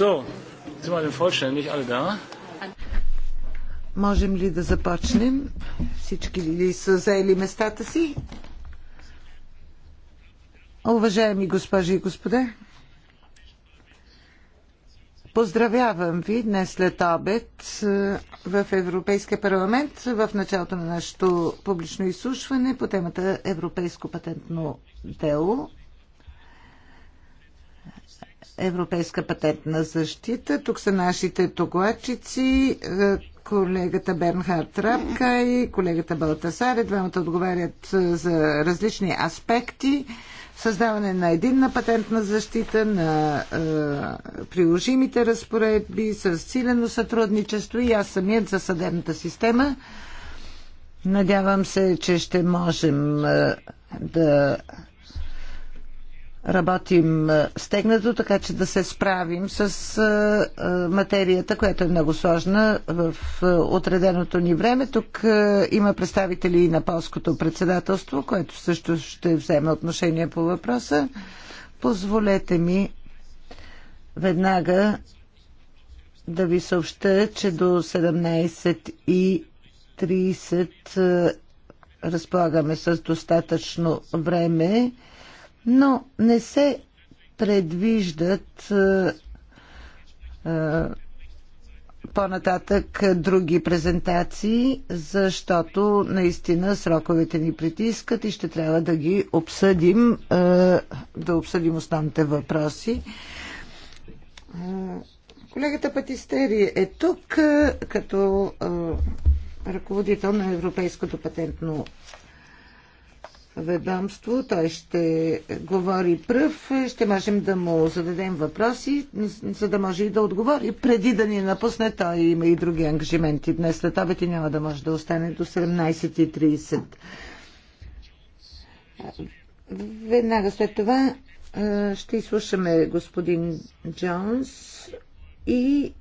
So, sind wir denn vollständig alle da? Можем ли да започнем? Всички ли са заели местата си? Уважаеми госпожи и господа, поздравявам ви днес след обед е, в Европейския парламент в началото на нашето публично изслушване по темата Европейско патентно дело европейска патентна защита. Тук са нашите тогачици, е, колегата Бернхард Рапка и колегата Балтасар. Двамата отговарят е, за различни аспекти. Създаване на единна патентна защита, на е, приложимите разпоредби, с силено сътрудничество и аз самият за съдебната система. Надявам се, че ще можем е, да работим стегнато, така че да се справим с материята, която е много сложна в отреденото ни време. Тук има представители на полското председателство, което също ще вземе отношение по въпроса. Позволете ми веднага да ви съобща, че до 17.30 разполагаме с достатъчно време но не се предвиждат е, е, по-нататък други презентации, защото наистина сроковете ни притискат и ще трябва да ги обсъдим, е, да обсъдим основните въпроси. Колегата Патистери е тук като ръководител на Европейското патентно ведомство. Той ще говори пръв, ще можем да му зададем въпроси, за да може и да отговори. Преди да ни напусне, той има и други ангажименти. Днес след обед и няма да може да остане до 17.30. Веднага след това ще изслушаме господин Джонс и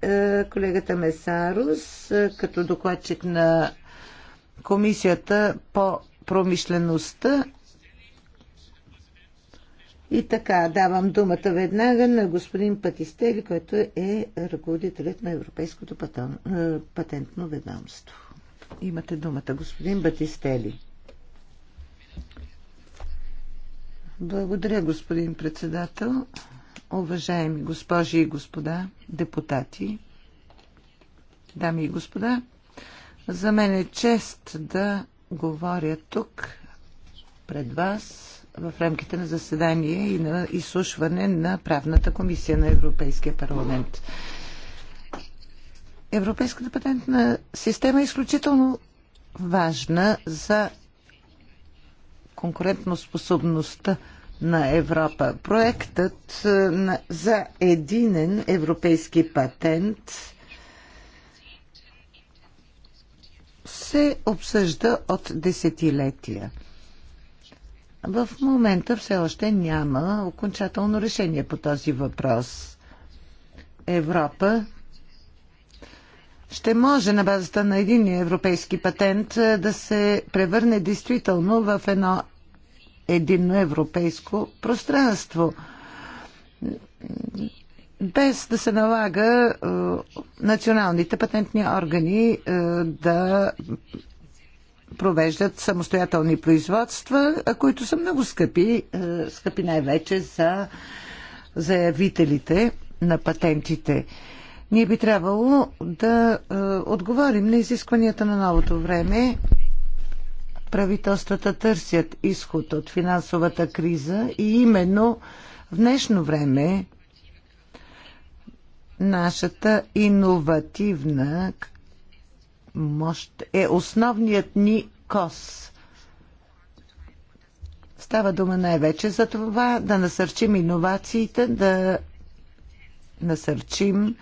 колегата Месарус като докладчик на Комисията по промишлеността и така, давам думата веднага на господин Патистели, който е ръководителят на Европейското е, патентно ведомство. Имате думата, господин Батистели. Благодаря, господин председател. Уважаеми госпожи и господа, депутати, дами и господа, за мен е чест да говоря тук пред вас в рамките на заседание и на изслушване на правната комисия на Европейския парламент. Европейската патентна система е изключително важна за конкурентоспособността на Европа. Проектът е, за единен европейски патент се обсъжда от десетилетия. В момента все още няма окончателно решение по този въпрос. Европа ще може на базата на един европейски патент е, да се превърне действително в едно единно европейско пространство. Без да се налага е, националните патентни органи е, да провеждат самостоятелни производства, които са много скъпи, е, скъпи най-вече за заявителите на патентите. Ние би трябвало да е, отговорим на изискванията на новото време. Правителствата търсят изход от финансовата криза и именно в днешно време нашата иновативна мощ е основният ни кос. Става дума най-вече за това да насърчим иновациите, да насърчим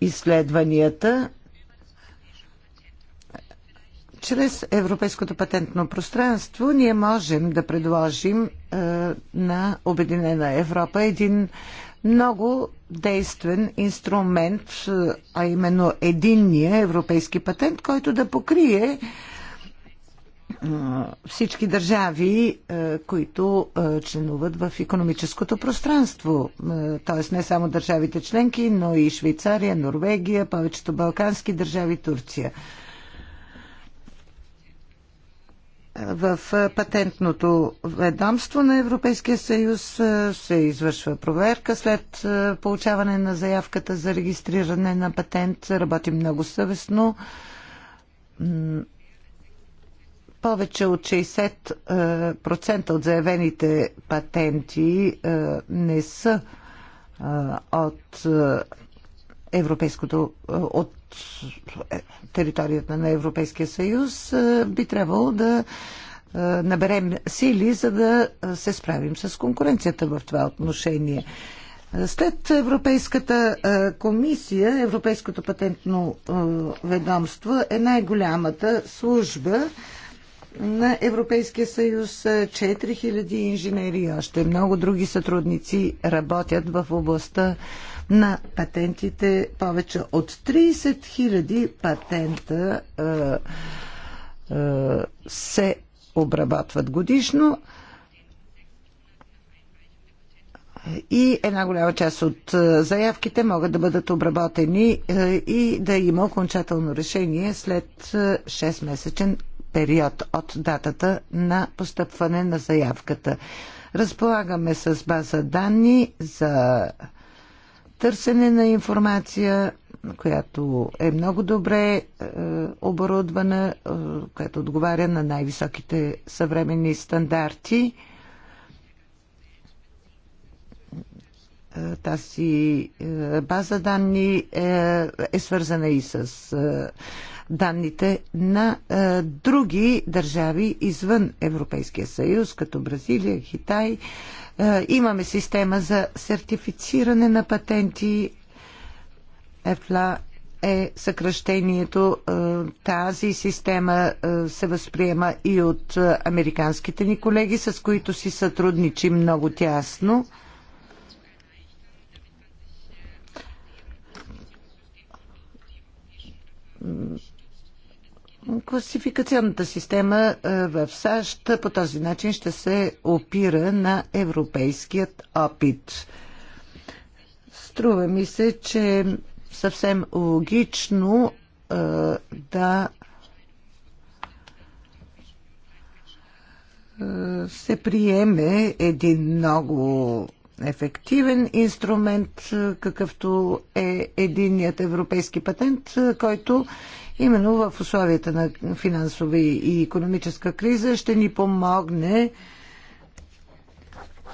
изследванията чрез Европейското патентно пространство ние можем да предложим е, на Обединена Европа един много действен инструмент, а именно единния европейски патент, който да покрие всички държави, които членуват в економическото пространство. Т.е. не само държавите членки, но и Швейцария, Норвегия, повечето балкански държави, Турция. в патентното ведомство на Европейския съюз се извършва проверка след получаване на заявката за регистриране на патент. Работи много съвестно. Повече от 60% от заявените патенти не са от европейското, е, от е, територията на Европейския съюз, е, би трябвало да наберем сили, за да се справим с конкуренцията в това отношение. След Европейската комисия, Европейското патентно ведомство е най-голямата служба на Европейския съюз. 4000 инженери и още много други сътрудници работят в областта на патентите. Повече от 30 000 патента а, е, а, е, се обработват годишно и една голяма част от е, заявките могат да бъдат обработени и да има окончателно решение след 6-месечен период от датата на постъпване на заявката. Разполагаме с база данни за търсене на информация, която е много добре е, оборудвана, е, която отговаря на най-високите съвременни стандарти. Е, тази е, база данни е, е свързана и с е, данните на е, други държави извън Европейския съюз, като Бразилия, Китай. Е, е, имаме система за сертифициране на патенти. ЕФЛА е съкръщението. Е, тази система е, се възприема и от американските ни колеги, с които си сътрудничи много тясно. Класификационната система е, в САЩ по този начин ще се опира на европейският опит. Струва ми се, че съвсем логично е, да е, се приеме един много ефективен инструмент, какъвто е единият европейски патент, който именно в условията на финансова и економическа криза ще ни помогне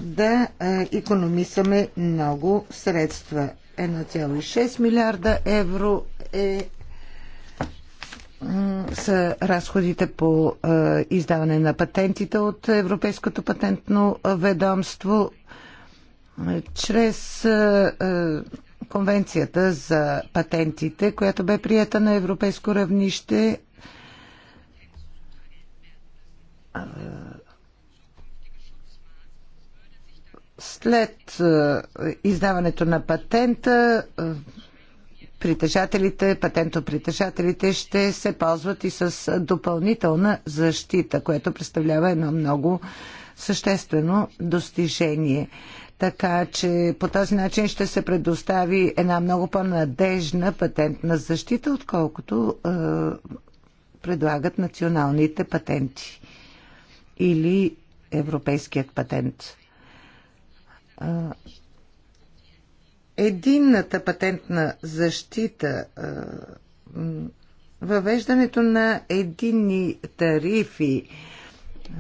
да економисаме много средства. 1,6 милиарда евро е са разходите по е, издаване на патентите от Европейското патентно ведомство е, чрез е, е конвенцията за патентите, която бе прията на европейско равнище след издаването на патента притежателите, патентопритежателите ще се ползват и с допълнителна защита, което представлява едно много съществено достижение. Така че по този начин ще се предостави една много по-надежна патентна защита, отколкото е, предлагат националните патенти или европейският патент. Е, единната патентна защита, е, въвеждането на единни тарифи, е,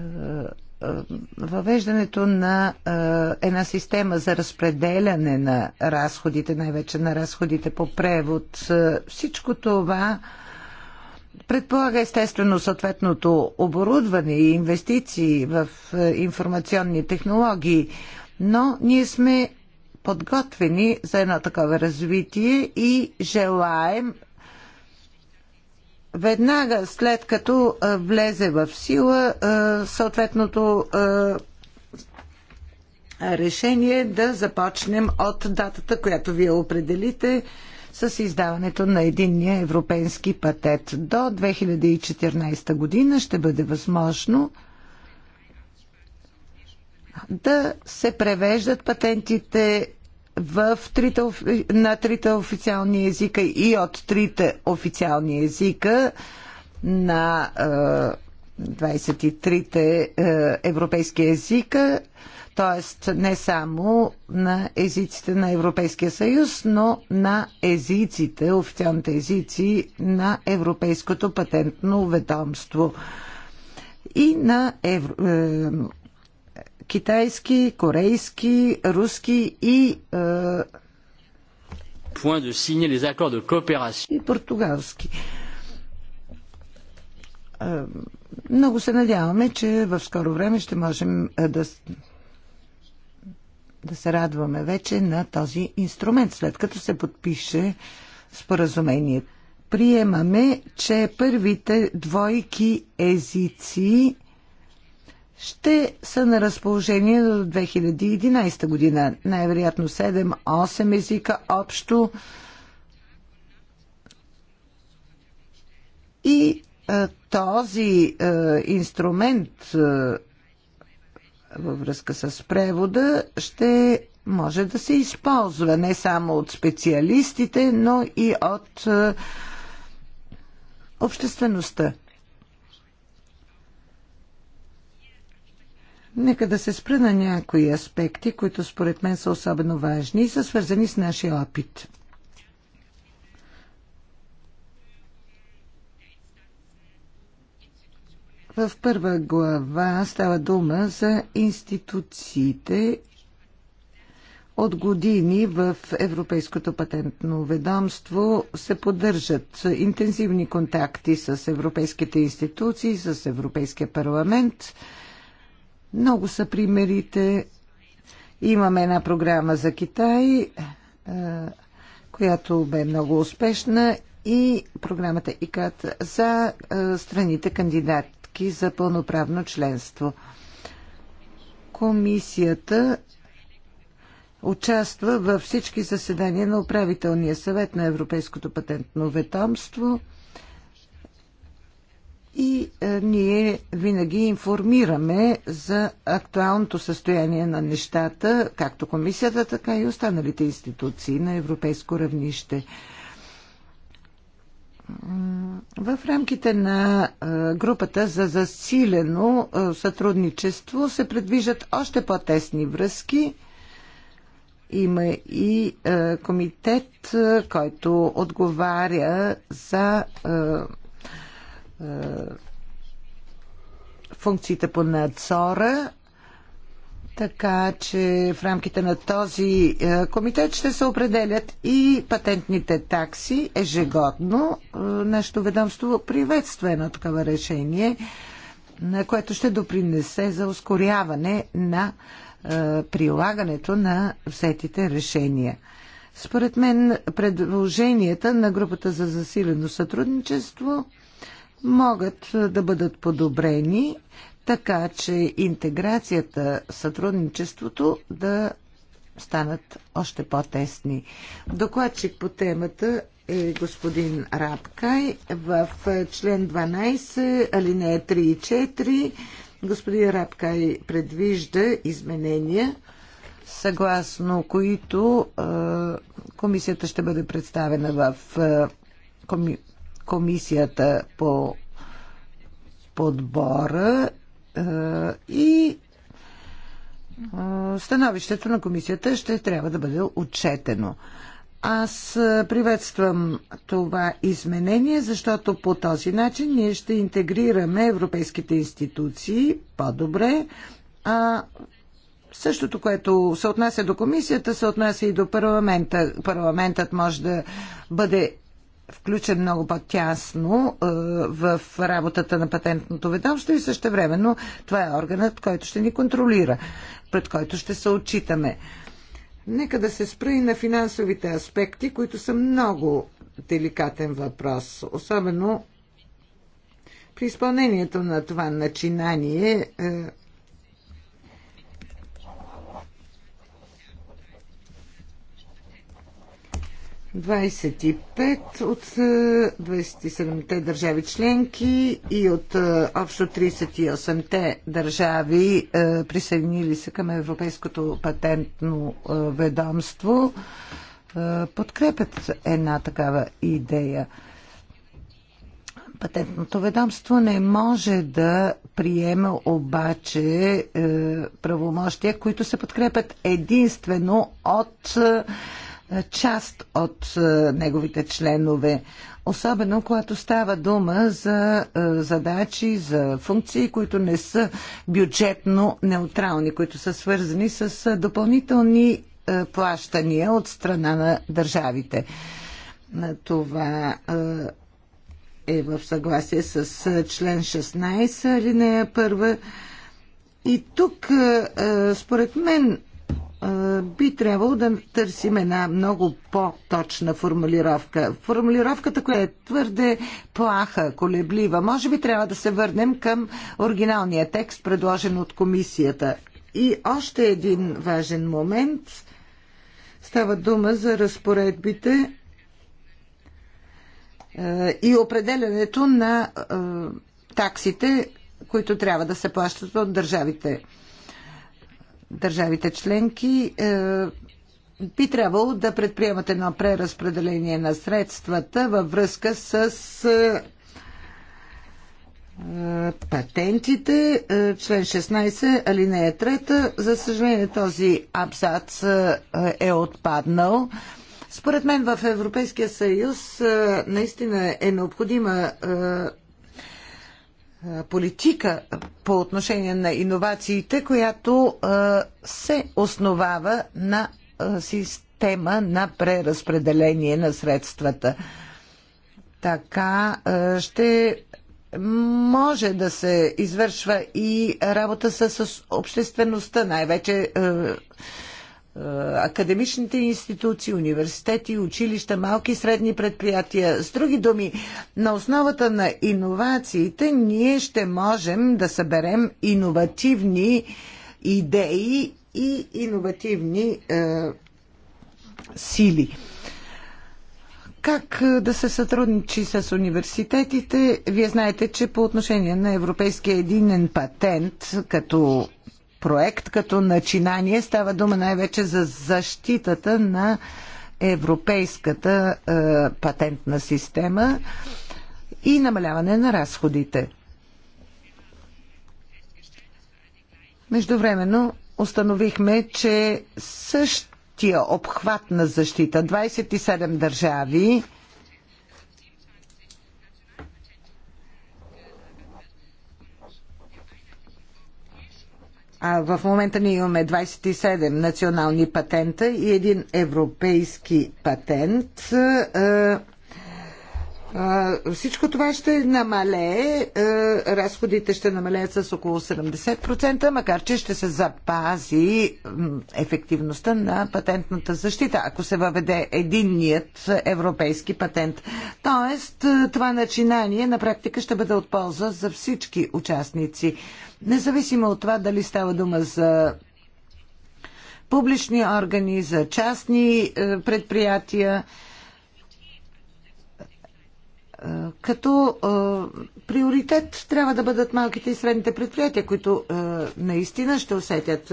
въвеждането на е, една система за разпределяне на разходите, най-вече на разходите по превод, е, всичко това предполага естествено съответното оборудване и инвестиции в е, информационни технологии, но ние сме подготвени за едно такова развитие и желаем веднага след като влезе в сила съответното решение да започнем от датата, която вие определите с издаването на единния европейски патент. До 2014 година ще бъде възможно да се превеждат патентите в трите, на трите официални езика и от трите официални езика на е, 23-те е, европейски езика, т.е. не само на езиците на Европейския съюз, но на езиците, официалните езици на Европейското патентно ведомство и на евро, е, китайски, корейски, руски и е, point de signer les accords de coopération. И португалски. Е, много се надяваме, че в скоро време ще можем е, да, да се радваме вече на този инструмент, след като се подпише споразумение. Приемаме, че първите двойки езици ще са на разположение до 2011 година. Най-вероятно 7-8 езика общо. И а, този а, инструмент а, във връзка с превода ще може да се използва не само от специалистите, но и от а, обществеността. Нека да се спра на някои аспекти, които според мен са особено важни и са свързани с нашия опит. В първа глава става дума за институциите от години в Европейското патентно ведомство се поддържат интензивни контакти с европейските институции, с Европейския парламент – много са примерите. Имаме една програма за Китай, е, която бе много успешна и програмата ИКАТ за е, страните кандидатки за пълноправно членство. Комисията участва във всички заседания на управителния съвет на Европейското патентно ведомство – и а, е, ние винаги информираме за актуалното състояние на нещата, както комисията, така и останалите институции на европейско равнище. В рамките на е, групата за засилено е, сътрудничество се предвиждат още по-тесни връзки. Има и комитет, който отговаря за е, функциите по надзора така че в рамките на този е, комитет ще се определят и патентните такси ежегодно. Е, нашето ведомство приветства едно такова решение, което ще допринесе за ускоряване на прилагането на взетите решения. Според мен предложенията на групата за засилено сътрудничество могат да бъдат подобрени, така че интеграцията, сътрудничеството да станат още по-тесни. Докладчик по темата е господин Рабкай в член 12, алинея 3 и 4. Господин Рабкай предвижда изменения, съгласно които е, комисията ще бъде представена в е, коми, комисията по подбора и становището на комисията ще трябва да бъде отчетено. Аз приветствам това изменение, защото по този начин ние ще интегрираме европейските институции по-добре, а Същото, което се отнася до комисията, се отнася и до парламента. Парламентът може да бъде включен много по-тясно е, в работата на патентното ведомство и също времено това е органът, който ще ни контролира, пред който ще се отчитаме. Нека да се спра и на финансовите аспекти, които са много деликатен въпрос, особено при изпълнението на това начинание е, 25 от 27-те е, държави членки и от е, общо 38-те държави е, присъединили се към Европейското патентно ведомство подкрепят една такава идея. Патентното ведомство не може да приема обаче правомощия, които се подкрепят единствено от част от е, неговите членове, особено когато става дума за е, задачи, за функции, които не са бюджетно неутрални, които са свързани с е, допълнителни плащания от страна на държавите. Това е в съгласие с член 16, алинея 1. И тук, според мен, би трябвало да търсим една много по-точна формулировка. Формулировката, която е твърде плаха, колеблива. Може би трябва да се върнем към оригиналния текст, предложен от комисията. И още един важен момент. Става дума за разпоредбите и определенето на таксите, които трябва да се плащат от държавите държавите членки е, би трябвало да предприемат едно преразпределение на средствата във връзка с е, е, патентите, член 16, алинея 3. За съжаление този абзац е отпаднал. Според мен в Европейския съюз наистина е необходима политика по отношение на иновациите, която се основава на система на преразпределение на средствата. Така ще може да се извършва и работа с обществеността, най-вече е, академичните институции, университети, училища, малки и средни предприятия. С други думи, на основата на иновациите ние ще можем да съберем иновативни идеи и иновативни е, сили. Как е, да се сътрудничи с университетите? Вие знаете, че по отношение на европейския единен патент, като проект като начинание. Става дума най-вече за защитата на европейската е, патентна система и намаляване на разходите. Междувременно установихме, че същия обхват на защита 27 държави А в момента ние имаме 27 национални патента и един европейски патент. А, е, всичко това ще намалее, разходите ще намалеят с около 70%, макар че ще се запази ефективността на патентната защита, ако се въведе единният европейски патент. Тоест, това начинание на практика ще бъде от полза за всички участници, независимо от това дали става дума за публични органи, за частни предприятия. Е, като е, приоритет трябва да бъдат малките и средните предприятия, които е, наистина ще усетят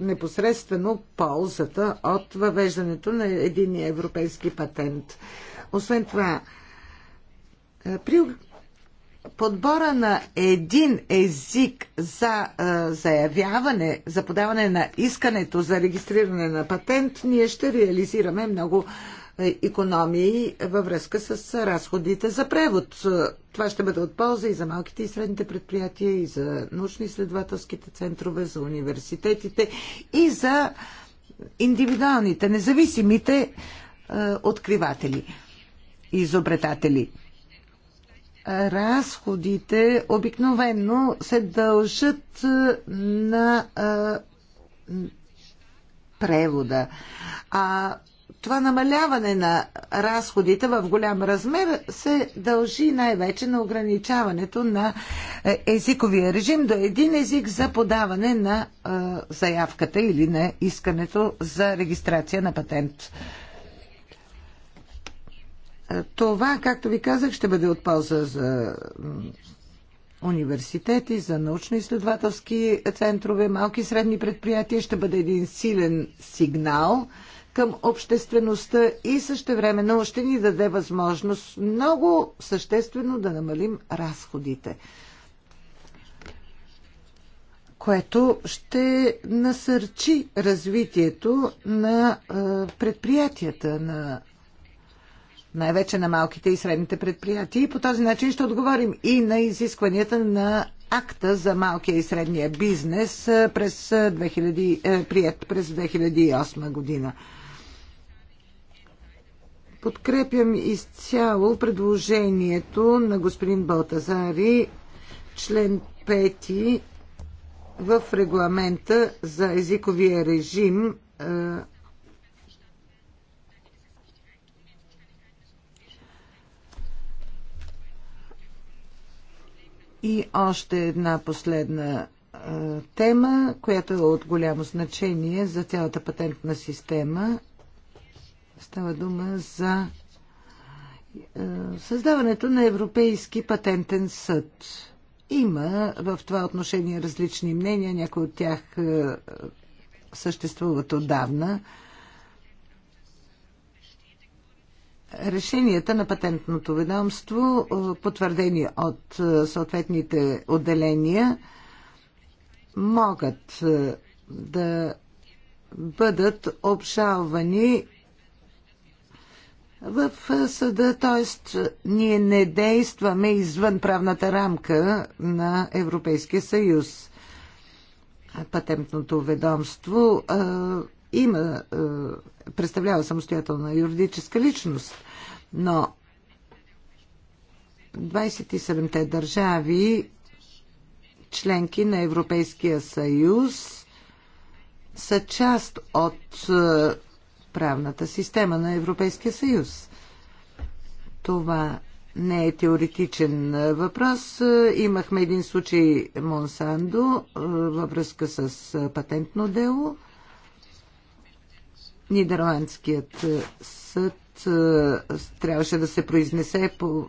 непосредствено ползата от въвеждането на един европейски патент. Освен това, при подбора на един език за заявяване, за подаване на искането за регистриране на патент, ние ще реализираме много економии във връзка с разходите за превод. Това ще бъде от полза и за малките и средните предприятия, и за научно-изследователските центрове, за университетите и за индивидуалните, независимите е, откриватели и изобретатели. Разходите обикновенно се дължат е, на е, превода. А това намаляване на разходите в голям размер се дължи най-вече на ограничаването на е, езиковия режим до един език за подаване на е, заявката или на искането за регистрация на патент. Е, това, както ви казах, ще бъде от полза за университети, за научно-изследователски центрове, малки и средни предприятия. Ще бъде един силен сигнал – към обществеността и същевременно ще ни даде възможност много съществено да намалим разходите което ще насърчи развитието на предприятията, на най-вече на малките и средните предприятия. И по този начин ще отговорим и на изискванията на акта за малкия и средния бизнес, през 2000, прият през 2008 година. Подкрепям изцяло предложението на господин Балтазари, член 5 в регламента за езиковия режим е, И още една последна е, тема, която е от голямо значение за цялата патентна система Става дума за е, създаването на Европейски патентен съд. Има в това отношение различни мнения, някои от тях е, съществуват отдавна. Решенията на патентното ведомство, е, потвърдени от съответните отделения, могат да бъдат обжалвани в съда, т.е. ние не действаме извън правната рамка на Европейския съюз. Патентното ведомство а, има, а, представлява самостоятелна юридическа личност, но 27-те държави, членки на Европейския съюз, са част от а, правната система на Европейския съюз. Това не е теоретичен въпрос. Имахме един случай Монсандо във връзка с патентно дело. Нидерландският съд трябваше да се произнесе по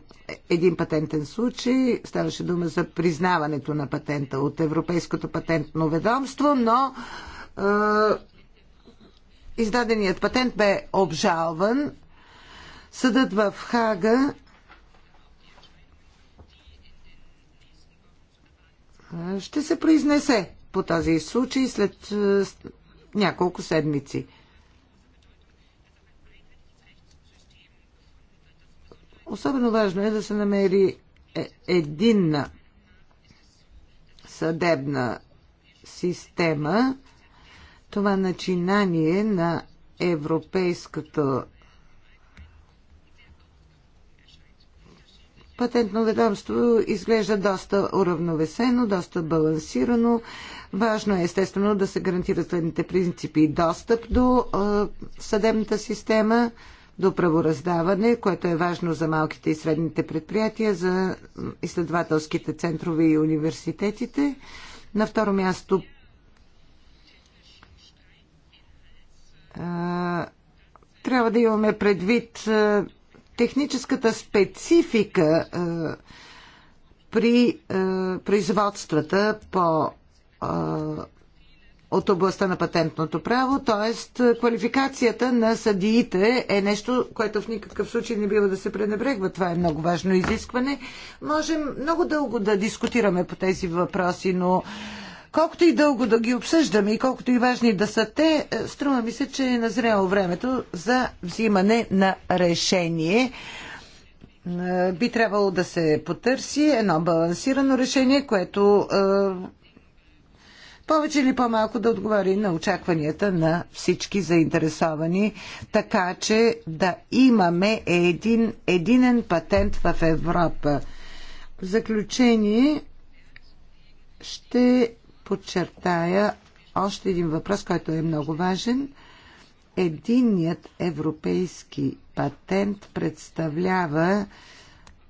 един патентен случай. Ставаше дума за признаването на патента от Европейското патентно ведомство, но Издаденият патент бе обжалван. Съдът в Хага ще се произнесе по този случай след е, няколко седмици. Особено важно е да се намери е, единна съдебна система, това начинание на Европейската Патентно ведомство изглежда доста уравновесено, доста балансирано. Важно е естествено да се гарантират следните принципи и достъп до е, съдебната система, до правораздаване, което е важно за малките и средните предприятия, за изследователските центрове и университетите. На второ място трябва да имаме предвид техническата специфика при производствата по от областта на патентното право, т.е. квалификацията на съдиите е нещо, което в никакъв случай не бива да се пренебрегва. Това е много важно изискване. Можем много дълго да дискутираме по тези въпроси, но Колкото и дълго да ги обсъждаме и колкото и важни да са те, е, струва ми се, че е назрело времето за взимане на решение. Е, би трябвало да се потърси едно балансирано решение, което е, повече или по-малко да отговори на очакванията на всички заинтересовани, така че да имаме един единен патент в Европа. В заключение ще подчертая още един въпрос, който е много важен. Единният европейски патент представлява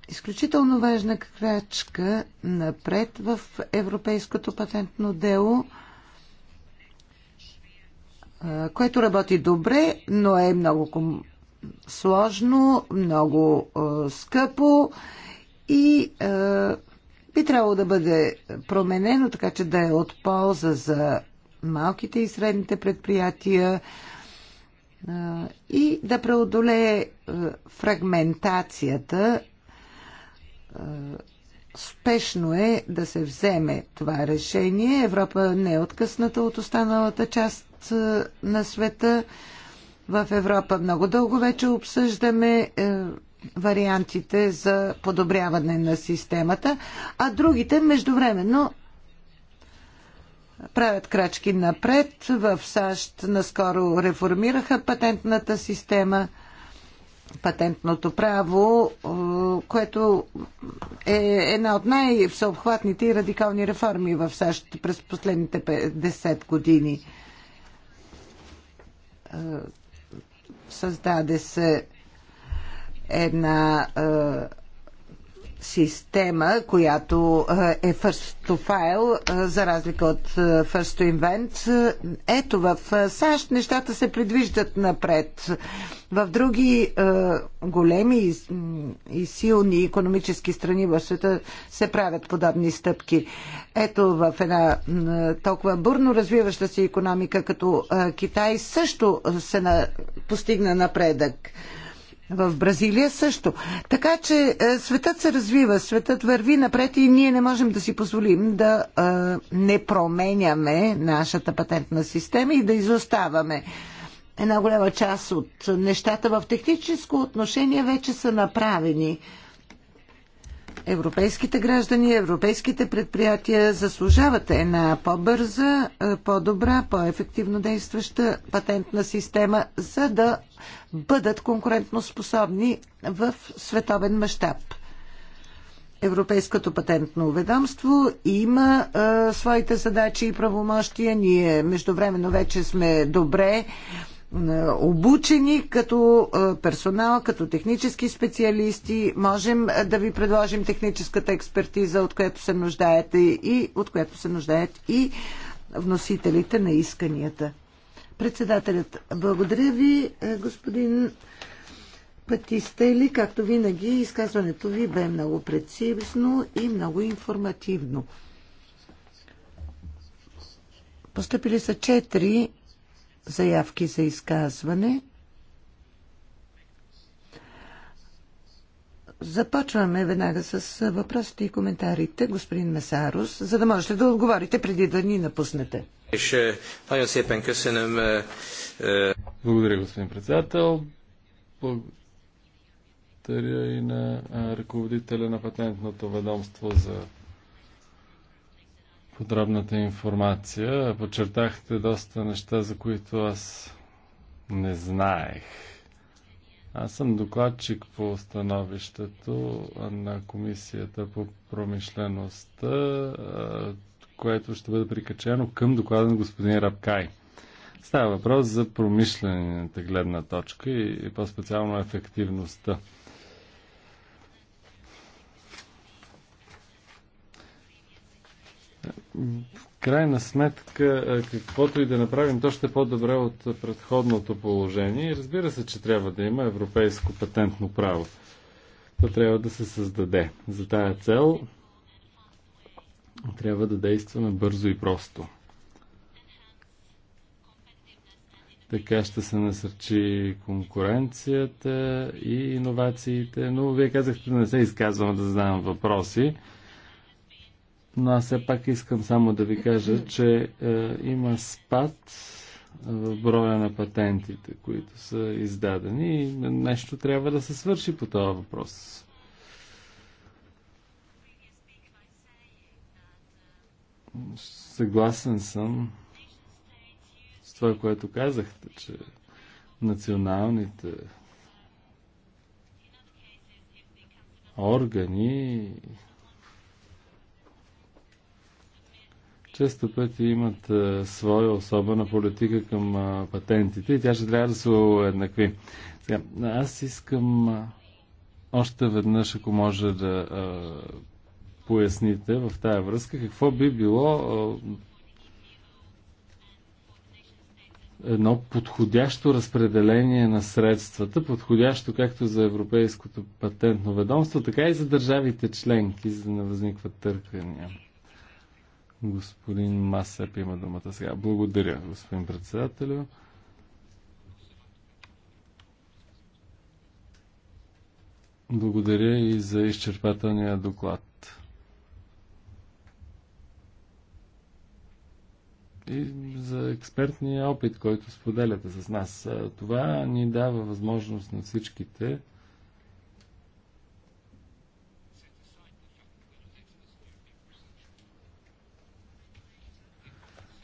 изключително важна крачка напред в европейското патентно дело, което работи добре, но е много сложно, много скъпо и би трябвало да бъде променено, така че да е от полза за малките и средните предприятия и да преодолее фрагментацията. Спешно е да се вземе това решение. Европа не е откъсната от останалата част на света. В Европа много дълго вече обсъждаме вариантите за подобряване на системата, а другите междувременно правят крачки напред. В САЩ наскоро реформираха патентната система, патентното право, което е една от най-всеобхватните и радикални реформи в САЩ през последните 10 години. Създаде се една е, система, която е, е first to file, е, за разлика от first to invent. Ето, в САЩ нещата се предвиждат напред. В други е, големи и силни економически страни в света се правят подобни стъпки. Ето, в една толкова бурно развиваща се економика като Китай също се на... постигна напредък. В Бразилия също. Така че е, светът се развива, светът върви напред и ние не можем да си позволим да е, не променяме нашата патентна система и да изоставаме. Една голяма част от нещата в техническо отношение вече са направени европейските граждани, европейските предприятия заслужават една по-бърза, е, по-добра, по-ефективно действаща патентна система, за да бъдат конкурентноспособни в световен мащаб. Европейското патентно ведомство има а, е, своите задачи и правомощия. Ние междувременно вече сме добре обучени като персонал, като технически специалисти. Можем да ви предложим техническата експертиза, от която се нуждаете и от която се нуждаят и вносителите на исканията. Председателят, благодаря ви, господин Патистели. Както винаги, изказването ви бе много прецизно и много информативно. Постъпили са четири заявки за изказване. Започваме веднага с въпросите и коментарите, господин Месарус, за да можете да отговорите преди да ни напуснете. Е, е, е. Благодаря, господин председател. Благодаря и на ръководителя на патентното ведомство за подробната информация. Подчертахте доста неща, за които аз не знаех. Аз съм докладчик по становището на Комисията по промишлеността, което ще бъде прикачено към доклада на господин Рабкай. Става въпрос за промишлената гледна точка и по-специално ефективността в крайна сметка, е, каквото и да направим, то ще е по-добре от предходното положение. разбира се, че трябва да има европейско патентно право. То трябва да се създаде. За тая цел трябва да действаме бързо и просто. Така ще се насърчи конкуренцията и иновациите. Но вие казахте да не се изказвам да задавам въпроси. Но аз все пак искам само да ви кажа, че е, има спад в броя на патентите, които са издадени и нещо трябва да се свърши по този въпрос. Съгласен съм с това, което казахте, че националните органи често пъти имат а, е, своя особена политика към а, е, патентите и тя ще трябва да се еднакви. Сега, аз искам а, е, още веднъж, ако може да а, поясните в тая връзка, какво би било а, едно подходящо разпределение на средствата, подходящо както за Европейското патентно ведомство, така и за държавите членки, за да не възникват търкания. Господин Масеп има думата сега. Благодаря, господин председателю. Благодаря и за изчерпателния доклад. И за експертния опит, който споделяте с нас. Това ни дава възможност на всичките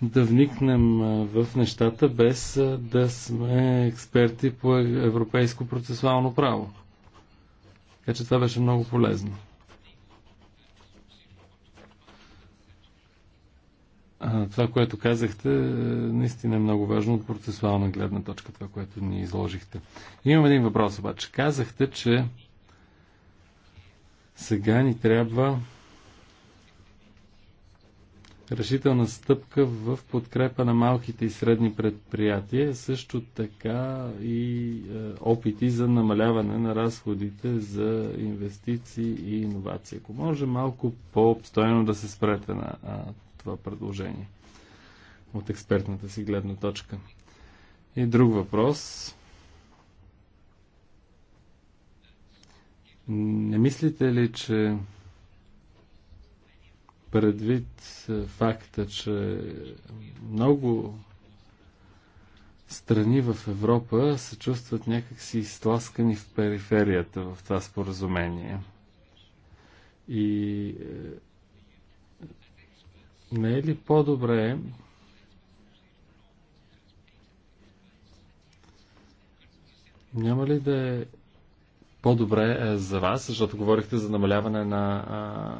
да вникнем в нещата без да сме експерти по е, европейско процесуално право. Така че това беше много полезно. А, това, което казахте, е, наистина е много важно от процесуална гледна точка, това, което ни изложихте. Имам един въпрос обаче. Казахте, че сега ни трябва решителна стъпка в подкрепа на малките и средни предприятия, също така и е, опити за намаляване на разходите за инвестиции и иновации. Ако може малко по-обстойно да се спрете на това предложение от експертната си гледна точка. И друг въпрос. Не мислите ли, че предвид е, факта, че много страни в Европа се чувстват някакси изтласкани в периферията в това споразумение. И е, не е ли по-добре няма ли да е по-добре е, за вас, защото говорихте за намаляване на, а,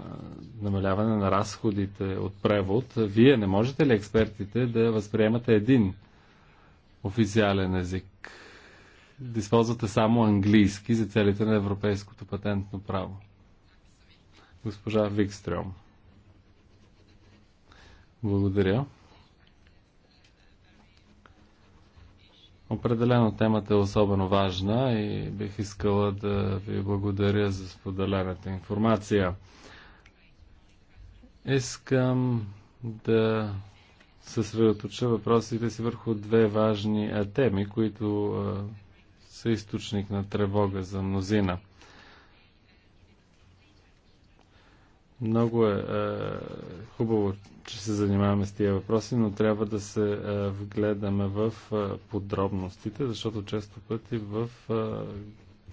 намаляване на разходите от превод. Вие не можете ли експертите да възприемате един официален език? Да използвате само английски за целите на европейското патентно право. Госпожа Викстрем. Благодаря. Определено темата е особено важна и бих искала да ви благодаря за споделената информация. Искам да съсредоточа въпросите си върху две важни теми, които са източник на тревога за мнозина – Много е, е хубаво, че се занимаваме с тия въпроси, но трябва да се е, вгледаме в е, подробностите, защото често пъти в е,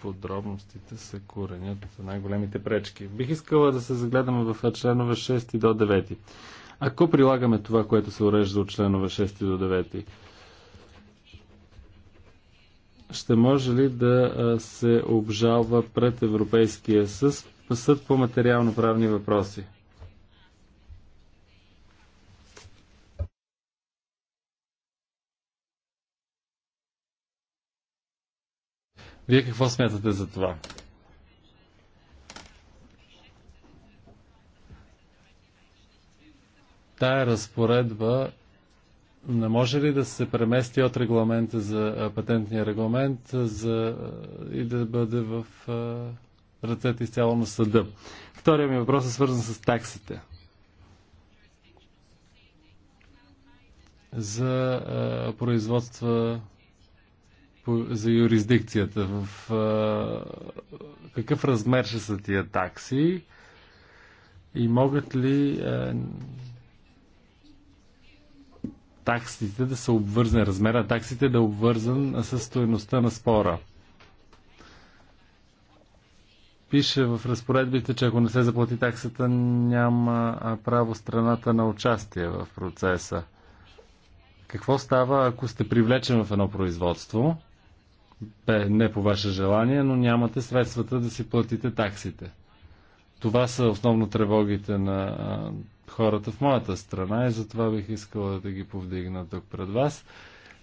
подробностите се коренят най-големите пречки. Бих искала да се загледаме в е, членове 6 до 9. Ако прилагаме това, което се урежда от членове 6 до 9, ще може ли да е, се обжалва пред Европейския съд спасат по материално-правни въпроси. Вие какво смятате за това? Тая разпоредба не може ли да се премести от регламента за патентния регламент за, и да бъде в ръцете изцяло на съда. Втория ми въпрос е свързан с таксите. За а, производства по, за юрисдикцията. В а, какъв размер ще са тия такси и могат ли а, таксите да са обвързани, размера таксите да е обвързан с стоеността на спора пише в разпоредбите, че ако не се заплати таксата, няма право страната на участие в процеса. Какво става, ако сте привлечен в едно производство, бе, не по ваше желание, но нямате средствата да си платите таксите? Това са основно тревогите на хората в моята страна и затова бих искала да ги повдигна тук пред вас.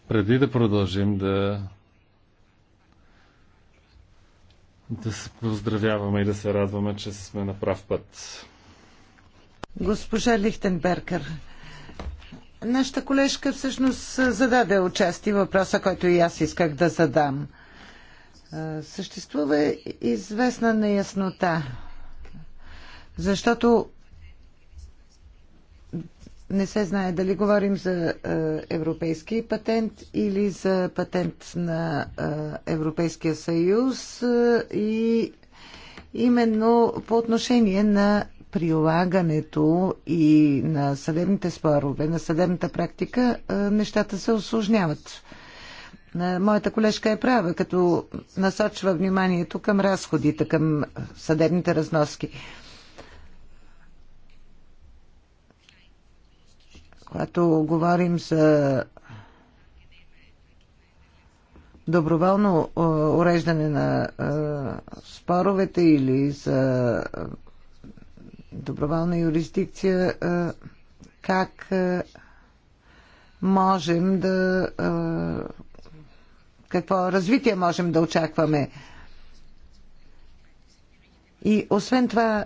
Преди да продължим да да се поздравяваме и да се радваме, че сме на прав път. Госпожа Лихтенбергер, нашата колежка всъщност зададе отчасти въпроса, който и аз исках да задам. Съществува известна неяснота, защото не се знае дали говорим за е, европейски патент или за патент на е, Европейския съюз е, и именно по отношение на прилагането и на съдебните спорове, на съдебната практика, нещата се осложняват. Моята колежка е права, като насочва вниманието към разходите, към съдебните разноски. Когато говорим за доброволно уреждане на споровете или за доброволна юрисдикция, как можем да. какво развитие можем да очакваме? И освен това,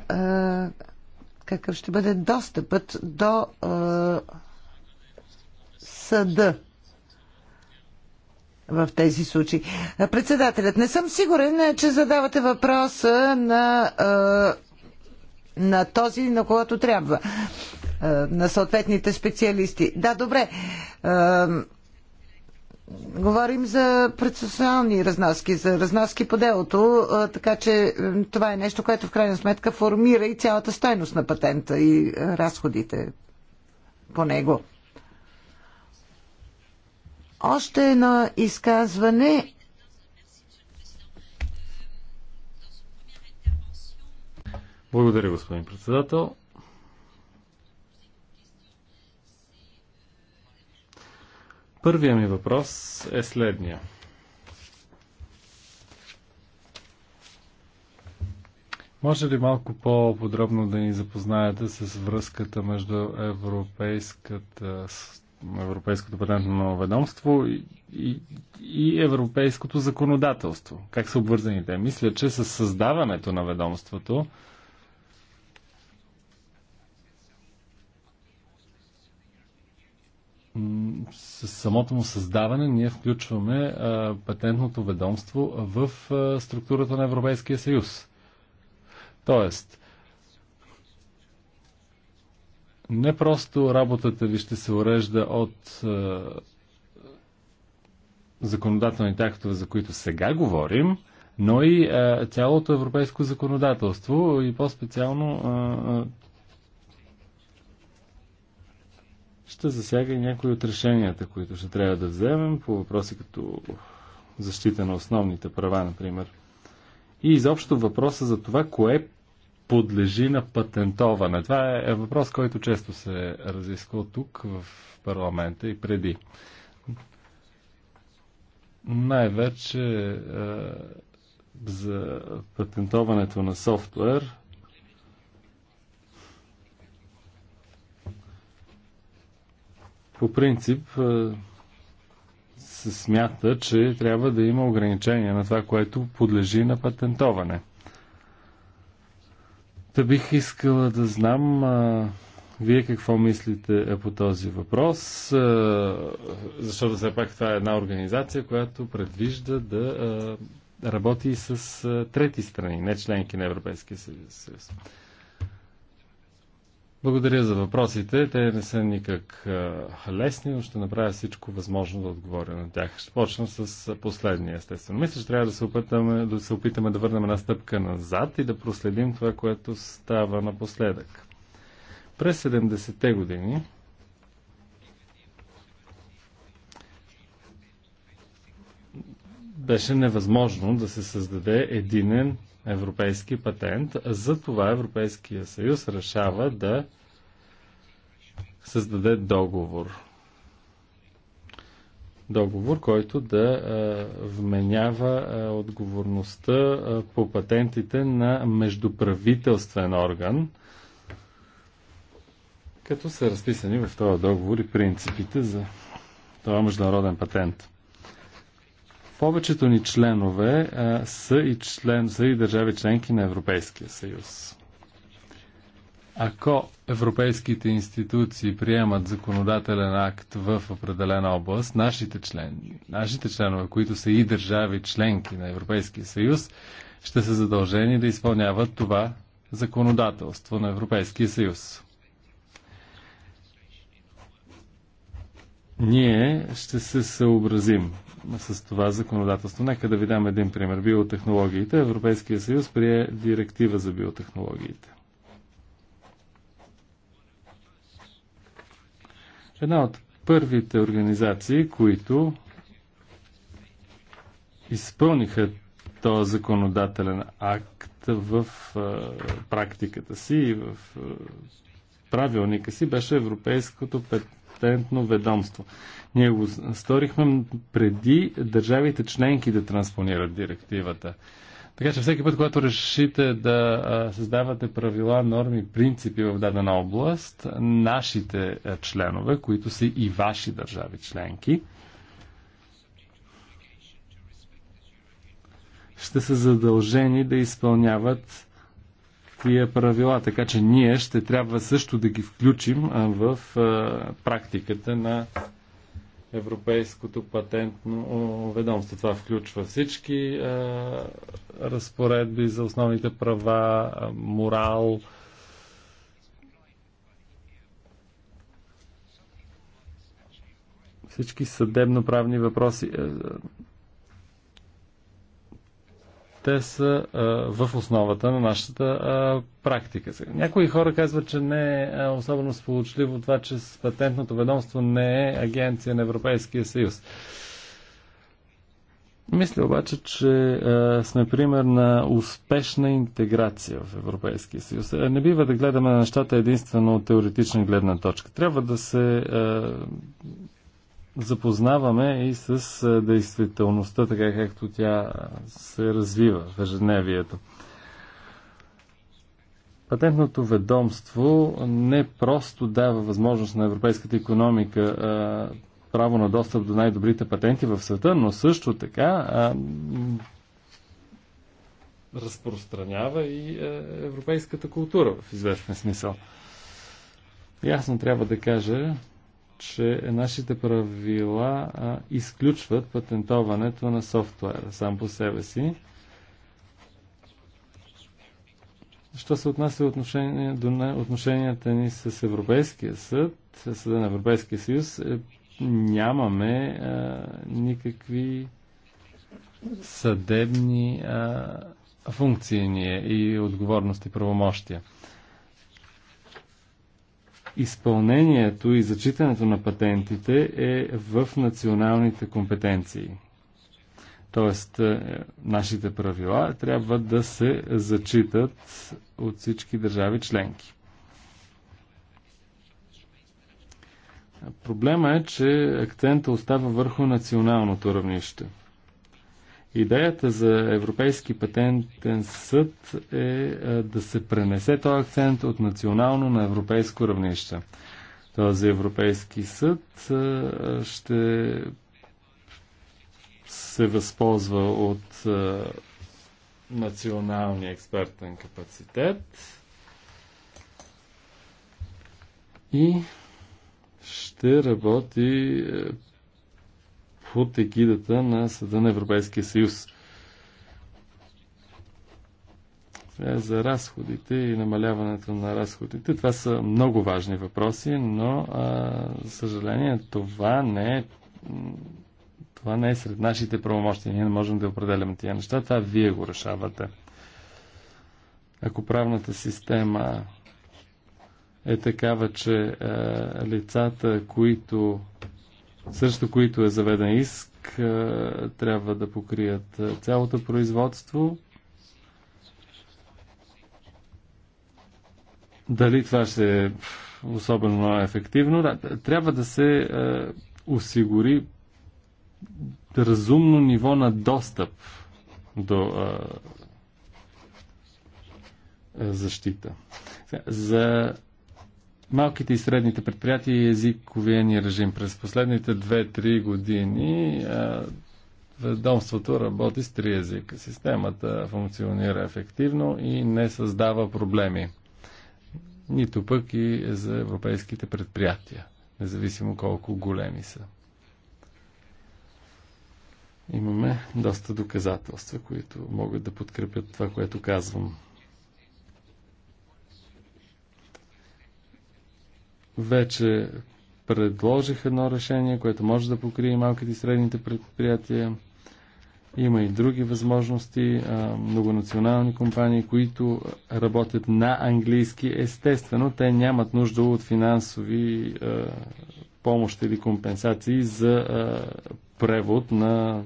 какъв ще бъде достъпът до съда в тези случаи. Председателят, не съм сигурен, че задавате въпроса на, на този, на когото трябва, на съответните специалисти. Да, добре. Говорим за процесуални разноски, за разноски по делото, така че това е нещо, което в крайна сметка формира и цялата стойност на патента и разходите по него. Още едно изказване. Благодаря, господин председател. Първия ми въпрос е следния. Може ли малко по-подробно да ни запознаете с връзката между Европейската Европейското патентно ведомство и, и, и европейското законодателство. Как са обвързани те? Мисля, че с създаването на ведомството с самото му създаване ние включваме а, патентното ведомство в а, структурата на Европейския съюз. Тоест, не просто работата ви ще се урежда от е, законодателните актове, за които сега говорим, но и е, цялото европейско законодателство и по-специално е, е, ще засяга и някои от решенията, които ще трябва да вземем по въпроси като защита на основните права, например. И изобщо въпроса за това, кое подлежи на патентоване. Това е, е въпрос, който често се разисква тук в парламента и преди. Най-вече е, за патентоването на софтуер по принцип е, се смята, че трябва да има ограничения на това, което подлежи на патентоване – Та бих искала да знам а, вие какво мислите е по този въпрос, а, защото все пак това е една организация, която предвижда да а, работи и с а, трети страни, не членки на Европейския съюз. Благодаря за въпросите. Те не са никак лесни, но ще направя всичко възможно да отговоря на тях. Ще почна с последния, естествено. Мисля, че трябва да се опитаме да, се опитаме да върнем една стъпка назад и да проследим това, което става напоследък. През 70-те години беше невъзможно да се създаде единен европейски патент. За това Европейския съюз решава да създаде договор. Договор, който да вменява отговорността по патентите на междуправителствен орган, като са разписани в този договор и принципите за този международен патент. Повечето ни членове а, са, и член, са и държави членки на Европейския съюз. Ако европейските институции приемат законодателен акт в определена област, нашите, член, нашите членове, които са и държави членки на Европейския съюз, ще са задължени да изпълняват това законодателство на Европейския съюз. Ние ще се съобразим с това законодателство. Нека да ви дам един пример. Биотехнологиите. Европейския съюз прие директива за биотехнологиите. Една от първите организации, които изпълниха този законодателен акт в практиката си и в правилника си беше Европейското петентно ведомство. Ние го сторихме преди държавите членки да транспонират директивата. Така че всеки път, когато решите да създавате правила, норми, принципи в дадена област, нашите членове, които са и ваши държави членки, ще са задължени да изпълняват тия правила. Така че ние ще трябва също да ги включим в практиката на Европейското патентно ведомство. Това включва всички а, разпоредби за основните права, а, морал. Всички съдебно-правни въпроси те са а, в основата на нашата а, практика. Сега, някои хора казват, че не е особено сполучливо това, че патентното ведомство не е агенция на Европейския съюз. Мисля обаче, че а, сме пример на успешна интеграция в Европейския съюз. Е, не бива да гледаме на нещата единствено от теоретична гледна точка. Трябва да се а, запознаваме и с е, действителността, така както тя е, се развива в ежедневието. Патентното ведомство не просто дава възможност на европейската економика е, право на достъп до най-добрите патенти в света, но също така разпространява и европейската култура в известен смисъл. Ясно трябва да кажа, че нашите правила а, изключват патентоването на софтуера сам по себе си. Що се отнася отношение, до отношенията ни с Европейския съд, Съда на Европейския съюз, е, нямаме а, никакви съдебни а, функции ние и отговорности, правомощия изпълнението и зачитането на патентите е в националните компетенции. Тоест, е, нашите правила трябва да се зачитат от всички държави членки. Проблема е, че акцента остава върху националното равнище – Идеята за Европейски патентен съд е, е да се пренесе този акцент от национално на европейско равнище. Този Европейски съд е, е, ще се възползва от националния експертен капацитет и ще работи под егидата на Съда на Европейския съюз. Е за разходите и намаляването на разходите. Това са много важни въпроси, но а, за съжаление това не е това не е сред нашите правомощия. Ние не можем да определяме тия неща. Това вие го решавате. Ако правната система е такава, че е, лицата, които срещу които е заведен иск, е, трябва да покрият е, цялото производство. Дали това ще е особено ефективно? Да, трябва да се е, осигури разумно ниво на достъп до защита. За малките и средните предприятия и езиковия ни режим. През последните 2-3 години ведомството работи с три езика. Системата функционира ефективно и не създава проблеми. Нито пък и за европейските предприятия, независимо колко големи са. Имаме доста доказателства, които могат да подкрепят това, което казвам. вече предложих едно решение, което може да покрие малките и средните предприятия. Има и други възможности, многонационални компании, които работят на английски. Естествено, те нямат нужда от финансови помощи или компенсации за превод на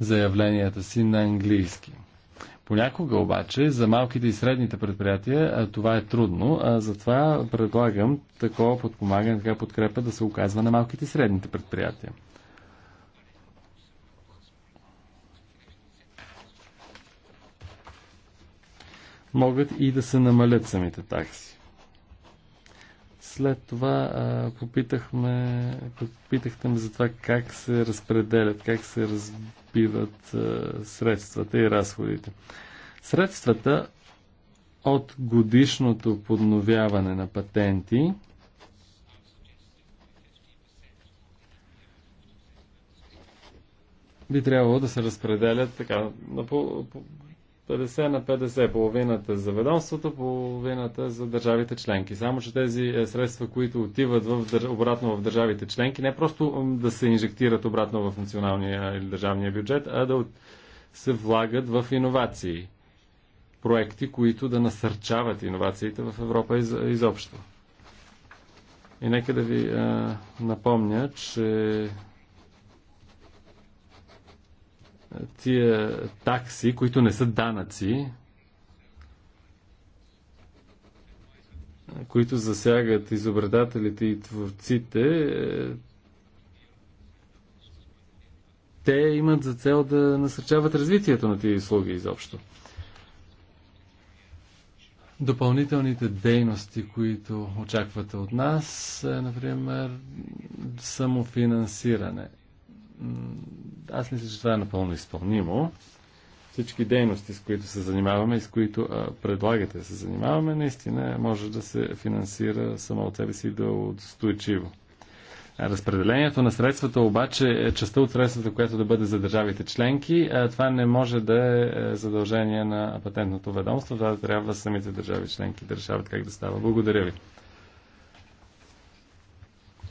заявленията си на английски. Понякога обаче за малките и средните предприятия това е трудно, а затова предлагам такова подпомагане, така подкрепа да се оказва на малките и средните предприятия. Могат и да се намалят самите такси. След това а, попитахме, попитахте ме за това как се разпределят, как се разбират биват е, средствата и разходите. Средствата от годишното подновяване на патенти би трябвало да се разпределят така на по, по, 50 на 50, половината за ведомството, половината за държавите членки. Само, че тези е, средства, които отиват в, дър... обратно в държавите членки, не просто да се инжектират обратно в националния или държавния бюджет, а да от... се влагат в иновации. Проекти, които да насърчават иновациите в Европа из... изобщо. И нека да ви а, е, напомня, че тия такси, които не са данъци, които засягат изобретателите и творците, е, те имат за цел да насърчават развитието на тези услуги изобщо. Допълнителните дейности, които очаквате от нас, е, например, самофинансиране – аз мисля, че това е напълно изпълнимо. Всички дейности, с които се занимаваме и с които а, предлагате да се занимаваме, наистина може да се финансира само от себе си да е отстойчиво. Разпределението на средствата обаче е частта от средствата, която да бъде за държавите членки. Това не може да е, е задължение на патентното ведомство. Това трябва самите държави членки да решават как да става. Благодаря ви.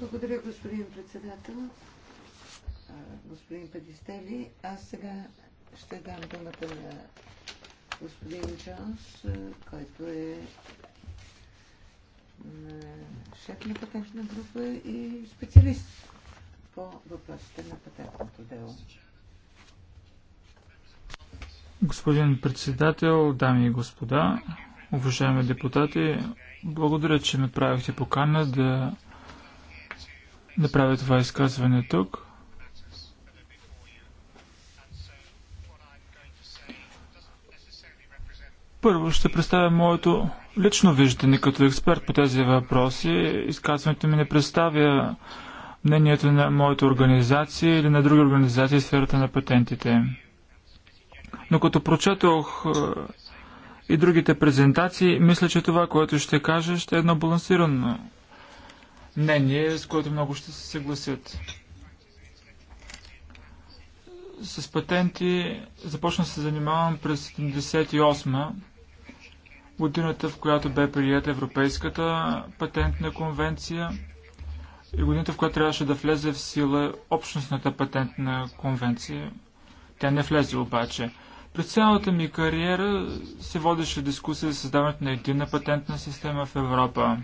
Благодаря, господин председател господин Педистели. Аз сега ще дам думата на господин Джонс, който е шеф на патентна група и специалист по въпросите на патентното дело. Господин председател, дами и господа, уважаеми депутати, благодаря, че ме правихте покана да направя това изказване тук. Първо ще представя моето лично виждане като експерт по тези въпроси. Изказването ми не представя мнението на моята организация или на други организации в сферата на патентите. Но като прочетох е, и другите презентации, мисля, че това, което ще кажа, ще е едно балансирано мнение, с което много ще се съгласят. С патенти започна да се занимавам през 78 годината, в която бе прията Европейската патентна конвенция и годината, в която трябваше да влезе в сила Общностната патентна конвенция. Тя не влезе обаче. През цялата ми кариера се водеше дискусия за създаването на единна патентна система в Европа.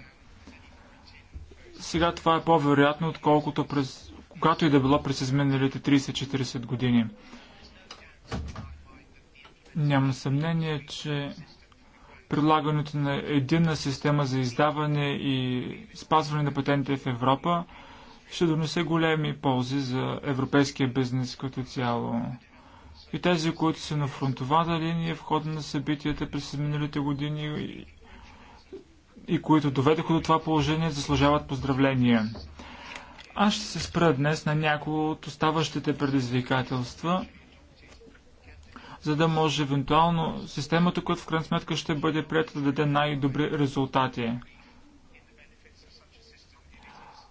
Сега това е по-вероятно, отколкото през, когато и да било през изминалите 30-40 години. Нямам съмнение, че прилагането на единна система за издаване и спазване на патентите в Европа ще донесе големи ползи за европейския бизнес като цяло. И тези, които са на фронтовата линия в хода на събитията през миналите години и, които доведоха до това положение, заслужават поздравления. Аз ще се спра днес на някои от оставащите предизвикателства – за да може евентуално системата, която в крайна сметка ще бъде прията да даде най-добри резултати.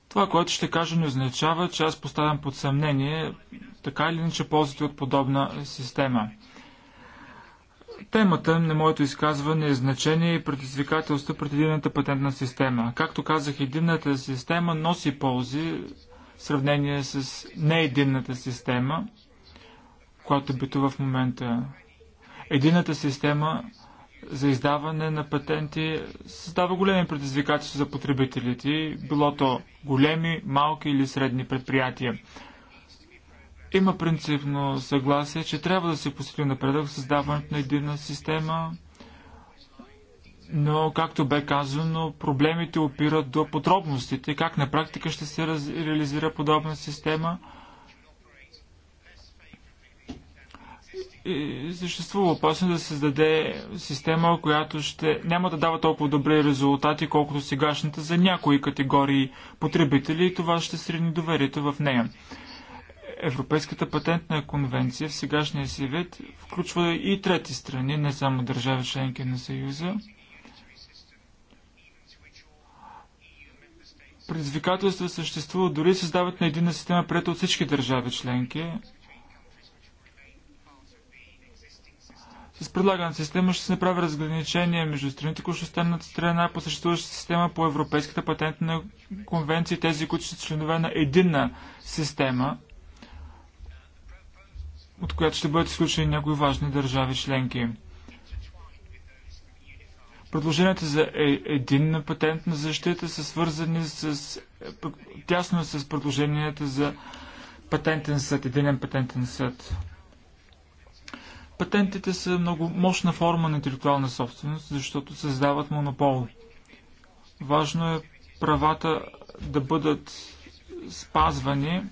Това, което ще кажа, не означава, че аз поставям под съмнение така или иначе ползите от подобна система. Темата на моето изказване е значение и предизвикателство пред едината патентна система. Както казах, единната система носи ползи в сравнение с неединната система – която битува в момента. Едината система за издаване на патенти създава големи предизвикателства за потребителите, било то големи, малки или средни предприятия. Има принципно съгласие, че трябва да се постигне напредък в създаването на едина система, но, както бе казано, проблемите опират до подробностите, как на практика ще се реализира подобна система – Е, съществува опасност да се създаде система, която ще няма да дава толкова добри резултати, колкото сегашната за някои категории потребители и това ще срини доверието в нея. Европейската патентна конвенция в сегашния си вид включва и трети страни, не само държави членки на Съюза. Предизвикателства съществуват дори създават на единна система пред от всички държави членки, С предлаганата система ще се направи разграничение между страните, които ще станат страна по съществуваща система по Европейската патентна конвенция и тези, които ще са членове на единна система, от която ще бъдат изключени някои важни държави членки. Предложенията за е, единна патентна защита са свързани с, тясно с предложенията за патентен съд, единен патентен съд. Патентите са много мощна форма на интелектуална собственост, защото създават монопол. Важно е правата да бъдат спазвани,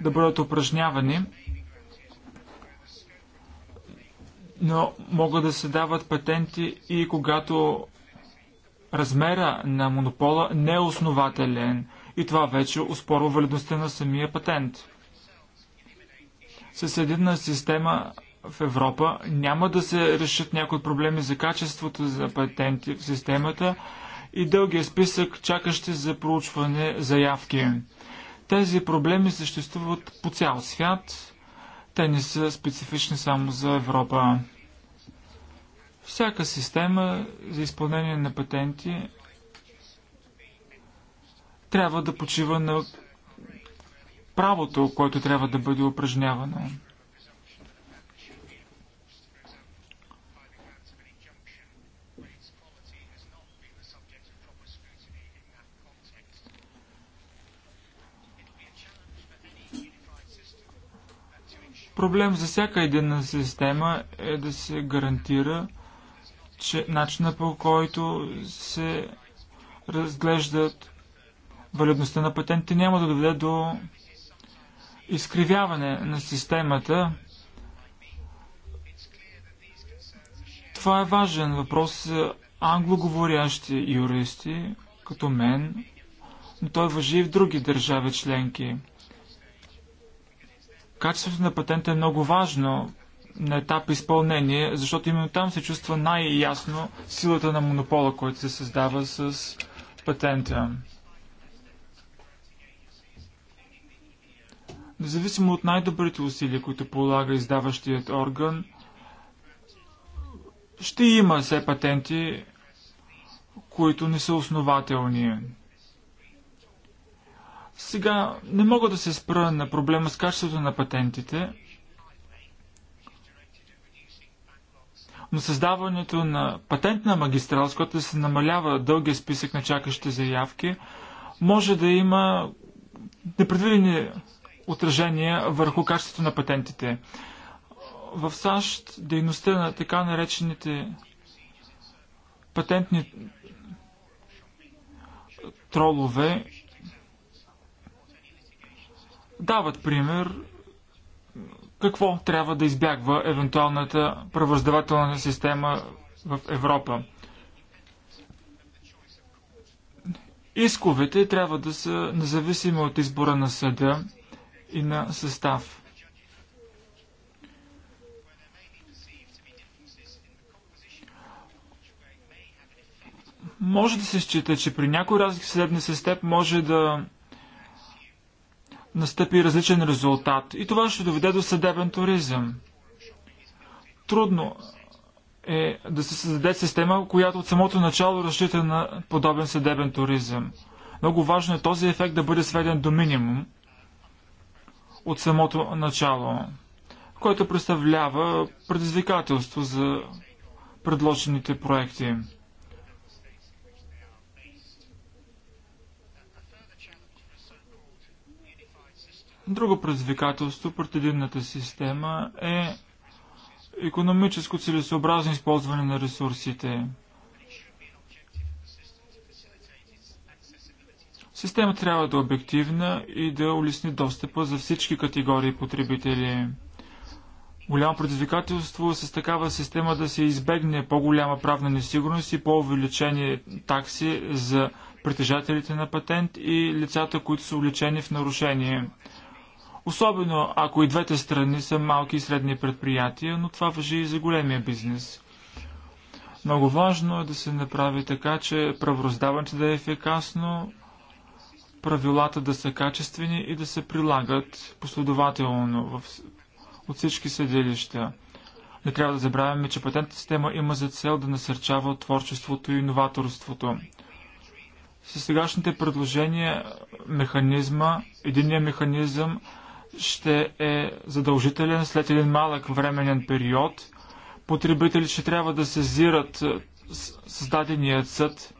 да бъдат упражнявани, но могат да се дават патенти и когато размера на монопола не е основателен и това вече успорва валидността на самия патент. С единна система в Европа, няма да се решат някои проблеми за качеството за патенти в системата и дългия списък чакащи за проучване заявки. Тези проблеми съществуват по цял свят. Те не са специфични само за Европа. Всяка система за изпълнение на патенти трябва да почива на правото, което трябва да бъде упражнявано. Проблем за всяка единна система е да се гарантира, че начина по който се разглеждат валидността на патентите няма да доведе до изкривяване на системата. Това е важен въпрос за англоговорящи юристи, като мен, но той въжи и в други държави членки. Качеството на патента е много важно на етап изпълнение, защото именно там се чувства най-ясно силата на монопола, който се създава с патента. Независимо от най-добрите усилия, които полага издаващият орган, ще има все патенти, които не са основателни. Сега не мога да се спра на проблема с качеството на патентите, но създаването на патентна магистрал, с която се намалява дългия списък на чакащите заявки, може да има непредвидени отражения върху качеството на патентите. В САЩ дейността на така наречените патентни тролове дават пример какво трябва да избягва евентуалната правоздавателна система в Европа. Исковете трябва да са независими от избора на съда и на състав. Може да се счита, че при някои разлики в съдебния състеп може да настъпи различен резултат. И това ще доведе до съдебен туризъм. Трудно е да се създаде система, която от самото начало разчита на подобен съдебен туризъм. Много важно е този ефект да бъде сведен до минимум от самото начало, което представлява предизвикателство за предложените проекти. Друго предизвикателство пред единната система е економическо целесообразно използване на ресурсите. Система трябва да е обективна и да улесни достъпа за всички категории потребители. Голямо предизвикателство е с такава система да се избегне по-голяма правна несигурност и по-увеличени такси за притежателите на патент и лицата, които са увлечени в нарушение. Особено ако и двете страни са малки и средни предприятия, но това въжи и за големия бизнес. Много важно е да се направи така, че правораздаването да е ефикасно, правилата да са качествени и да се прилагат последователно в... от всички съдилища. Не трябва да забравяме, че патентната система има за цел да насърчава творчеството и иноваторството. С сегашните предложения механизма, единия механизъм ще е задължителен след един малък временен период. Потребители ще трябва да сезират е, създаденият съд,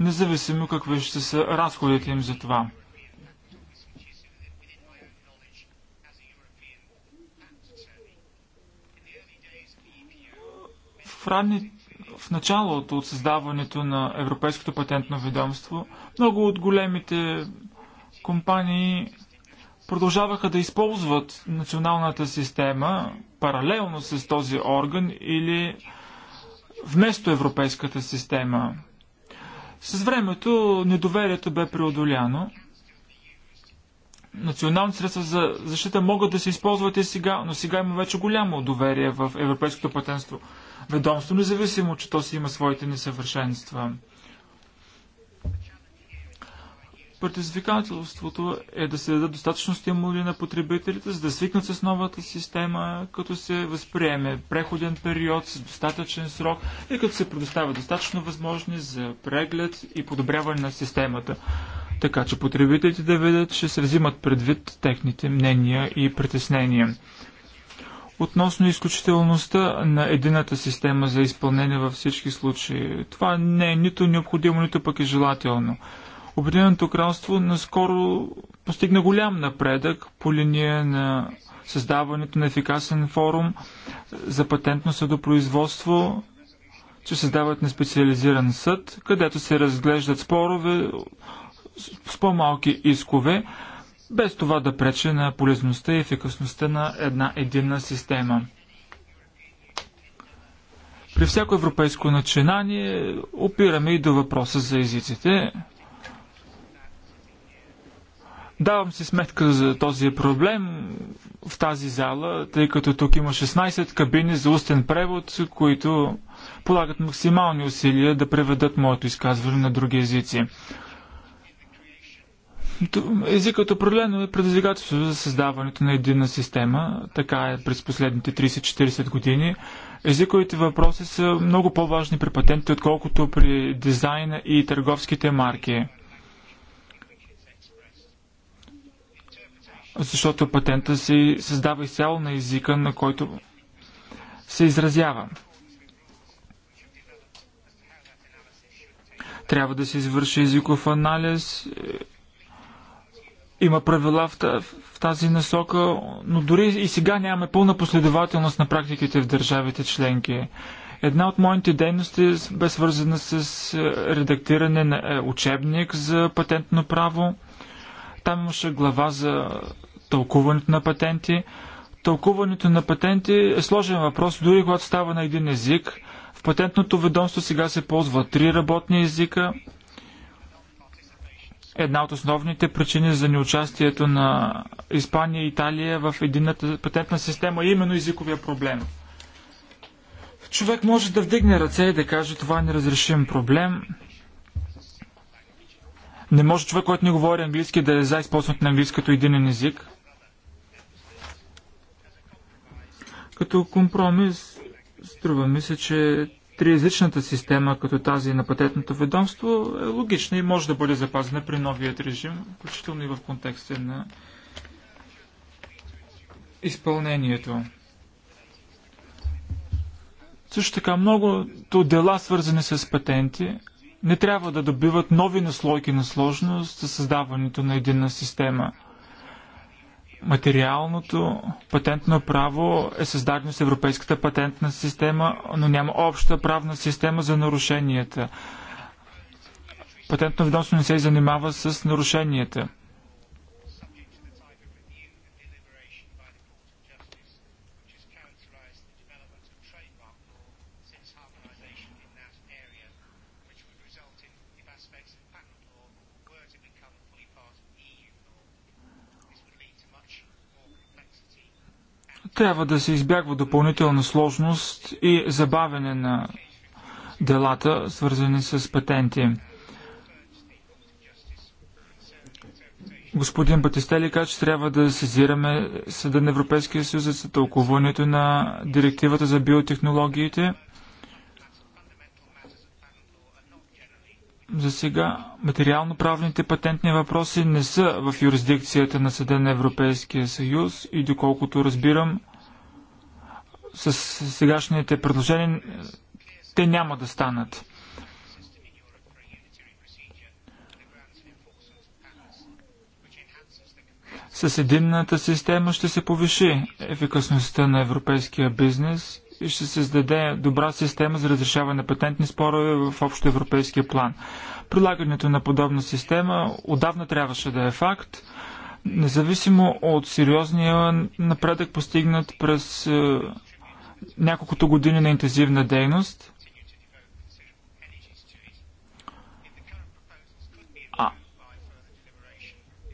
независимо какви ще са разходите им за това. В, ранни, в началото от създаването на Европейското патентно ведомство, много от големите компании продължаваха да използват националната система паралелно с този орган или вместо европейската система. С времето недоверието бе преодоляно. Национални средства за защита могат да се използват и сега, но сега има вече голямо доверие в Европейското патентство. Ведомство, независимо, че то си има своите несъвършенства. Предизвикателството е да се дадат достатъчно стимули на потребителите, за да свикнат с новата система, като се възприеме преходен период с достатъчен срок и като се предоставят достатъчно възможни за преглед и подобряване на системата. Така че потребителите да видят, че се взимат предвид техните мнения и притеснения. Относно изключителността на едината система за изпълнение във всички случаи, това не е нито необходимо, нито пък е желателно. Обединеното кралство наскоро постигна голям напредък по линия на създаването на ефикасен форум за патентно съдопроизводство, че създават на специализиран съд, където се разглеждат спорове с по-малки искове, без това да прече на полезността и ефикасността на една единна система. При всяко европейско начинание опираме и до въпроса за езиците. Давам си сметка за този проблем в тази зала, тъй като тук има 16 кабини за устен превод, които полагат максимални усилия да преведат моето изказване на други езици. Езикът определено е предизвикателство за създаването на единна система. Така е през последните 30-40 години. Езиковите въпроси са много по-важни при патентите, отколкото при дизайна и търговските марки. защото патента се създава изцяло на езика, на който се изразява. Трябва да се извърши езиков анализ. Е, има правила в тази насока, но дори и сега нямаме пълна последователност на практиките в държавите членки. Една от моите дейности бе свързана с е, редактиране на е, учебник за патентно право. Там имаше глава за тълкуването на патенти. Тълкуването на патенти е сложен въпрос, дори когато става на един език. В патентното ведомство сега се ползва три работни езика. Една от основните причини за неучастието на Испания и Италия в единната патентна система е именно езиковия проблем. Човек може да вдигне ръце и да каже това е неразрешим проблем. Не може човек, който не говори английски, да е за използването на английското единен език. Като компромис, струва ми се, че триязичната система, като тази на патентното ведомство, е логична и може да бъде запазена при новият режим, включително и в контекста на изпълнението. Също така многото дела, свързани с патенти, не трябва да добиват нови наслойки на сложност за създаването на единна система – Материалното патентно право е създадено с Европейската патентна система, но няма обща правна система за нарушенията. Патентно ведомство не се занимава с нарушенията. Трябва да се избягва допълнителна сложност и забавене на делата, свързани с патенти. Господин Батистели каза, че трябва да сезираме Съда на Европейския съюз за тълкуването на директивата за биотехнологиите. За сега материално-правните патентни въпроси не са в юрисдикцията на Съда на Европейския съюз и доколкото разбирам, с сегашните предложения те няма да станат. С единната система ще се повиши ефикасността на европейския бизнес и ще се създаде добра система за разрешаване на патентни спорове в общо европейския план. Прилагането на подобна система отдавна трябваше да е факт, независимо от сериозния напредък постигнат през е, няколкото години на интензивна дейност. А,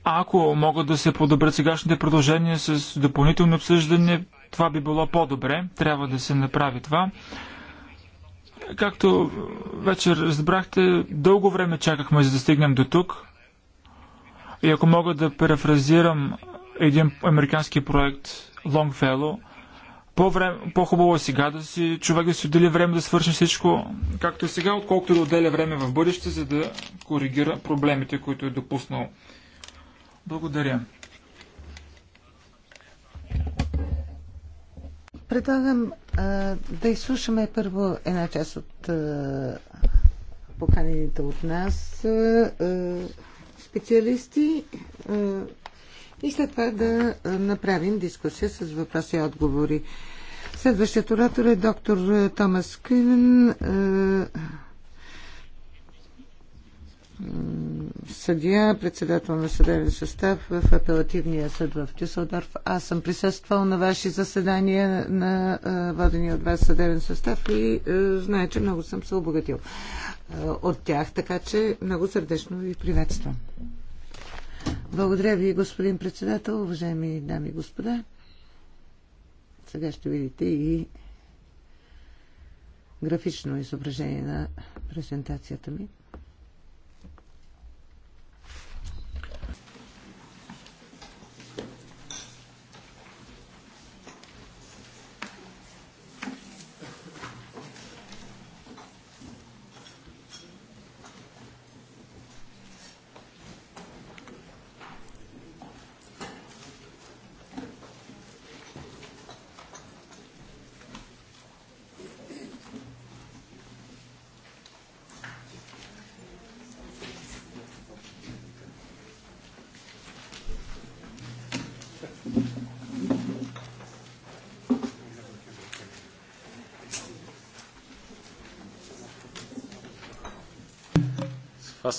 ако могат да се подобрят сегашните предложения с допълнително обсъждане, това би било по-добре. Трябва да се направи това. Както вече разбрахте, дълго време чакахме за да стигнем до тук. И ако мога да парафразирам един американски проект Longfellow – по-хубаво по е сега да си, човек да си отдели време да свърши всичко както е сега, отколкото да отделя време в бъдеще, за да коригира проблемите, които е допуснал. Благодаря. Предлагам а, да изслушаме първо една част от а, поканените от нас а, специалисти. А, и след това да направим дискусия с въпроси и отговори. Следващият оратор е доктор е, Томас Кювен, е, съдия, председател на съдебен състав в апелативния съд в Тюсълдорф. Аз съм присъствал на ваши заседания на е, водения от вас съдебен състав и знае, че много съм се обогатил от тях, така че много сърдечно ви приветствам. Благодаря ви, господин председател, уважаеми дами и господа. Сега ще видите и графично изображение на презентацията ми.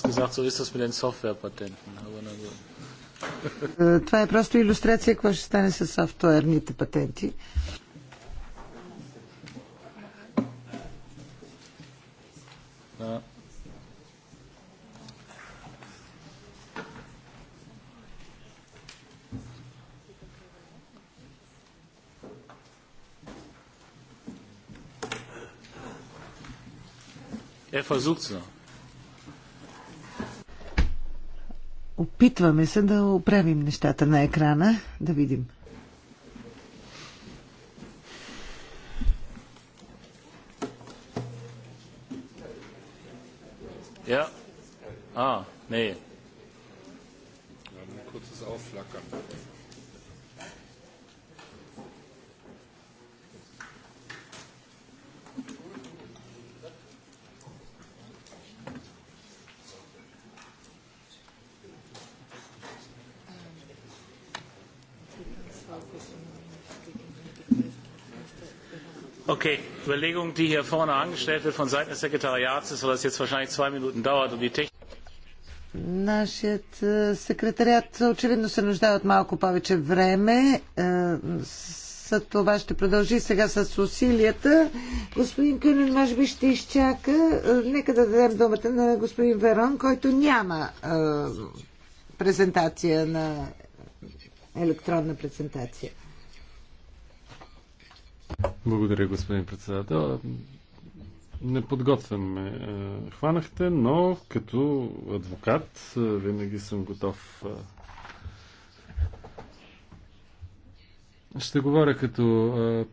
fast gesagt, so ist das mit den Softwarepatenten. Това е просто иллюстрация какво ще стане с софтуерните патенти. Да. Er versucht es noch. Опитваме се да оправим нещата на екрана, да видим. Überlegung, die hier vorne angestellt wird von Seiten des Sekretariats, ist, weil das jetzt wahrscheinlich zwei Minuten dauert und die Technik. Нашият е, секретарят очевидно се нуждае от малко повече време. За е, това ще продължи сега с усилията. Господин Кюнен, може би ще изчака. Е, нека да дадем думата на господин Верон, който няма презентация на електронна презентация. Благодаря, господин председател. Не подготвям ме е, хванахте, но като адвокат е, винаги съм готов. Е. Ще говоря като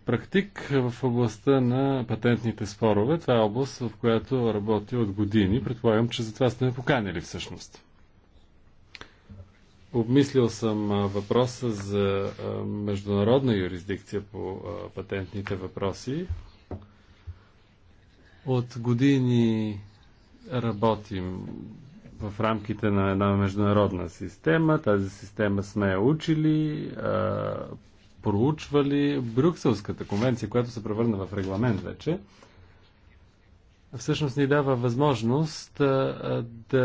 практик в областта на патентните спорове. Това е област, в която работя от години. Предполагам, че това сте ме поканили всъщност. Обмислил съм въпроса за международна юрисдикция по патентните въпроси. От години работим в рамките на една международна система. Тази система сме учили, проучвали. Брюкселската конвенция, която се превърна в регламент вече, всъщност ни дава възможност да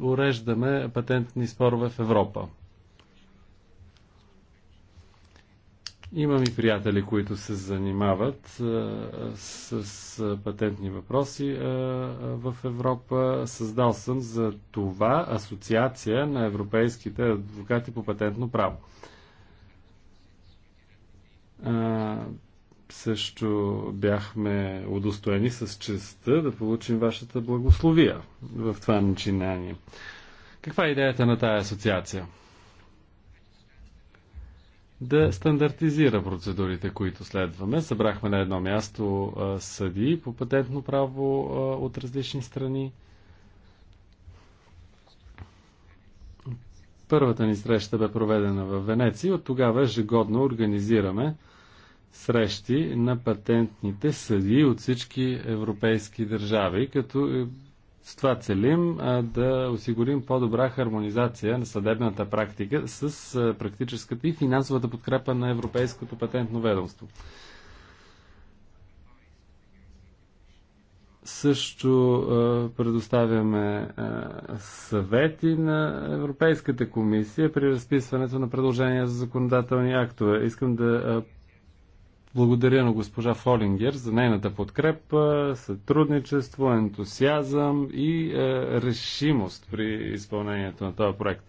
уреждаме патентни спорове в Европа. Имам и приятели, които се занимават а, с, а, патентни въпроси а, в Европа. Създал съм за това Асоциация на европейските адвокати по патентно право. А, също бяхме удостоени с честа да получим вашата благословия в това начинание. Каква е идеята на тая асоциация? Да стандартизира процедурите, които следваме. Събрахме на едно място съди по патентно право от различни страни. Първата ни среща бе проведена в Венеция. От тогава ежегодно организираме срещи на патентните съди от всички европейски държави, като е, с това целим да осигурим по-добра хармонизация на съдебната практика с практическата и финансовата подкрепа на Европейското патентно ведомство. Също предоставяме а, съвети на Европейската комисия при разписването на предложения за законодателни актове. Искам да благодаря на госпожа Фолингер за нейната подкрепа, сътрудничество, ентусиазъм и е, решимост при изпълнението на този проект.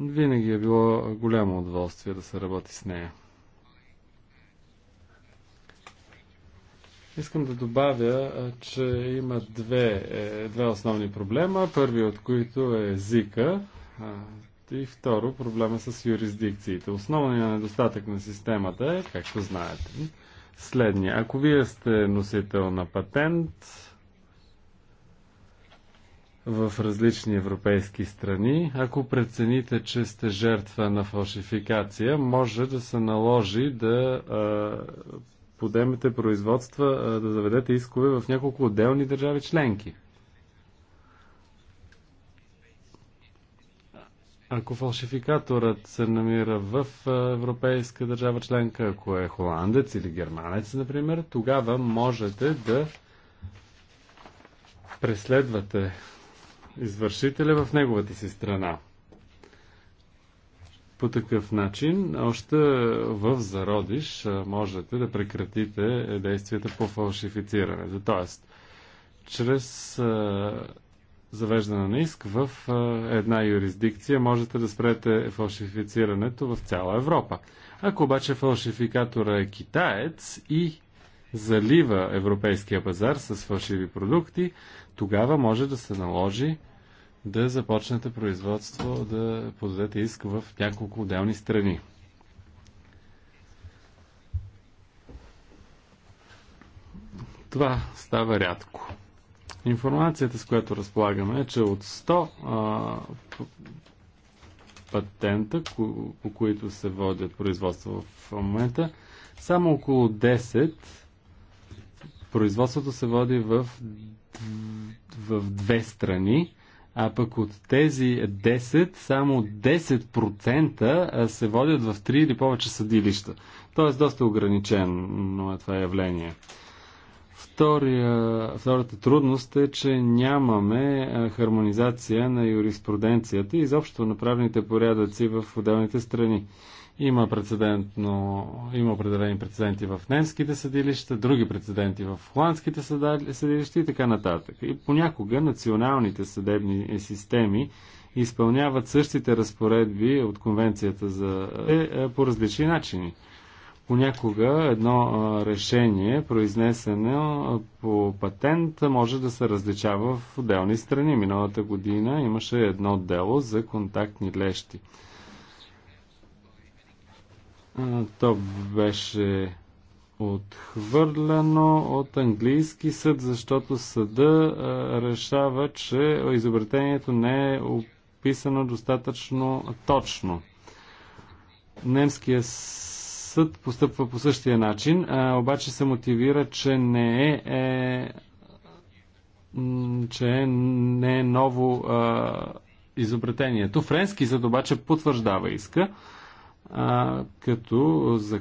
Винаги е било голямо удоволствие да се работи с нея. Искам да добавя, е, че има две, е, две основни проблема. Първият от които е езика. Е, и второ, проблема с юрисдикциите. Основният недостатък на системата е, както знаете, следния. Ако вие сте носител на патент в различни европейски страни, ако прецените, че сте жертва на фалшификация, може да се наложи да подемете производства, да заведете искове в няколко отделни държави членки. Ако фалшификаторът се намира в европейска държава членка, ако е холандец или германец, например, тогава можете да преследвате извършителя в неговата си страна. По такъв начин, още в зародиш, можете да прекратите действията по фалшифицирането. Тоест, чрез завеждане на иск в една юрисдикция, можете да спрете фалшифицирането в цяла Европа. Ако обаче фалшификатора е китаец и залива европейския пазар с фалшиви продукти, тогава може да се наложи да започнете производство, да подадете иск в няколко отделни страни. Това става рядко. Информацията, с която разполагаме, е, че от 100 а, патента, ко по които се водят производства в момента, само около 10 производството се води в, в две страни, а пък от тези 10, само 10% се водят в 3 или повече съдилища. Тоест доста ограничено е това явление. Втория, втората трудност е, че нямаме хармонизация на юриспруденцията и изобщо на правните порядъци в отделните страни. Има, прецедентно, има определени прецеденти в немските съдилища, други прецеденти в холандските съдилища и така нататък. И понякога националните съдебни системи изпълняват същите разпоредби от Конвенцията за е, е, по различни начини. Понякога едно решение, произнесено по патент, може да се различава в отделни страни. Миналата година имаше едно дело за контактни лещи. То беше отхвърлено от английски съд, защото съда решава, че изобретението не е описано достатъчно точно. съд съд постъпва по същия начин, а, обаче се мотивира, че не е, е че е, не е ново а, изобретението. Френски съд обаче потвърждава иска, а, като за,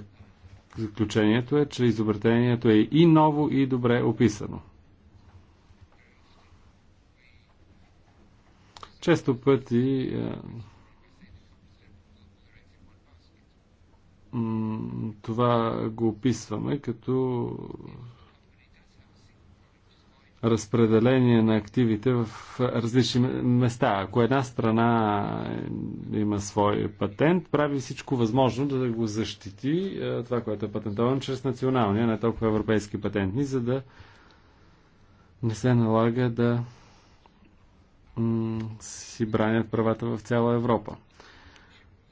заключението е, че изобретението е и ново, и добре описано. Често пъти а, това го описваме като разпределение на активите в различни места. Ако една страна има свой патент, прави всичко възможно да го защити, е, това, което е патентовано, чрез националния, не толкова европейски патентни, за да не се налага да си бранят правата в цяла Европа.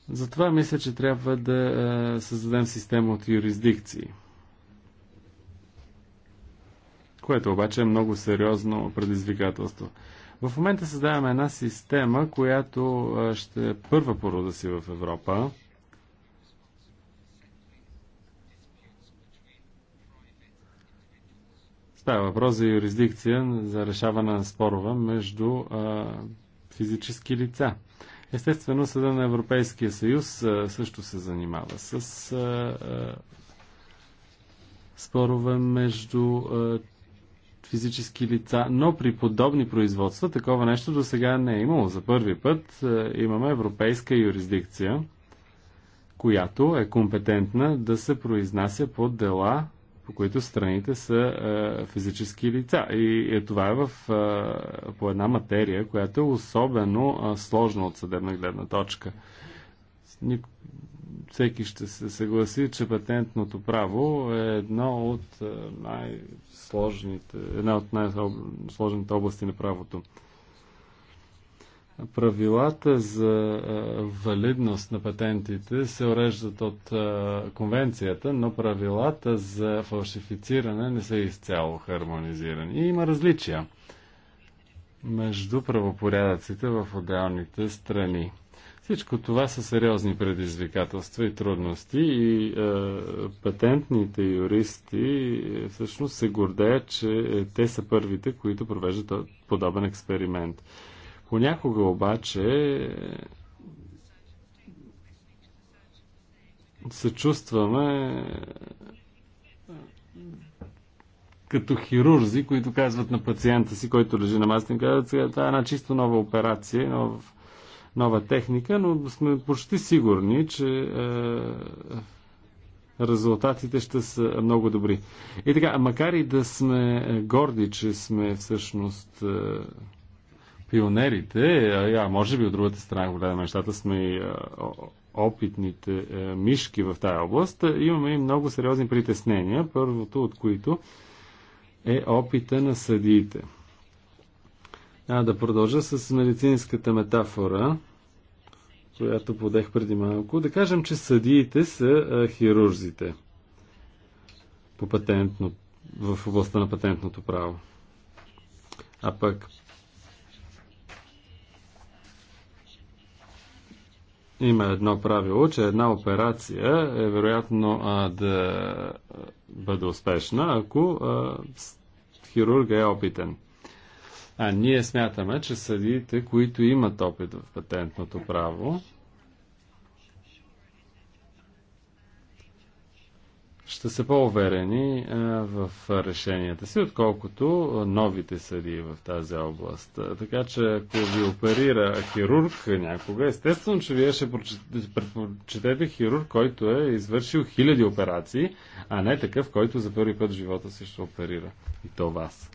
Затова мисля, че трябва да е, създадем система от юрисдикции. Което обаче е много сериозно предизвикателство. В момента създаваме една система, която е, ще е първа порода си в Европа. Става въпрос за юрисдикция за решаване на спорове между а, е, физически лица. Естествено, Съда на Европейския съюз също се занимава с спорове между физически лица, но при подобни производства такова нещо до сега не е имало. За първи път имаме европейска юрисдикция, която е компетентна да се произнася по дела по които страните са а, е, физически лица. И и е, това е в, а, е, по една материя, която е особено а, сложна от съдебна гледна точка. Ник... Всеки ще се съгласи, че патентното право е едно от най-сложните, една от най-сложните области на правото. Правилата за валидност на патентите се уреждат от конвенцията, но правилата за фалшифициране не са изцяло хармонизирани. И има различия между правопорядъците в отделните страни. Всичко това са сериозни предизвикателства и трудности и е, патентните юристи е, всъщност се гордеят, че е, те са първите, които провеждат подобен експеримент. Понякога обаче се чувстваме като хирурзи, които казват на пациента си, който лежи на масата, казват сега това е една чисто нова операция, нов, нова техника, но сме почти сигурни, че е, резултатите ще са много добри. И така, макар и да сме е, горди, че сме всъщност е, пионерите, а може би от другата страна, ако гледаме нещата, сме и опитните е, мишки в тази област, имаме и много сериозни притеснения, първото от които е опита на съдиите. А, да продължа с медицинската метафора, която подех преди малко. Да кажем, че съдиите са хирурзите по патентно, в областта на патентното право. А пък Има едно правило, че една операция е вероятно а, да бъде успешна, ако а, хирурга е опитен. А ние смятаме, че съдиите, които имат опит в патентното право, ще са по-уверени е, в решенията си, отколкото новите съди в тази област. Е, така че ако ви оперира хирург някога, естествено, че вие ще предпочитете хирург, който е извършил хиляди операции, а не такъв, който за първи път в живота си ще оперира. И то вас.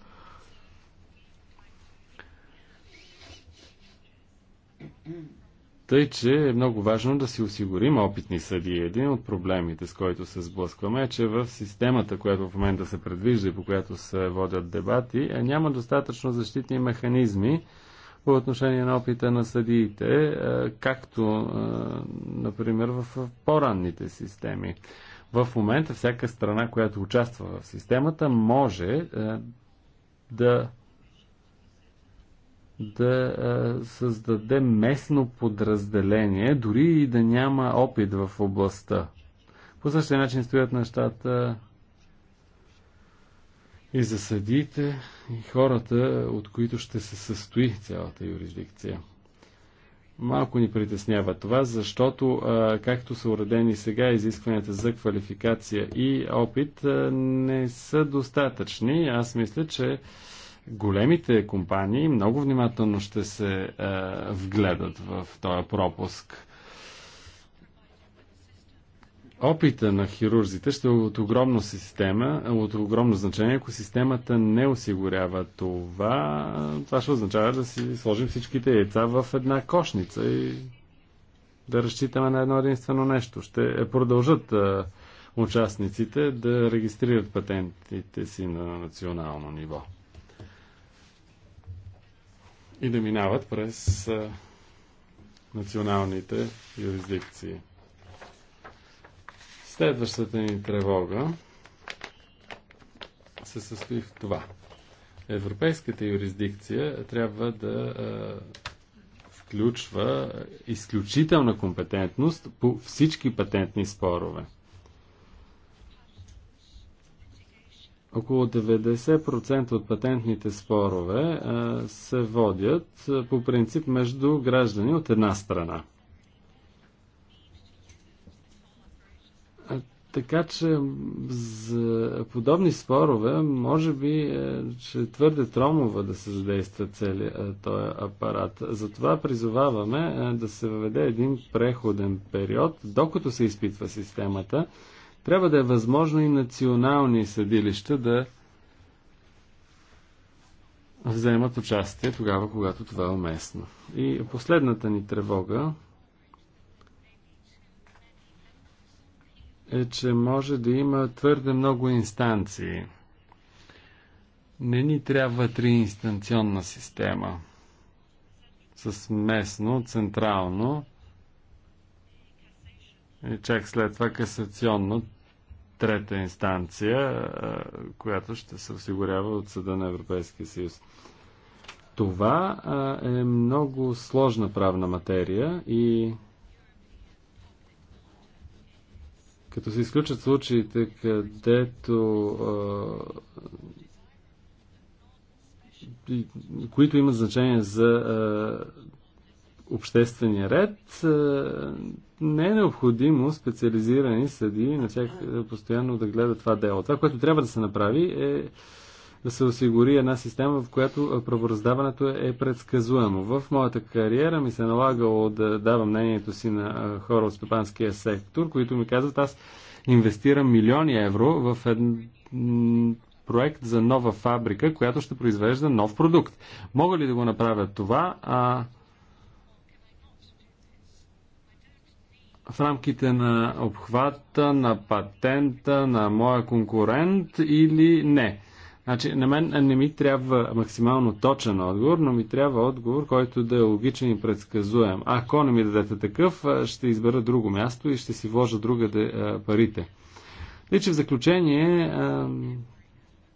Mm-hmm. Тъй, че е много важно да си осигурим опитни съдии. Един от проблемите, с който се сблъскваме, е, че в системата, която в момента се предвижда и по която се водят дебати, е, няма достатъчно защитни механизми по отношение на опита на съдиите, е, както, е, например, в по-ранните системи. В момента всяка страна, която участва в системата, може да да създаде местно подразделение, дори и да няма опит в областта. По същия начин стоят нещата и за съдиите, и хората, от които ще се състои цялата юрисдикция. Малко ни притеснява това, защото както са уредени сега изискванията за квалификация и опит не са достатъчни. Аз мисля, че големите компании много внимателно ще се е, вгледат в този пропуск. Опита на хирурзите ще е от огромно, система, от огромно значение. Ако системата не осигурява това, това ще означава да си сложим всичките яйца в една кошница и да разчитаме на едно единствено нещо. Ще продължат е, участниците да регистрират патентите си на национално ниво и да минават през националните юрисдикции. Следващата ни тревога се състои в това. Европейската юрисдикция трябва да включва изключителна компетентност по всички патентни спорове – Около 90% от патентните спорове се водят по принцип между граждани от една страна. Така че за подобни спорове може би ще твърде тромова да се задейства целият е, този апарат. Затова призоваваме е, да се въведе един преходен период, докато се изпитва системата, трябва да е възможно и национални съдилища да вземат участие тогава, когато това е уместно. И последната ни тревога е, че може да има твърде много инстанции. Не ни трябва триинстанционна система с местно, централно и чак след това касационно трета инстанция, която ще се осигурява от Съда на Европейския съюз. Това е много сложна правна материя и като се изключат случаите, където които имат значение за обществения ред, не е необходимо специализирани съди на всяк, е, постоянно да гледат това дело. Това, което трябва да се направи е да се осигури една система, в която правораздаването е предсказуемо. В моята кариера ми се налагало да давам мнението си на хора от стопанския сектор, които ми казват, аз инвестирам милиони евро в един проект за нова фабрика, която ще произвежда нов продукт. Мога ли да го направя това? А, в рамките на обхвата, на патента, на моя конкурент или не. Значи, на мен не ми трябва максимално точен отговор, но ми трябва отговор, който да е логичен и предсказуем. Ако не ми дадете такъв, ще избера друго място и ще си вложа другаде парите. И в заключение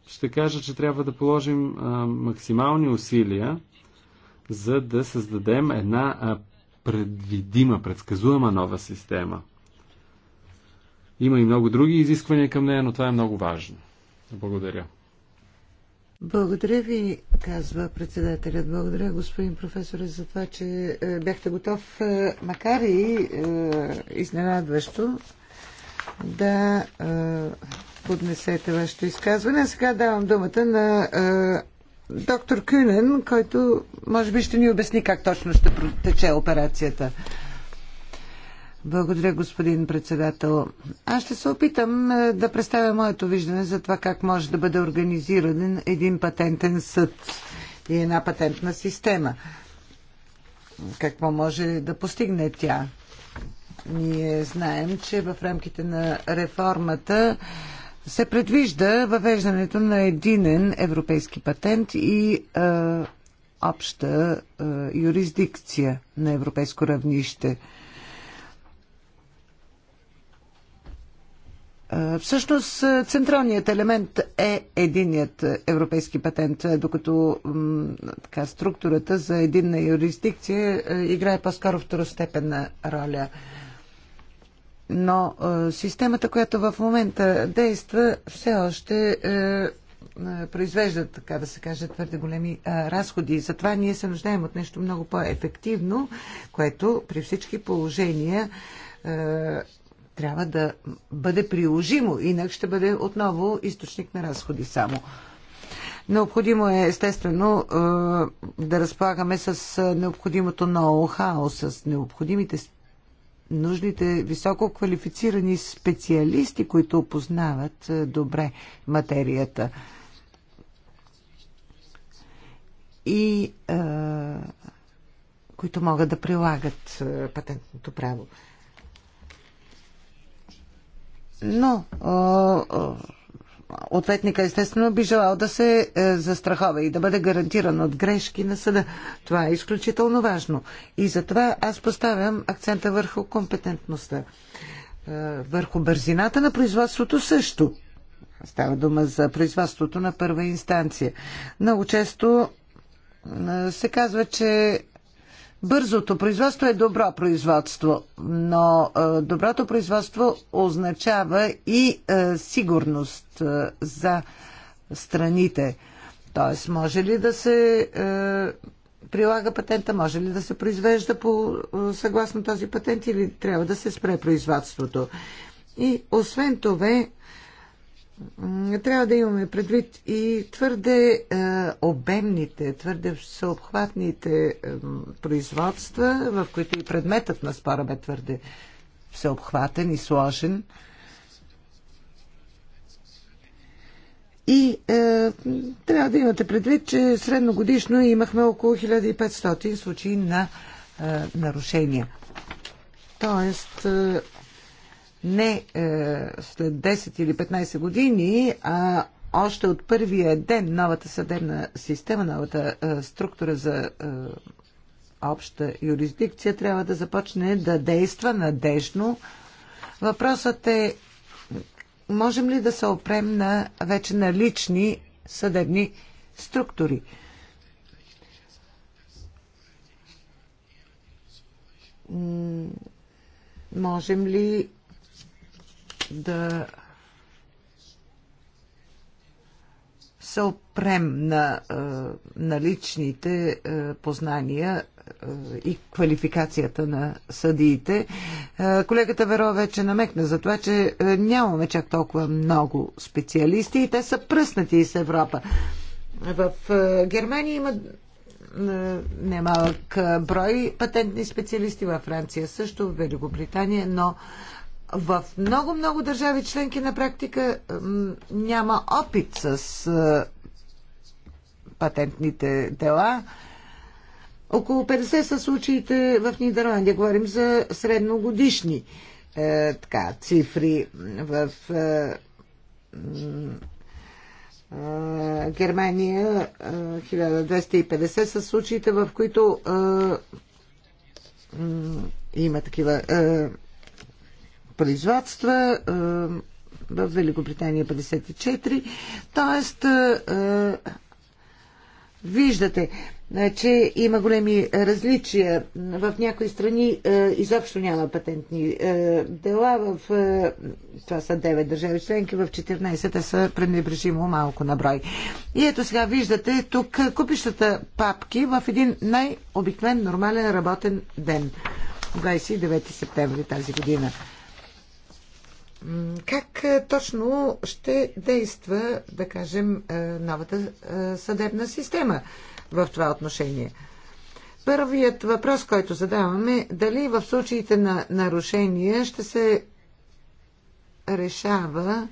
ще кажа, че трябва да положим максимални усилия, за да създадем една предвидима, предсказуема нова система. Има и много други изисквания към нея, но това е много важно. Благодаря. Благодаря ви, казва председателят. Благодаря, господин професор, за това, че е, бяхте готов, е, макар и е, изненадващо, да поднесете вашето изказване. А сега давам думата на доктор Кюнен, който може би ще ни обясни как точно ще протече операцията. Благодаря, господин председател. Аз ще се опитам е, да представя моето виждане за това как може да бъде организиран един патентен съд и една патентна система. Какво може да постигне тя? Ние знаем, че в рамките на реформата се предвижда въвеждането на единен европейски патент и е, обща е, юрисдикция на европейско равнище. Всъщност централният елемент е единият европейски патент, докато така, структурата за единна юрисдикция играе по-скоро второстепенна роля но е, системата, която в момента действа, все още е, е, произвежда, така да се каже, твърде големи разходи. затова ние се нуждаем от нещо много по-ефективно, което при всички положения трябва да бъде приложимо, инак ще бъде отново източник на разходи само. Необходимо е, естествено, да разполагаме с необходимото ноу-хау, с необходимите нужните високо квалифицирани специалисти, които опознават е, добре материята. И а, е, които могат да прилагат е, патентното право. Но а, а, ответника естествено би желал да се е, застрахова и да бъде гарантиран от грешки на съда. Това е изключително важно. И затова аз поставям акцента върху компетентността. Е, върху бързината на производството също. Става дума за производството на първа инстанция. Много често е, се казва, че Бързото производство е добро производство, но е, доброто производство означава и е, сигурност е, за страните. Тоест, може ли да се прилага патента, може ли да се произвежда по, съгласно този патент или трябва да се спре производството. И освен това, трябва да имаме предвид и твърде е, обемните, твърде всеобхватните е, производства, в които и предметът на спора бе твърде всеобхватен и сложен. И е, трябва да имате предвид, че средногодишно имахме около 1500 случаи на е, нарушения. Тоест, е, не е, след 10 или 15 години, а още от първия ден новата съдебна система, новата е, структура за е, обща юрисдикция трябва да започне да действа надежно. Въпросът е, можем ли да се опрем на вече налични съдебни структури? Можем ли да се опрем на е, наличните е, познания е, и квалификацията на съдиите. Е, колегата Веро вече намекна за това, че е, нямаме чак толкова много специалисти и те са пръснати из Европа. В е, Германия има е, немалък брой патентни специалисти във Франция също, в Великобритания, но в много-много държави членки на практика няма опит с патентните дела. Около 50 са случаите в Нидерландия. Говорим за средногодишни е, така, цифри в е, е, Германия. Е, 1250 са случаите, в които е, е, има такива е, производства, е, в Великобритания 54. Тоест, е, е, виждате, че има големи различия. В някои страни изобщо няма патентни дела. В, това са 9 държави членки, в 14 те са пренебрежимо малко на брой. И ето сега виждате тук купищата папки в един най-обикновен нормален работен ден. 29 септември тази година. Как е, точно ще действа, да кажем, е, новата е, съдебна система в това отношение? Първият въпрос, който задаваме, дали в случаите на нарушения ще се решава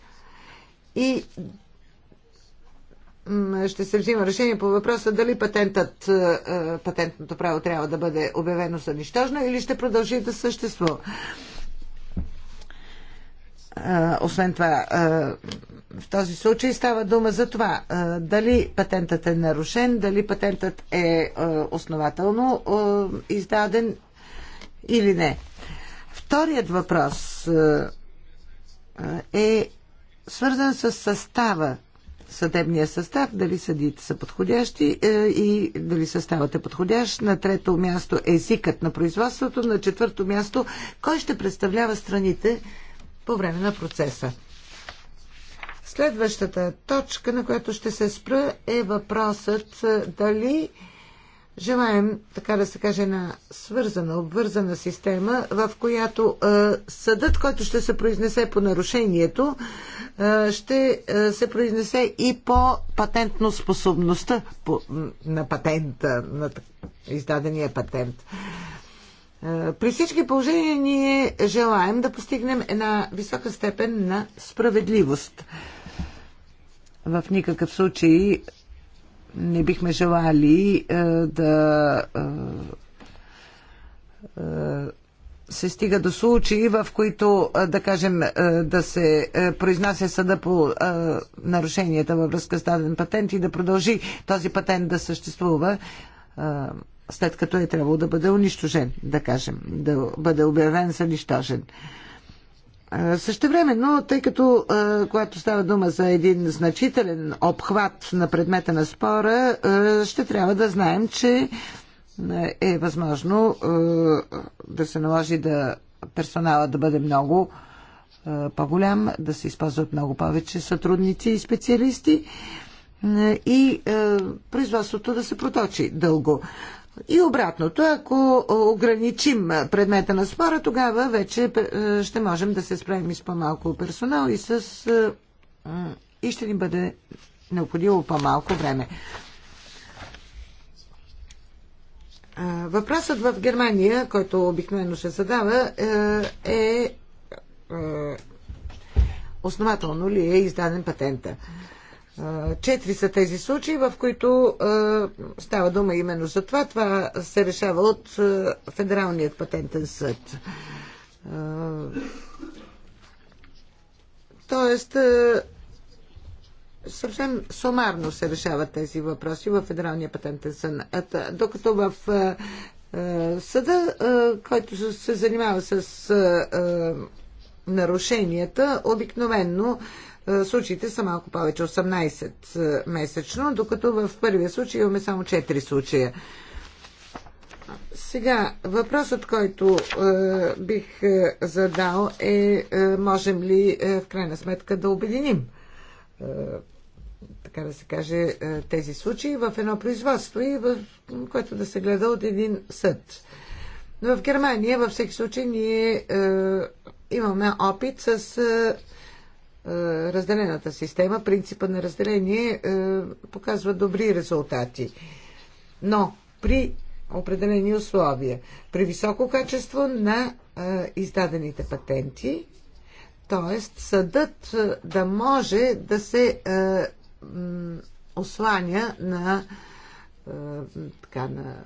и ще се взима решение по въпроса дали патентът, патентното право трябва да бъде обявено за нищожно или ще продължи да съществува. Освен това, в този случай става дума за това дали патентът е нарушен, дали патентът е основателно издаден или не. Вторият въпрос е свързан с състава, съдебния състав, дали съдите са подходящи и дали съставът е подходящ. На трето място е езикът на производството, на четвърто място кой ще представлява страните по време на процеса. Следващата точка, на която ще се спра, е въпросът е, дали желаем, така да се каже, на свързана, обвързана система, в която е, съдът, който ще се произнесе по нарушението, е, ще е, се произнесе и по патентно способността по, на патента, на издадения патент. Е, при всички положения ние желаем да постигнем една висока степен на справедливост. В никакъв случай не бихме желали е, да е, се стига до случаи, в които, да кажем, да се произнася съда по нарушенията във връзка с даден патент и да продължи този патент да съществува след като е трябвало да бъде унищожен, да кажем, да бъде обявен за нищожен. Също време, но тъй като когато става дума за един значителен обхват на предмета на спора, ще трябва да знаем, че е възможно да се наложи да персонала да бъде много по-голям, да се използват много повече сътрудници и специалисти и производството да се проточи дълго. И обратното, ако ограничим предмета на спора, тогава вече е, ще можем да се справим и с по-малко персонал и, с, е, е, и ще ни бъде необходимо по-малко време. Въпросът в Германия, който обикновено се задава, е основателно ли е издаден патента. Четири са тези случаи, в които става дума именно за това. Това се решава от Федералният патентен съд. тоест, съвсем сумарно се решават тези въпроси в Федералния патентен съд. Докато в съда, който се занимава с нарушенията, обикновенно е, случаите са малко повече, 18 е, месечно, докато в първия случай имаме само 4 случая. Сега, въпросът, който е, бих е, задал е, е можем ли е, в крайна сметка да обединим, е, така да се каже, е, тези случаи в едно производство и в което да се гледа от един съд. Но в Германия, във всеки случай, ние е, имаме опит с. Е, е, разделената система, принципа на разделение е, показва добри резултати. Но при определени условия, при високо качество на е, издадените патенти, т.е. съдът да може да се осланя на, така, на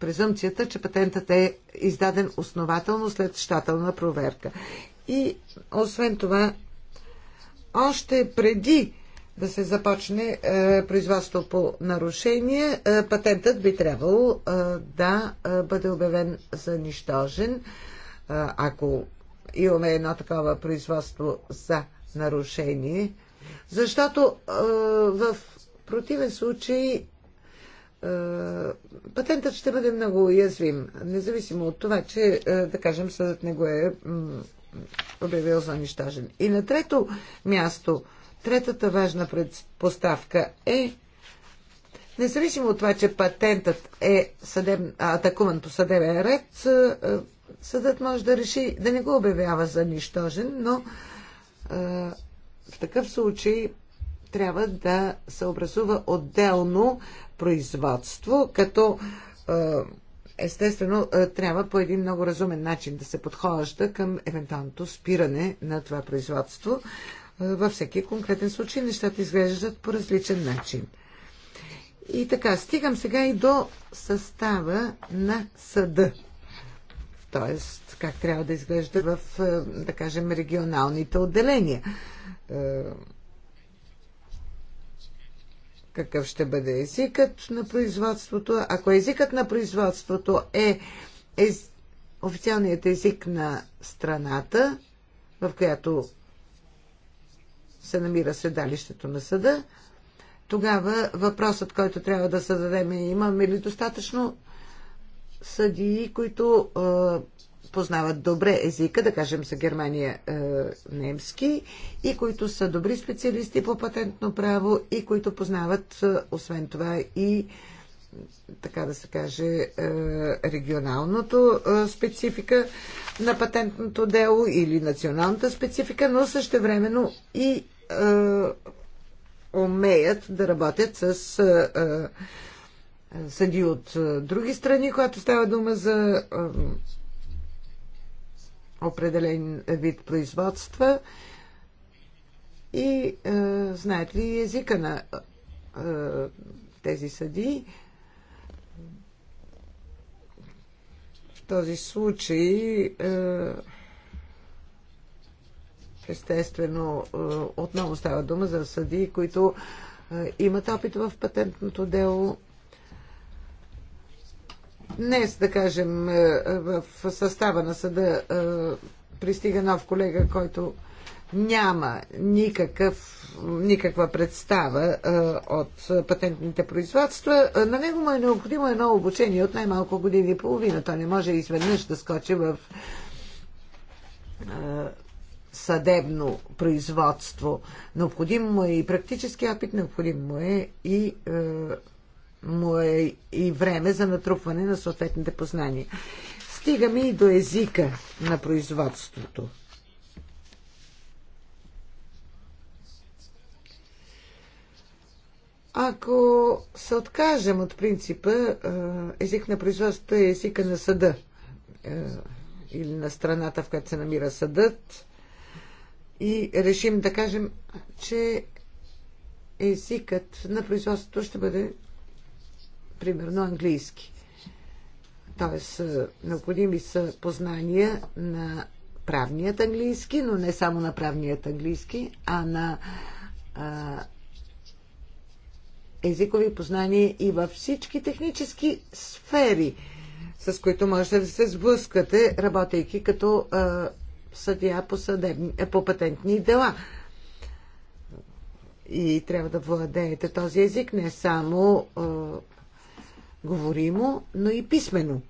презумцията, че патентът е издаден основателно след щателна проверка. И освен това, още преди да се започне е, производство по нарушение, е, патентът би трябвало е, да е, бъде обявен за нищожен, е, ако имаме едно такова производство за нарушение, защото е, в противен случай е, патентът ще бъде много уязвим, независимо от това, че, е, да кажем, съдът не го е обявил за нищажен. И на трето място, третата важна предпоставка е Независимо от това, че патентът е съдеб... атакуван по съдебен ред, е, е, съдът може да реши да не го обявява за нищожен, но е, в такъв случай трябва да се образува отделно производство, като естествено е, трябва по един много разумен начин да се подхожда към евентуалното спиране на това производство. Е, във всеки конкретен случай нещата изглеждат по различен начин. И така, стигам сега и до състава на съда. Тоест, как трябва да изглежда в, е, да кажем, регионалните отделения какъв ще бъде езикът на производството. Ако езикът на производството е, е официалният език на страната, в която се намира седалището на съда, тогава въпросът, който трябва да зададем е имаме ли достатъчно съдии, които е, познават добре езика, да кажем са Германия е, немски, и които са добри специалисти по патентно право и които познават, е, освен това, и така да се каже, е, регионалното е, специфика на патентното дело или националната специфика, но същевременно и е, умеят да работят с е, е, съди от е, други страни, когато става дума за. Е, определен вид производства и е, знаят ли езика на е, тези съдии. В този случай е, естествено е, отново става дума за съдии, които е, имат опит в патентното дело Днес, да кажем, е, е, в състава на съда е, пристига нов колега, който няма никакъв, никаква представа от патентните производства. На него му е необходимо едно обучение от най-малко години и половина. Той не може изведнъж да скочи в съдебно производство. Необходим му е и практически опит, необходим му е и му е и време за натрупване на съответните познания. Стигаме и до езика на производството. Ако се откажем от принципа език на производството е езика на съда или на страната, в която се намира съдът, и решим да кажем, че езикът на производството ще бъде примерно английски. Тоест, е, необходими са познания на правният английски, но не само на правният английски, а на а, езикови познания и във всички технически сфери, с които можете да се сблъскате, работейки като а, съдия по, съдебни, е, по патентни дела. И трябва да владеете този език не само а, говоримо, но и писмено.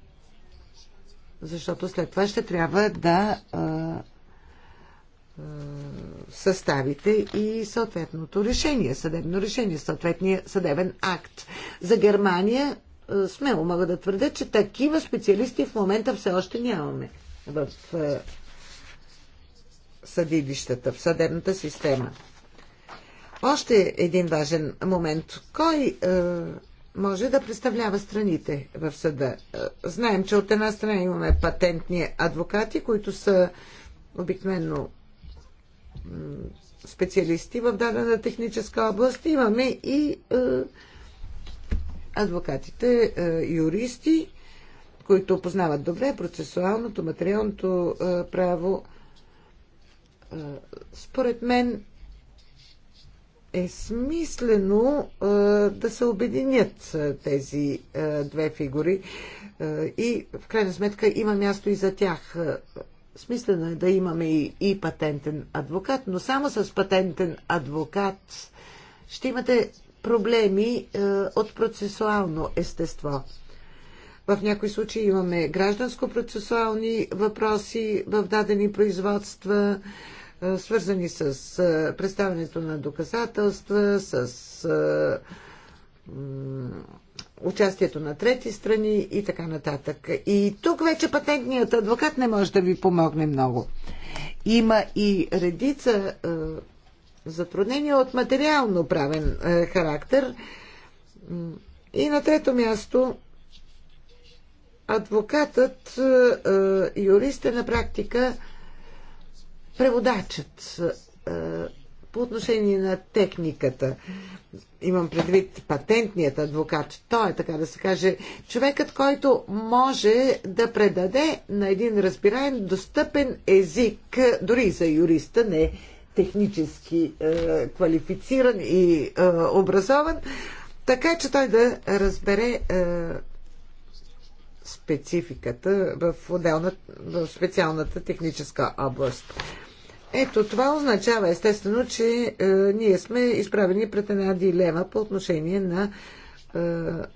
Защото след това ще трябва да а, а, съставите и съответното решение, съдебно решение, съответния съдебен акт. За Германия а, смело мога да твърдя, че такива специалисти в момента все още нямаме в а, съдилищата, в съдебната система. Още един важен момент. Кой. А, може да представлява страните в съда. Е, знаем, че от една страна имаме патентни адвокати, които са обикновено специалисти в дадена техническа област. Имаме и е, адвокатите, е, юристи, които познават добре процесуалното, материалното право. Според мен е смислено а, да се обединят а, тези а, две фигури а, и в крайна сметка има място и за тях. Смислено е да имаме и, и патентен адвокат, но само с патентен адвокат ще имате проблеми а, от процесуално естество. В някои случаи имаме гражданско-процесуални въпроси в дадени производства. А, свързани с представянето на доказателства, с участието на трети страни и така нататък. И тук вече патентният адвокат не може да ви помогне много. Има и редица е, затруднения от материално правен е, характер. И на трето място адвокатът, е, юрист е на практика е, преводачът е, по отношение на техниката. Имам предвид патентният адвокат. Той е, така да се каже, човекът, който може да предаде на един разбираем достъпен език, дори за юриста, не технически е, квалифициран и е, образован, така че той да разбере е, спецификата в, отделна, в специалната техническа област. Ето, това означава естествено, че е, ние сме изправени пред една дилема по отношение на е,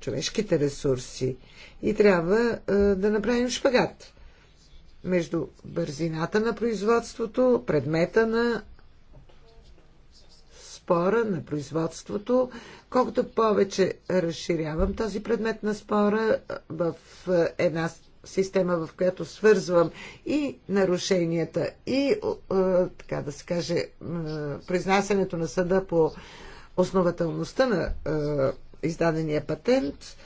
човешките ресурси и трябва е, да направим шпагат между бързината на производството, предмета на спора, на производството. Колкото повече разширявам този предмет на спора е, в е, една система, в която свързвам и нарушенията, и, така да се каже, произнасянето на съда по основателността на издадения патент,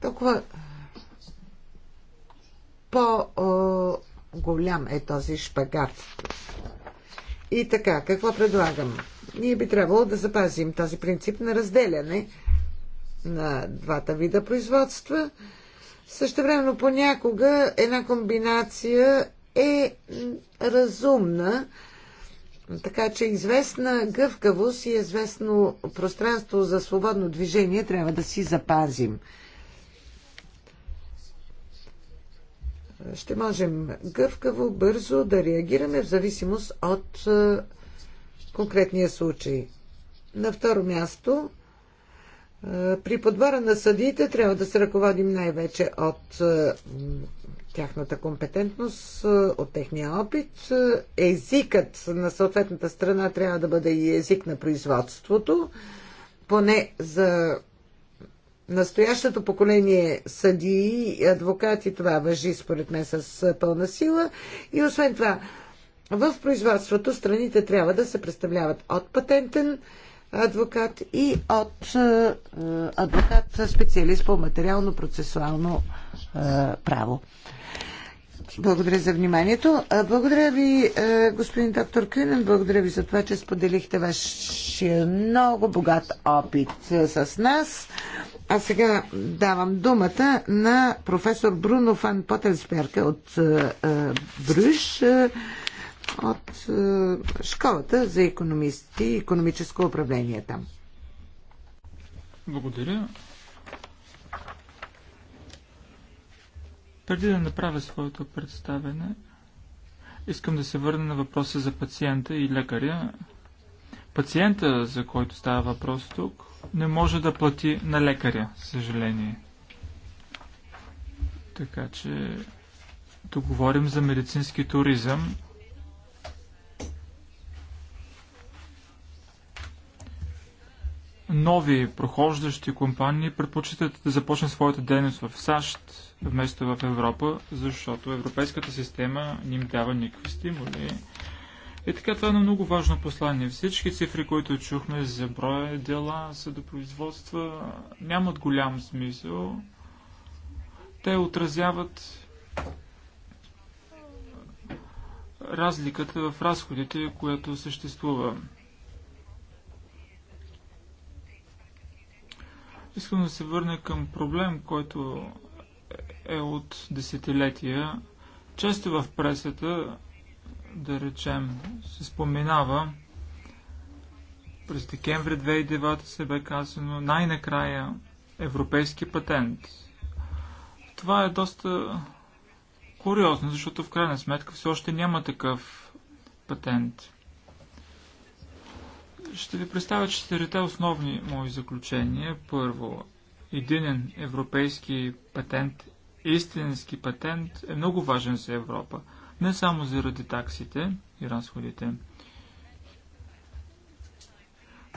толкова по-голям е този шпагат. И така, какво предлагам? Ние би трябвало да запазим този принцип на разделяне – на двата вида производства. Същевременно понякога една комбинация е разумна, така че известна гъвкавост и известно пространство за свободно движение трябва да си запазим. Ще можем гъвкаво, бързо да реагираме в зависимост от е, конкретния случай. На второ място, при подбора на съдиите трябва да се ръководим най-вече от е, тяхната компетентност, е, от техния опит. Езикът на съответната страна трябва да бъде и език на производството, поне за настоящото поколение съдии и адвокати това въжи според мен с пълна сила. И освен това, в производството страните трябва да се представляват от патентен адвокат и от е, адвокат специалист по материално-процесуално е, право. Благодаря за вниманието. Благодаря ви, е, господин доктор Кюнен. Благодаря ви за това, че споделихте вашия много богат опит с нас. А сега давам думата на професор Бруно Фан Потенсперка от Брюш от е, школата за економисти и економическо управление там. Благодаря. Преди да направя своето представене, искам да се върна на въпроса за пациента и лекаря. Пациента, за който става въпрос тук, не може да плати на лекаря, съжаление. Така че, тук говорим за медицински туризъм нови прохождащи компании предпочитат да започнат своята дейност в САЩ вместо в Европа, защото европейската система не им дава никакви стимули. И така това е едно много важно послание. Всички цифри, които чухме за броя дела, са до производства, нямат голям смисъл. Те отразяват разликата в разходите, която съществува. Искам да се върна към проблем, който е от десетилетия. Често в пресата, да речем, се споменава, през декември 2009 се бе казано най-накрая европейски патент. Това е доста куриозно, защото в крайна сметка все още няма такъв патент. Ще ви представя четирите основни мои заключения. Първо, единен европейски патент, истински патент е много важен за Европа. Не само заради таксите и разходите.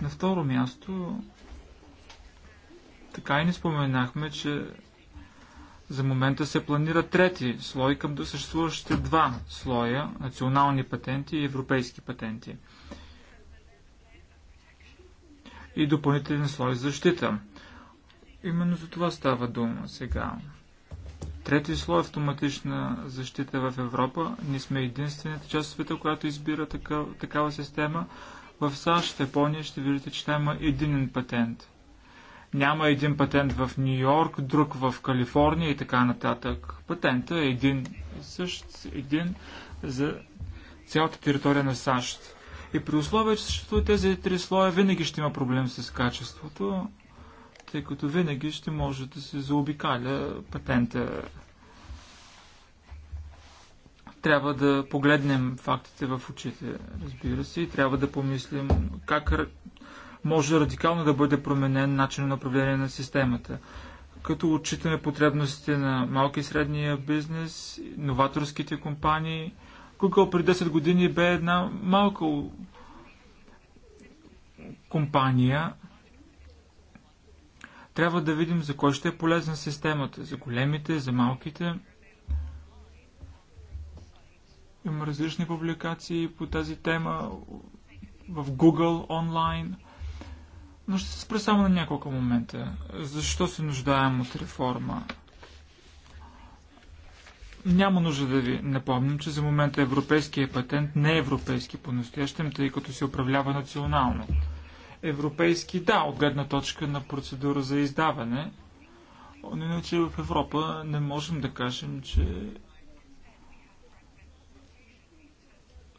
На второ място, така и не споменахме, че за момента се планира трети слой към да съществуващите два слоя национални патенти и европейски патенти и допълнителен слой защита. Именно за това става дума сега. Трети слой автоматична защита в Европа. Ние сме единствената част от света, която избира такъв, такава система. В САЩ, в Япония ще видите, че там има единен патент. Няма един патент в Нью Йорк, друг в Калифорния и така нататък. Патента е един същ, един за цялата територия на САЩ. И при условие, че съществуват тези три слоя, винаги ще има проблем с качеството, тъй като винаги ще може да се заобикаля патента. Трябва да погледнем фактите в очите, разбира се, и трябва да помислим как може радикално да бъде променен начин на управление на системата. Като отчитаме потребностите на малки и средния бизнес, новаторските компании – Google преди 10 години бе една малка компания. Трябва да видим за кой ще е полезна системата. За големите, за малките. Има различни публикации по тази тема в Google онлайн. Но ще се спра само на няколко момента. Защо се нуждаем от реформа? Няма нужда да ви напомним, че за момента европейския патент не е европейски по-настоящем, тъй като се управлява национално. Европейски, да, от гледна точка на процедура за издаване, но иначе в Европа не можем да кажем, че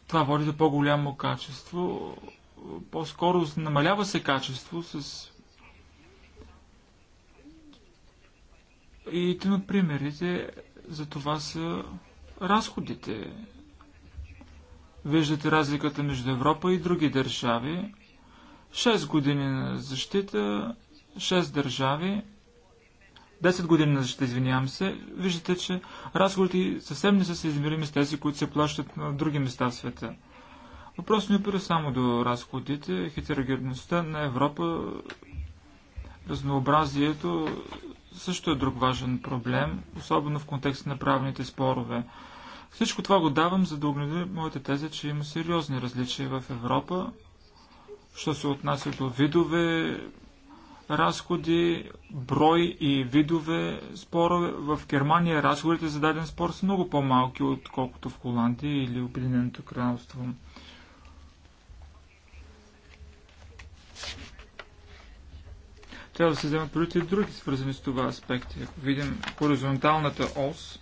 това води до по-голямо качество. По-скоро намалява се качество с и един на примерите е за това са разходите. Виждате разликата между Европа и други държави. 6 години на защита, 6 държави, 10 години на защита, извинявам се. Виждате, че разходите съвсем не са се измерими с тези, които се плащат на други места в света. Въпрос не опира само до разходите, хетерогенността на Европа, разнообразието също е друг важен проблем, особено в контекста на правните спорове. Всичко това го давам, за да огледа моята теза, че има сериозни различия в Европа, що се отнася до видове разходи, брой и видове спорове. В Германия разходите за даден спор са много по-малки, отколкото в Холандия или Обединеното кралство. Трябва да се вземат предвид и други свързани с това аспекти. Ако видим хоризонталната ос,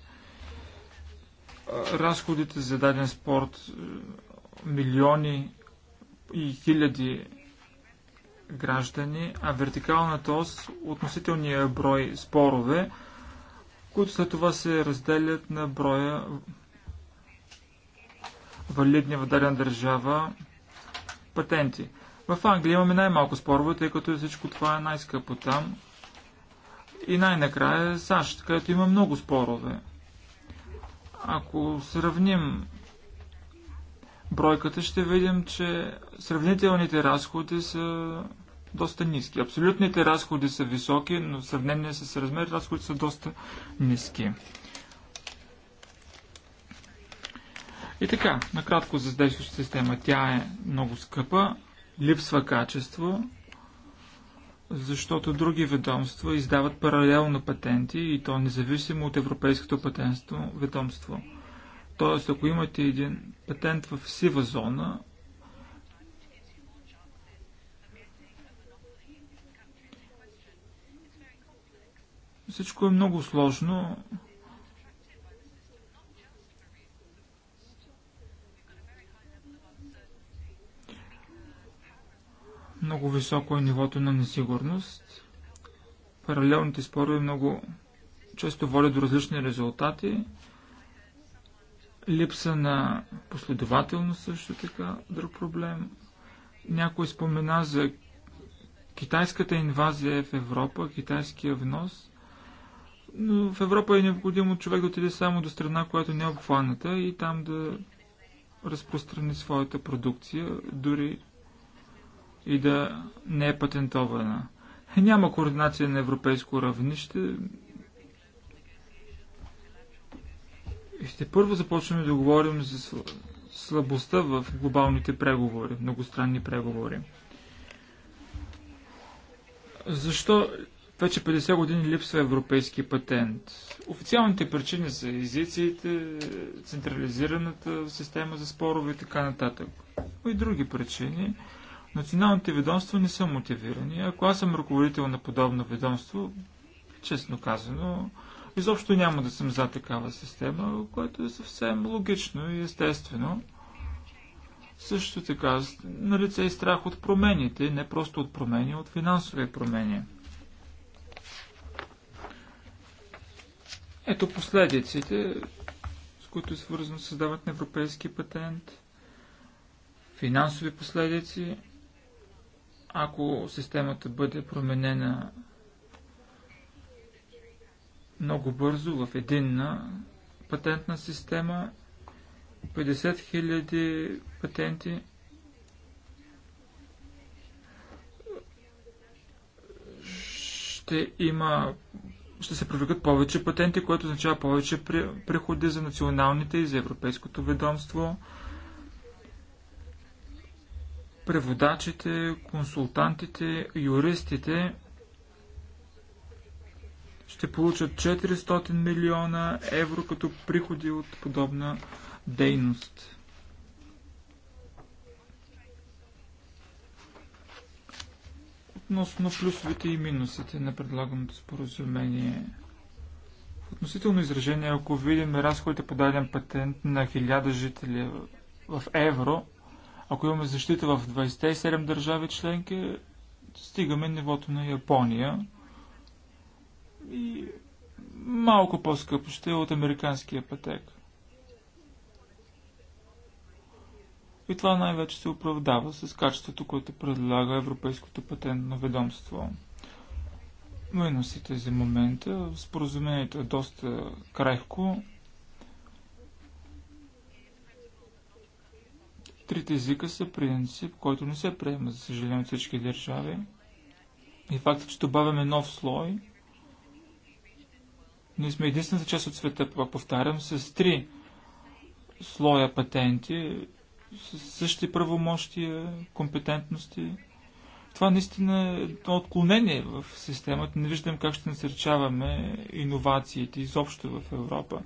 разходите за даден спорт, милиони и хиляди граждани, а вертикалната ос, относителния брой спорове, които след това се разделят на броя валидни в дадена държава патенти. В Англия имаме най-малко спорове, тъй като е всичко това е най-скъпо там. И най-накрая САЩ, където има много спорове. Ако сравним бройката, ще видим, че сравнителните разходи са доста ниски. Абсолютните разходи са високи, но в сравнение с размер разходи са доста ниски. И така, накратко за действащата система. Тя е много скъпа, липсва качество, защото други ведомства издават паралелно патенти и то независимо от Европейското патентство ведомство. Тоест, ако имате един патент в сива зона, всичко е много сложно, Много високо е нивото на несигурност. Паралелните спорове много често водят до различни резултати. Липса на последователност също така друг проблем. Някой спомена за китайската инвазия в Европа, китайския внос. Но в Европа е необходимо човек да отиде само до страна, която не е обхваната и там да разпространи своята продукция, дори и да не е патентована. Няма координация на европейско равнище. И ще първо започнем да говорим за слабостта в глобалните преговори, многостранни преговори. Защо вече 50 години липсва европейски патент? Официалните причини са езиците, централизираната система за спорове и така нататък. Но и други причини. Националните ведомства не са мотивирани. Ако аз съм ръководител на подобно ведомство, честно казано, изобщо няма да съм за такава система, което е съвсем логично и естествено. Също така, на лице и е страх от промените, не просто от промени, а от финансови промени. Ето последиците, с които е свързано създават на европейски патент, финансови последици, ако системата бъде променена много бързо в единна патентна система, 50 000 патенти ще има ще се привлекат повече патенти, което означава повече приходи за националните и за Европейското ведомство преводачите, консултантите, юристите ще получат 400 милиона евро като приходи от подобна дейност. Относно плюсовете и минусите на предлаганото споразумение. В относително изражение, ако видим разходите по даден патент на 1000 жители в евро, ако имаме защита в 27 държави членки, стигаме нивото на Япония и малко по-скъпо ще е от американския пътек. И това най-вече се оправдава с качеството, което предлага Европейското патентно ведомство. Минусите за момента, споразумението е доста крехко, Трите езика са принцип, който не се приема, за съжаление, от всички държави. И фактът, че добавяме нов слой, ние сме единствената част от света, повтарям, с три слоя патенти, с същи правомощия, компетентности. Това наистина е едно отклонение в системата. Не виждам как ще насърчаваме иновациите изобщо в Европа.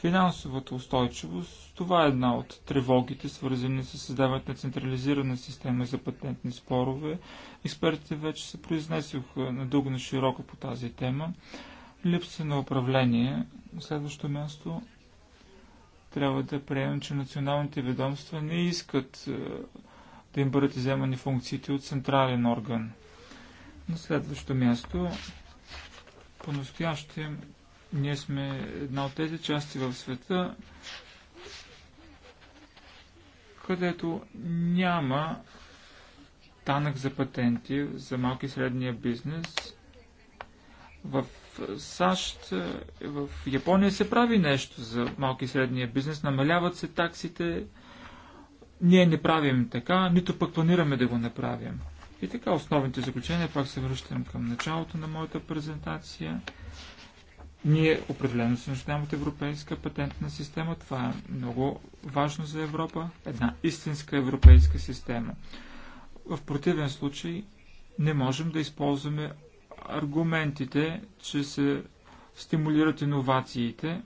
Финансовата устойчивост, това е една от тревогите, свързани с създаването на централизирана система за патентни спорове. Експертите вече се произнесоха надълго на широко по тази тема. Липса на управление. Следващото място трябва да приемем, че националните ведомства не искат е, да им бъдат иземани функциите от централен орган. На следващо място, по-настояще ние сме една от тези части в света, където няма танък за патенти, за малки и средния бизнес. В САЩ, в Япония се прави нещо за малки и средния бизнес, намаляват се таксите. Ние не правим така, нито пък планираме да го направим. И така, основните заключения, пак се връщам към началото на моята презентация. Ние определено се нуждаем от европейска патентна система. Това е много важно за Европа. Една истинска европейска система. В противен случай не можем да използваме аргументите, че се стимулират иновациите.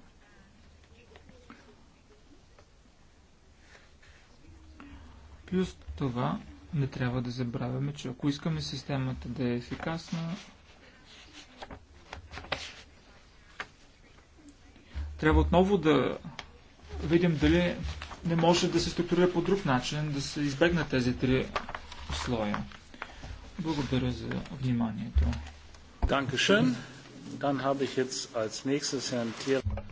Плюс това не трябва да забравяме, че ако искаме системата да е ефикасна, Трябва отново да видим дали не може да се структурира по друг начин, да се избегнат тези три слоя. Благодаря за вниманието.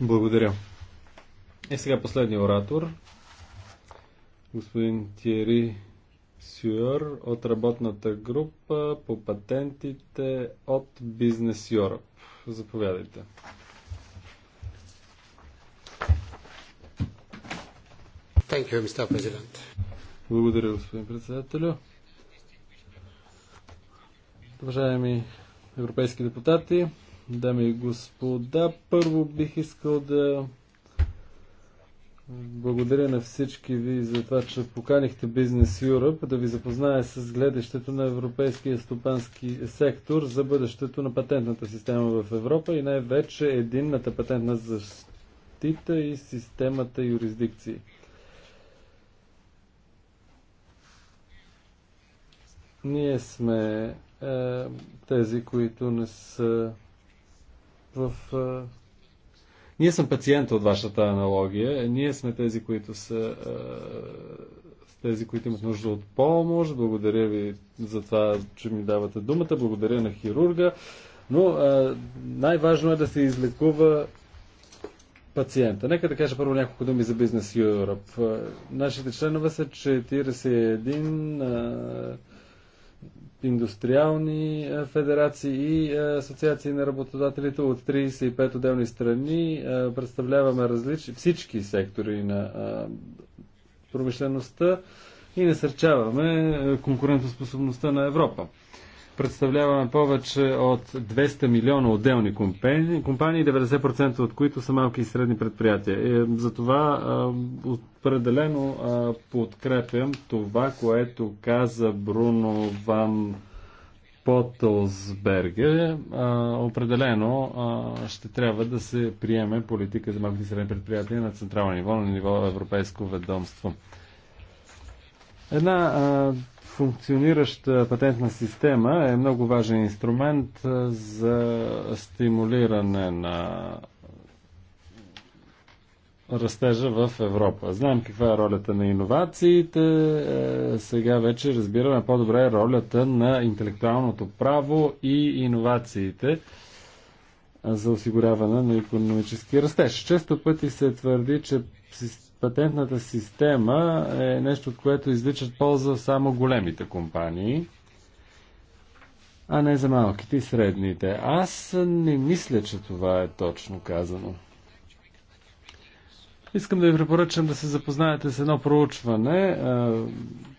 Благодаря. Е сега последния оратор. Господин Тиери Сюер от работната група по патентите от Бизнес Europe. Заповядайте. Thank you, Mr. President. Благодаря, господин председател. Уважаеми европейски депутати, дами и господа, първо бих искал да благодаря на всички ви за това, че поканихте Бизнес Europe да ви запознае с гледащето на европейския стопански сектор за бъдещето на патентната система в Европа и най-вече единната патентна защита и системата юрисдикции. Ние сме е, тези, които не са в. Е... Ние съм пациента от вашата аналогия. Ние сме тези, които са. Е тези, които имат нужда от помощ. Благодаря ви за това, че ми давате думата. Благодаря на хирурга. Но е, най-важно е да се излекува пациента. Нека да кажа първо няколко думи за Business Europe. Е, нашите членове са 41 индустриални е, федерации и е, асоциации на работодателите от 35 отделни страни. Е, представляваме различни всички сектори на промишлеността и насърчаваме конкурентоспособността на Европа представляваме повече от 200 милиона отделни компании, 90% от които са малки и средни предприятия. И затова определено подкрепям това, което каза Бруно Ван Потълсберге. Определено ще трябва да се приеме политика за малки и средни предприятия на централно ниво, на ниво Европейско ведомство. Една а, функционираща патентна система е много важен инструмент за стимулиране на растежа в Европа. Знаем каква е ролята на иновациите. Сега вече разбираме по-добре ролята на интелектуалното право и иновациите за осигуряване на економически растеж. Често пъти се твърди, че патентната система е нещо, от което изличат полза само големите компании, а не за малките и средните. Аз не мисля, че това е точно казано. Искам да ви препоръчам да се запознаете с едно проучване а,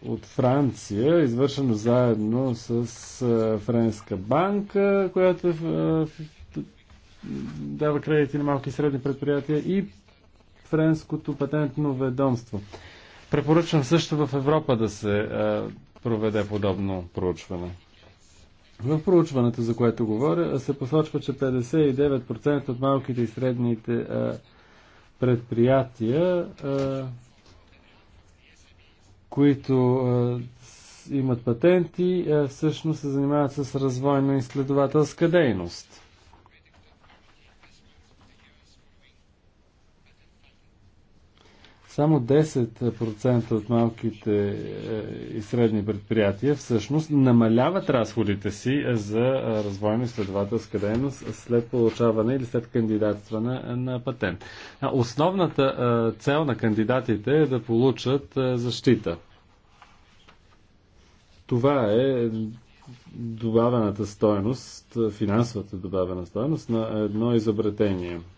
от Франция, извършено заедно с а, Френска банка, която а, дава кредити на малки и средни предприятия и френското патентно ведомство. Препоръчвам също в Европа да се е, проведе подобно проучване. В проучването, за което говоря, се посочва, че 59% от малките и средните е, предприятия, е, които имат патенти, всъщност се занимават с развойно-изследователска дейност. Само 10% от малките е, и средни предприятия всъщност намаляват разходите си за е, развойна изследователска дейност след получаване или след кандидатстване на патент. Основната е, цел на кандидатите е да получат защита. Това е добавената стойност, финансовата добавена стойност на едно изобретение –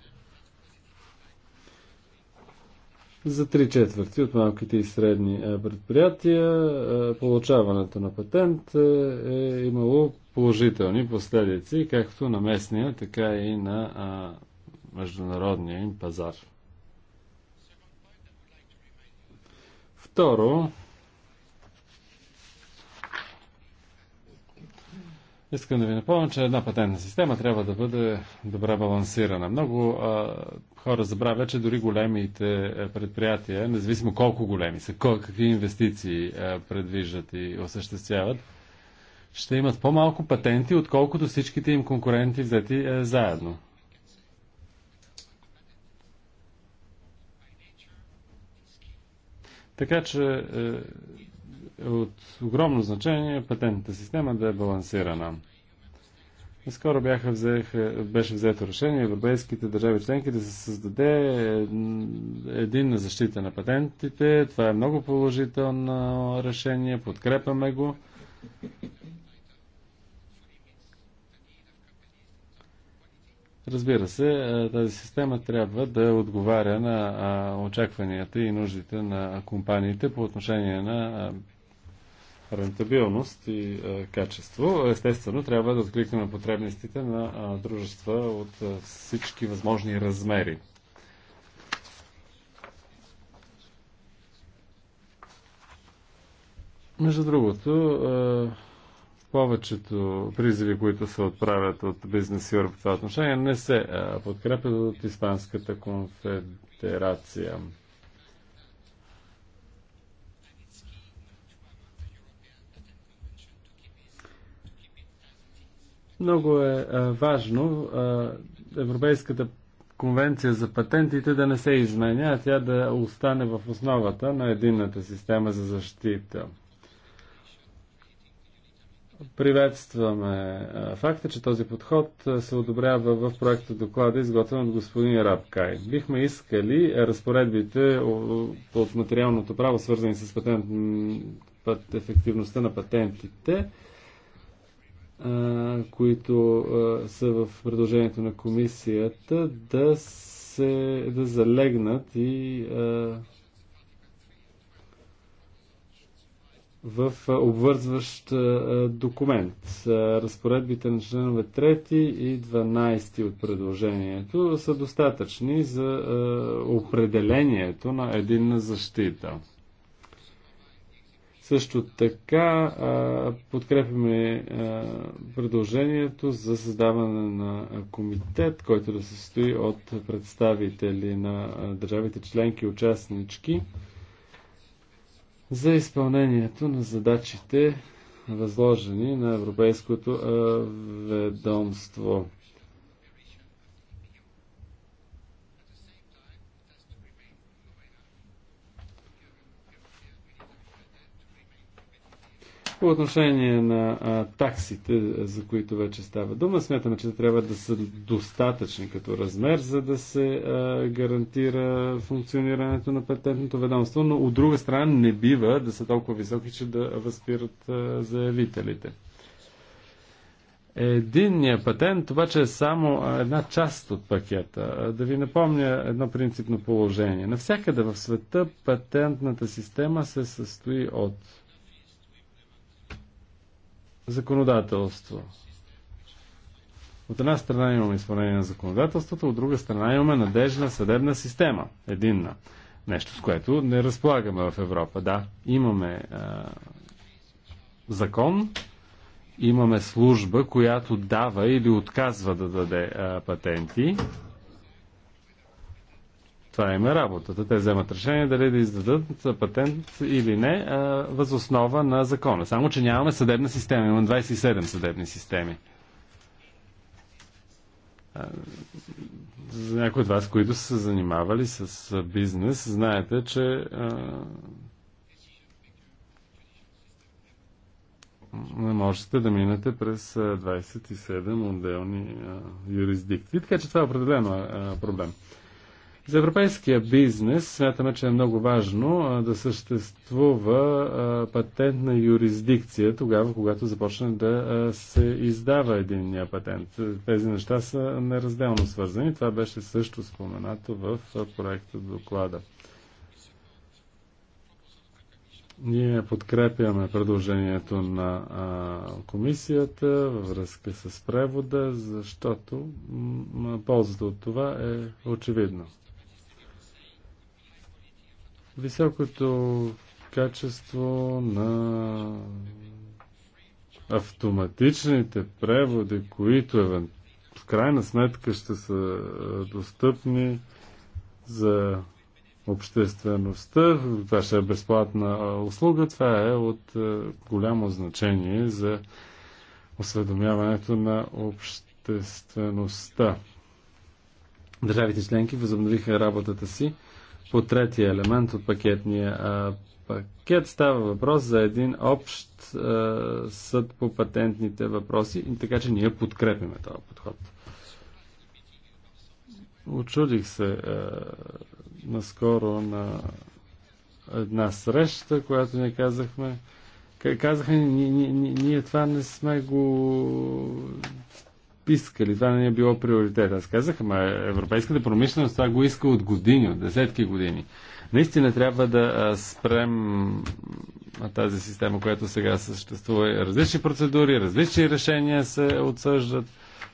за три четвърти от малките и средни е, предприятия е, получаването на патент е, е имало положителни последици, както на местния, така и на международния им пазар. Второ, Искам да ви напомня, че една патентна система трябва да бъде добре балансирана. Много а, хора забравят, че дори големите е, предприятия, независимо колко големи са, кой, какви инвестиции а, е, предвиждат и осъществяват, ще имат по-малко патенти, отколкото всичките им конкуренти взети а, е, заедно. Така че. А, от огромно значение патентната система да е балансирана. Скоро бяха взех, беше взето решение европейските държави членки да се създаде един на защита на патентите. Това е много положително решение, подкрепяме го. Разбира се, тази система трябва да отговаря на очакванията и нуждите на компаниите по отношение на рентабилност и а, е, качество. Естествено, трябва да откликнем потребностите на а, е, дружества от а, е, всички възможни размери. Между другото, повечето призиви, които се отправят от бизнес и в това отношение, не се подкрепят от Испанската конфедерация. Много е важно Европейската конвенция за патентите да не се изменя, а тя да остане в основата на единната система за защита. Приветстваме факта, че този подход се одобрява в проекта доклада, изготвен от господин Рабкай. Бихме искали разпоредбите от материалното право, свързани с патент, ефективността на патентите, които са в предложението на комисията, да, се, да залегнат и в обвързващ документ. Разпоредбите на членове 3 и 12 от предложението са достатъчни за определението на един защита. Също така а, подкрепяме а, предложението за създаване на комитет, който да се състои от представители на държавите членки, участнички за изпълнението на задачите, възложени на Европейското а, ведомство. По отношение на а, таксите, за които вече става дума, смятаме, че трябва да са достатъчни като размер, за да се а, гарантира функционирането на патентното ведомство, но от друга страна не бива да са толкова високи, че да възпират а, заявителите. Единният патент обаче е само една част от пакета. Да ви напомня едно принципно положение. Навсякъде в света патентната система се състои от законодателство. От една страна имаме изпълнение на законодателството, от друга страна имаме надежна съдебна система, единна. Нещо, с което не разполагаме в Европа. Да, имаме а, закон, имаме служба, която дава или отказва да даде а, патенти това има е работата. Те вземат решение дали да издадат патент или не, възоснова на закона. Само, че нямаме съдебна система. Имаме 27 съдебни системи. За някои от вас, които са занимавали с бизнес, знаете, че можете да минете през 27 отделни юрисдикции. Така че това е определено проблем. За европейския бизнес смятаме, че е много важно да съществува патентна юрисдикция тогава, когато започне да се издава единния патент. Тези неща са неразделно свързани. Това беше също споменато в проекта доклада. Ние подкрепяме предложението на а, комисията във връзка с превода, защото ползата от това е очевидна. Високото качество на автоматичните преводи, които в крайна сметка ще са достъпни за обществеността. Това ще е безплатна услуга. Това е от голямо значение за осведомяването на обществеността. Държавите членки възобновиха работата си по третия елемент от пакетния пакет става въпрос за един общ съд по патентните въпроси, така че ние подкрепяме този подход. Очудих се а, наскоро на една среща, която ни казахме. Казаха ни, ние, ние това не сме го искали. Това не е било приоритет. Аз казах, ама европейската промишленост това го иска от години, от десетки години. Наистина трябва да спрем тази система, която сега съществува. Различни процедури, различни решения се отсъждат.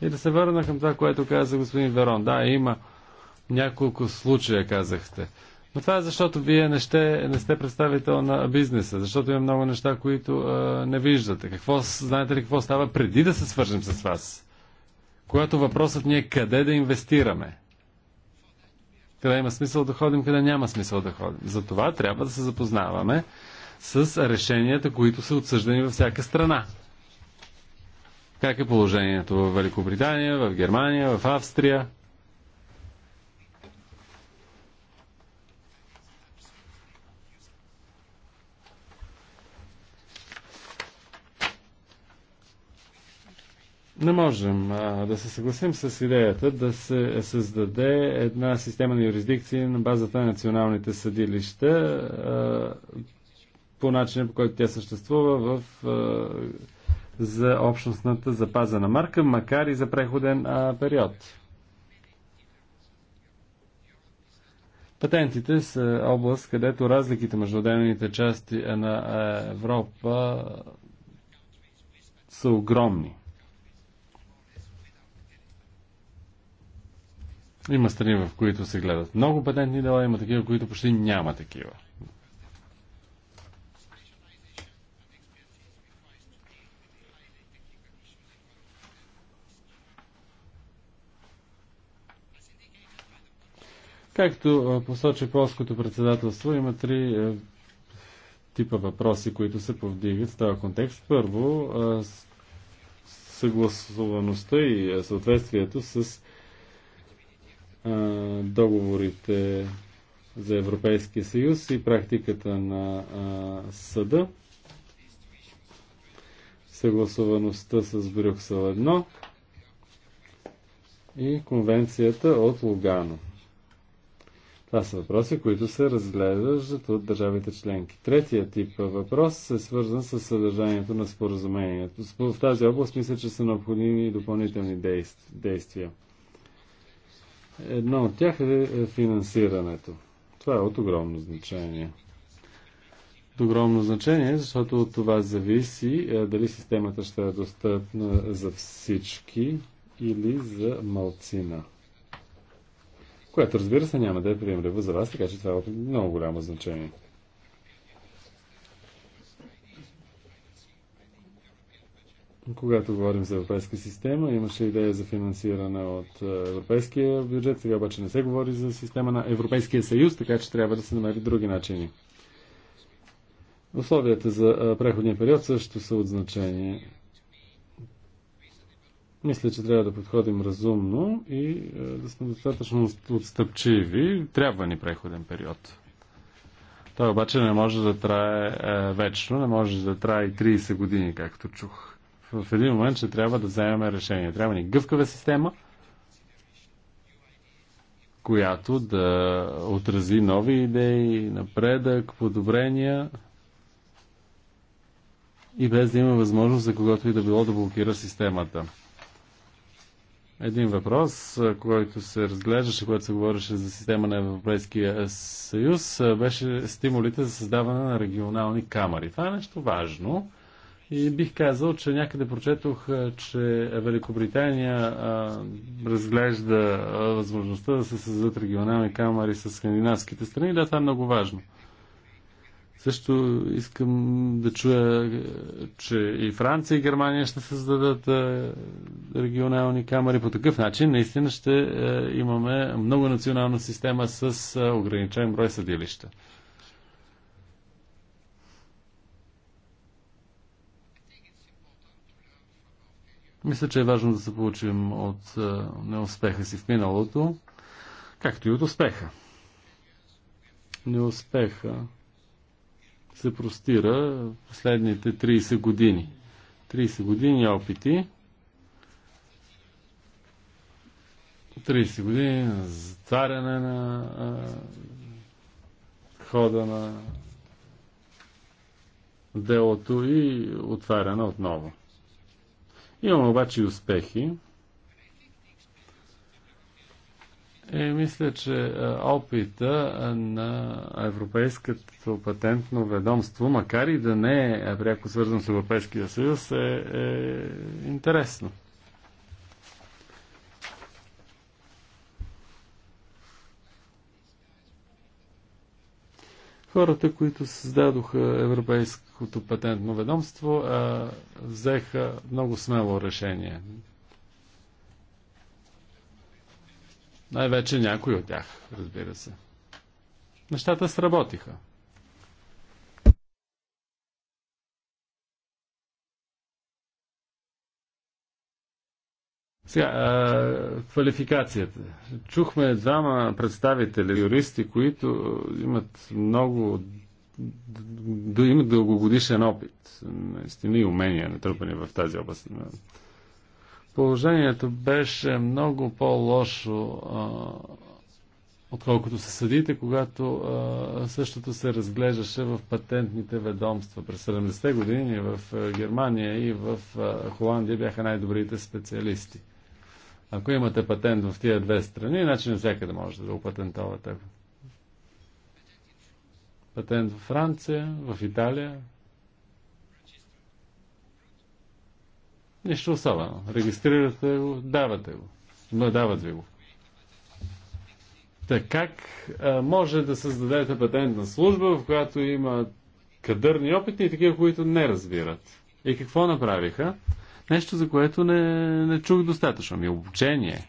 И да се върна към това, което каза господин Верон. Да, има няколко случая, казахте. Но това е защото вие не, ще, не сте представител на бизнеса, защото има много неща, които а, не виждате. Какво, знаете ли какво става преди да се свържем с вас? Когато въпросът ни е къде да инвестираме, къде има смисъл да ходим, къде няма смисъл да ходим. Затова трябва да се запознаваме с решенията, които са отсъждани във всяка страна. Как е положението в Великобритания, в Германия, в Австрия? Не можем а, да се съгласим с идеята да се създаде една система на юрисдикции на базата на националните съдилища а, по начина по който тя съществува в, а, за общностната запазена марка, макар и за преходен а, период. Патентите са област, където разликите между отделните части на Европа са огромни. Има страни, в които се гледат много патентни дела, има такива, които почти няма такива. Както посочи полското председателство, има три е, типа въпроси, които се повдигат в този контекст. Първо, съгласуваността и съответствието с договорите за Европейския съюз и практиката на съда, съгласуваността с Брюксел 1 и конвенцията от Лугано. Това са въпроси, които се разглеждат от държавите членки. Третия тип въпрос е свързан с съдържанието на споразумението. В тази област мисля, че са необходими и допълнителни действия. Едно от тях е финансирането. Това е от огромно значение. От огромно значение, защото от това зависи е, дали системата ще е достъпна за всички или за малцина. Което, разбира се, няма да е приемливо за вас, така че това е от много голямо значение. Когато говорим за европейска система, имаше идея за финансиране от е, европейския бюджет, сега обаче не се говори за система на Европейския съюз, така че трябва да се намери други начини. Условията за е, преходния период също са от значение. Мисля, че трябва да подходим разумно и е, да сме достатъчно отстъпчиви. Трябва ни преходен период. Той обаче не може да трае вечно, не може да трае и 30 години, както чух в един момент ще трябва да вземем решение. Трябва ни гъвкава система, която да отрази нови идеи, напредък, подобрения и без да има възможност за когото и да било да блокира системата. Един въпрос, който се разглеждаше, когато се говореше за система на Европейския съюз, беше стимулите за създаване на регионални камери. Това е нещо важно и бих казал, че някъде прочетох, че Великобритания разглежда възможността да се създадат регионални камери с скандинавските страни. Да, това е много важно. Също искам да чуя, че и Франция и Германия ще създадат регионални камери. По такъв начин наистина ще имаме много национална система с ограничен брой съдилища. Мисля, че е важно да се получим от е, неуспеха си в миналото, както и от успеха. Неуспеха се простира последните 30 години. 30 години опити, 30 години затваряне на а, е, хода на делото и отваряне отново. Имаме обаче и успехи. Е, мисля, че е, опита е, на Европейското патентно ведомство, макар и да не е пряко свързан с Европейския съюз, е, е интересно. Хората, които създадоха Европейското патентно ведомство, а, взеха много смело решение. Най-вече някои от тях, разбира се. Нещата сработиха. Сега, а, квалификацията. Чухме двама представители, юристи, които имат много да имат дългогодишен опит, наистина и умения натрупани в тази област. Положението беше много по-лошо отколкото са съдите, когато а, същото се разглеждаше в патентните ведомства. През 70-те години в Германия и в а, Холандия бяха най-добрите специалисти. Ако имате патент в тия две страни, иначе навсякъде можете да го патентовате. Патент в Франция, в Италия. Нищо особено. Регистрирате го, давате го. Но дават ви го. Така как а, може да създадете патентна служба, в която има кадърни опити и такива, които не разбират? И какво направиха? Нещо, за което не, не чух достатъчно. Ми обучение.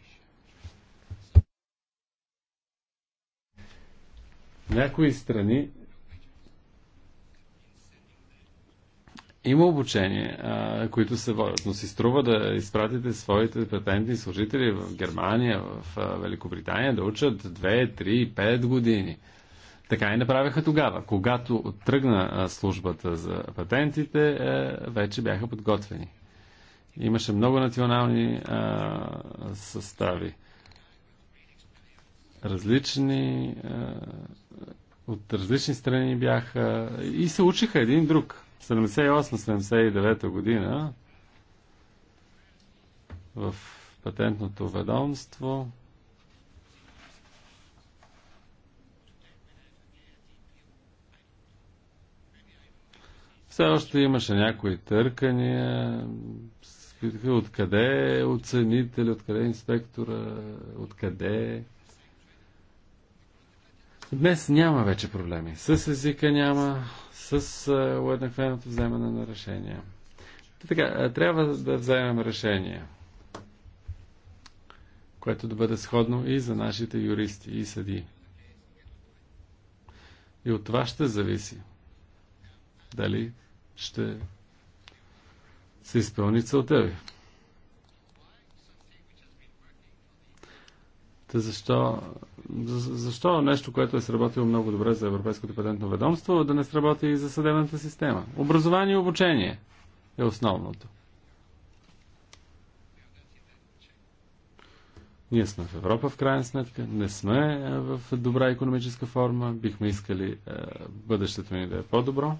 Някои страни има обучение, а, които се водят, но си струва да изпратите своите патентни служители в Германия, в а, Великобритания да учат 2, 3, 5 години. Така и направиха тогава. Когато тръгна службата за патентите, е, вече бяха подготвени. Имаше много национални а, състави. Различни. А, от различни страни бяха и се учиха един друг. 78-79 година в патентното ведомство все още имаше някои търкания, Откъде е оценители, откъде е инспектора, откъде... Е?» Днес няма вече проблеми. С езика няма, с уеднаквеното вземане на решения. Така, трябва да вземем решение, което да бъде сходно и за нашите юристи и съди. И от това ще зависи дали ще се изпълни целта ви. Та защо, защо нещо, което е сработило много добре за Европейското патентно ведомство, да не сработи и за съдебната система? Образование и обучение е основното. Ние сме в Европа, в крайна сметка. Не сме е, в добра економическа форма. Бихме искали е, бъдещето ни да е по-добро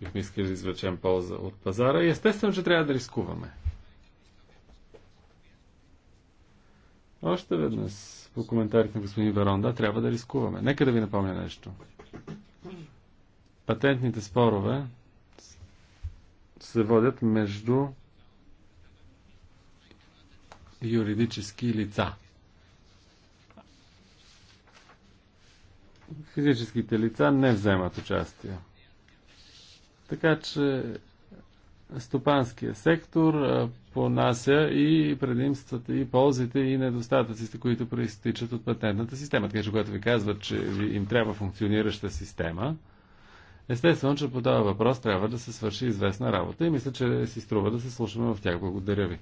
бихме искали да извлечем полза от пазара и естествено, че трябва да рискуваме. Още веднъж по коментарите на господин Верон, да, трябва да рискуваме. Нека да ви напомня нещо. Патентните спорове се водят между юридически лица. Физическите лица не вземат участие. Така че стопанския сектор понася и предимствата, и ползите, и недостатъците, които проистичат от патентната система. Така че, когато ви казват, че им трябва функционираща система, естествено, че по този въпрос трябва да се свърши известна работа и мисля, че си струва да се слушаме в тях. Благодаря ви.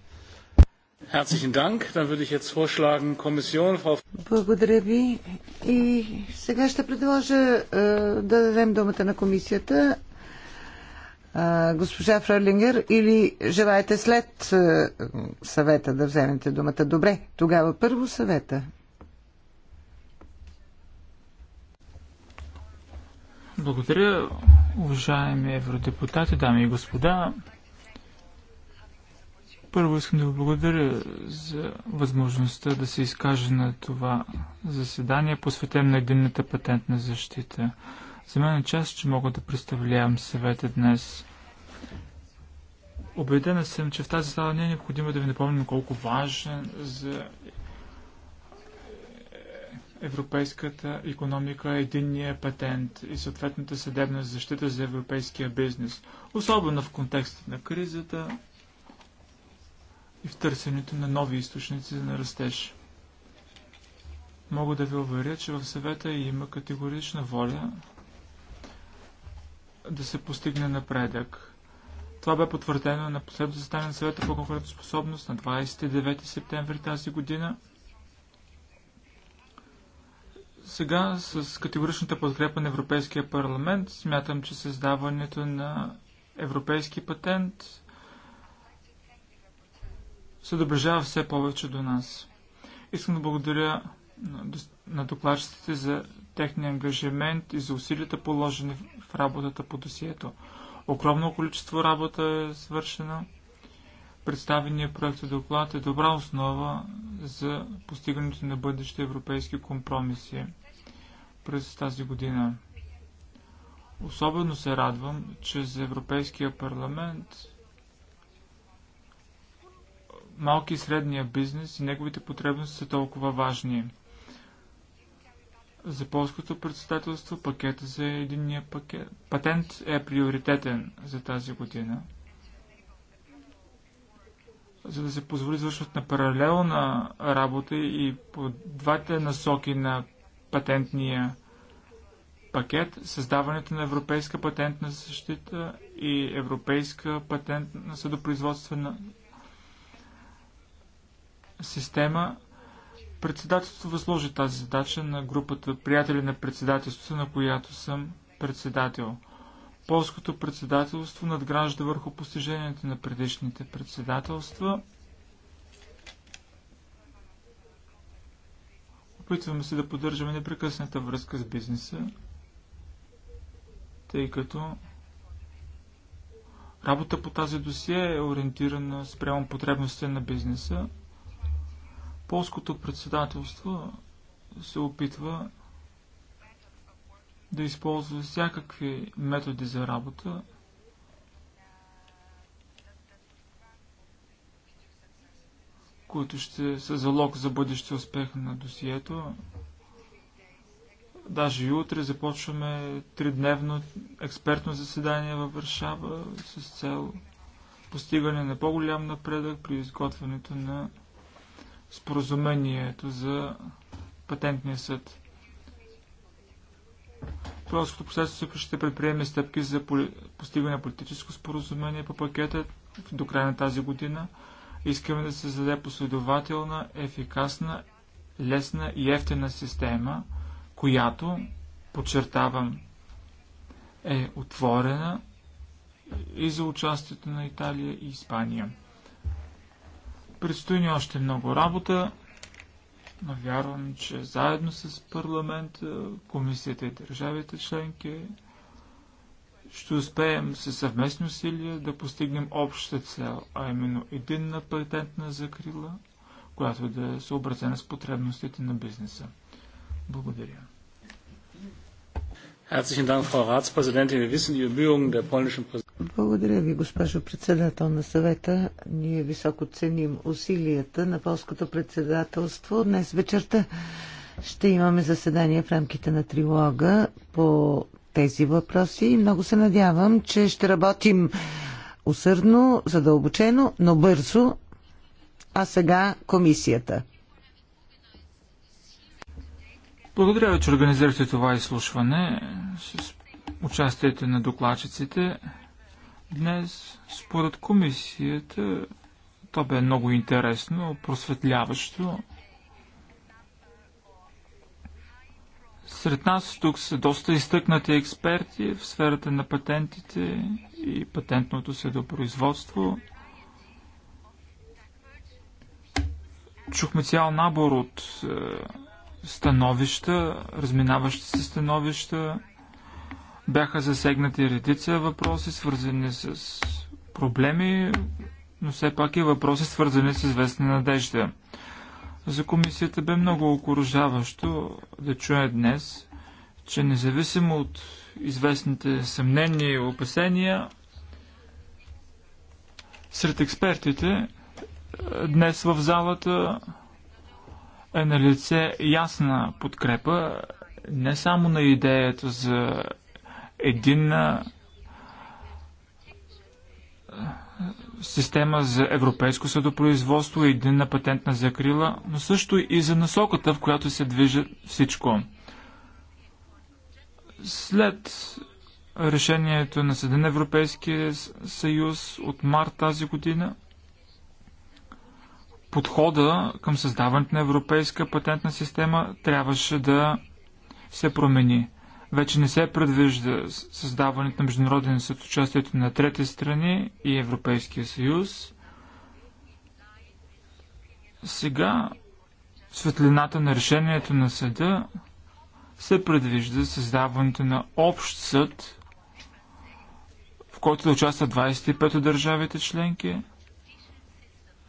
Благодаря ви. И сега ще предложа да дадем думата на комисията. Госпожа Фролингер, или желаете след съвета да вземете думата? Добре, тогава първо съвета. Благодаря, уважаеми евродепутати, дами и господа. Първо искам да ви благодаря за възможността да се изкаже на това заседание, посветено на единната патентна защита. За мен е част, че мога да представлявам съвета днес. Обедена съм, че в тази зала не е необходимо да ви напомним колко важен за европейската економика е единния патент и съответната съдебна защита за европейския бизнес, особено в контекста на кризата и в търсенето на нови източници на растеж. Мога да ви уверя, че в съвета има категорична воля да се постигне напредък. Това бе потвърдено на последното заседание на съвета по конкурентоспособност на 29 септември тази година. Сега с категоричната подкрепа на Европейския парламент смятам, че създаването на европейски патент се доближава все повече до нас. Искам да благодаря на докладчиците за техния ангажимент и за усилията положени в работата по досието. Огромно количество работа е свършена. Представения проект доклад е добра основа за постигането на бъдещи европейски компромиси през тази година. Особено се радвам, че за Европейския парламент малки и средния бизнес и неговите потребности са толкова важни. За полското председателство пакета за единния пакет. патент е приоритетен за тази година. За да се позволи извършват на паралелна работа и по двата насоки на патентния пакет, създаването на Европейска патентна защита и Европейска патентна съдопроизводствена система – Председателството възложи тази задача на групата приятели на председателството, на която съм председател. Полското председателство надгражда върху постиженията на предишните председателства. Опитваме се да поддържаме непрекъсната връзка с бизнеса, тъй като работа по тази досие е ориентирана спрямо потребностите на бизнеса. Полското председателство се опитва да използва всякакви методи за работа, които ще са залог за бъдещия успех на досието. Даже и утре започваме тридневно експертно заседание във Варшава с цел постигане на по-голям напредък при изготвянето на споразумението за патентния съд. Кралското посредство ще предприеме стъпки за постигане на политическо споразумение по пакета до края на тази година. Искаме да се създаде последователна, ефикасна, лесна и ефтена система, която, подчертавам, е отворена и за участието на Италия и Испания. Предстои ни още много работа, но вярвам, че заедно с парламента, комисията и държавите членки ще успеем със съвместни усилия да постигнем обща цел, а именно единна патентна закрила, която да е съобразена с потребностите на бизнеса. Благодаря. Herzlichen Dank, Frau Ratspräsidentin. Wir wissen die Bemühungen der polnischen Präsidentin. Благодаря ви, госпожо председател на съвета. Ние високо ценим усилията на полското председателство. Днес вечерта ще имаме заседание в рамките на трилога по тези въпроси. Много се надявам, че ще работим усърдно, задълбочено, но бързо. А сега комисията. Благодаря ви, че организирате това изслушване с участието на докладчиците. Днес, според комисията, то бе много интересно, просветляващо. Сред нас тук са доста изтъкнати експерти в сферата на патентите и патентното седопроизводство. Чухме цял набор от е, становища, разминаващи се становища. Бяха засегнати редица въпроси, свързани с проблеми, но все пак и въпроси, свързани с известна надежда. За комисията бе много окоръжаващо да чуя днес, че независимо от известните съмнения и опасения, сред експертите е, днес в залата е на лице ясна подкрепа не само на идеята за един система за европейско съдопроизводство и на патентна закрила, но също и за насоката, в която се движи всичко. След решението на Съден Европейския съюз от март тази година, подхода към създаването на европейска патентна система трябваше да се промени. Вече не се предвижда създаването на Международен съд участието на трети страни и Европейския съюз. Сега, светлината на решението на съда, се предвижда създаването на общ съд, в който да участват 25 от държавите членки,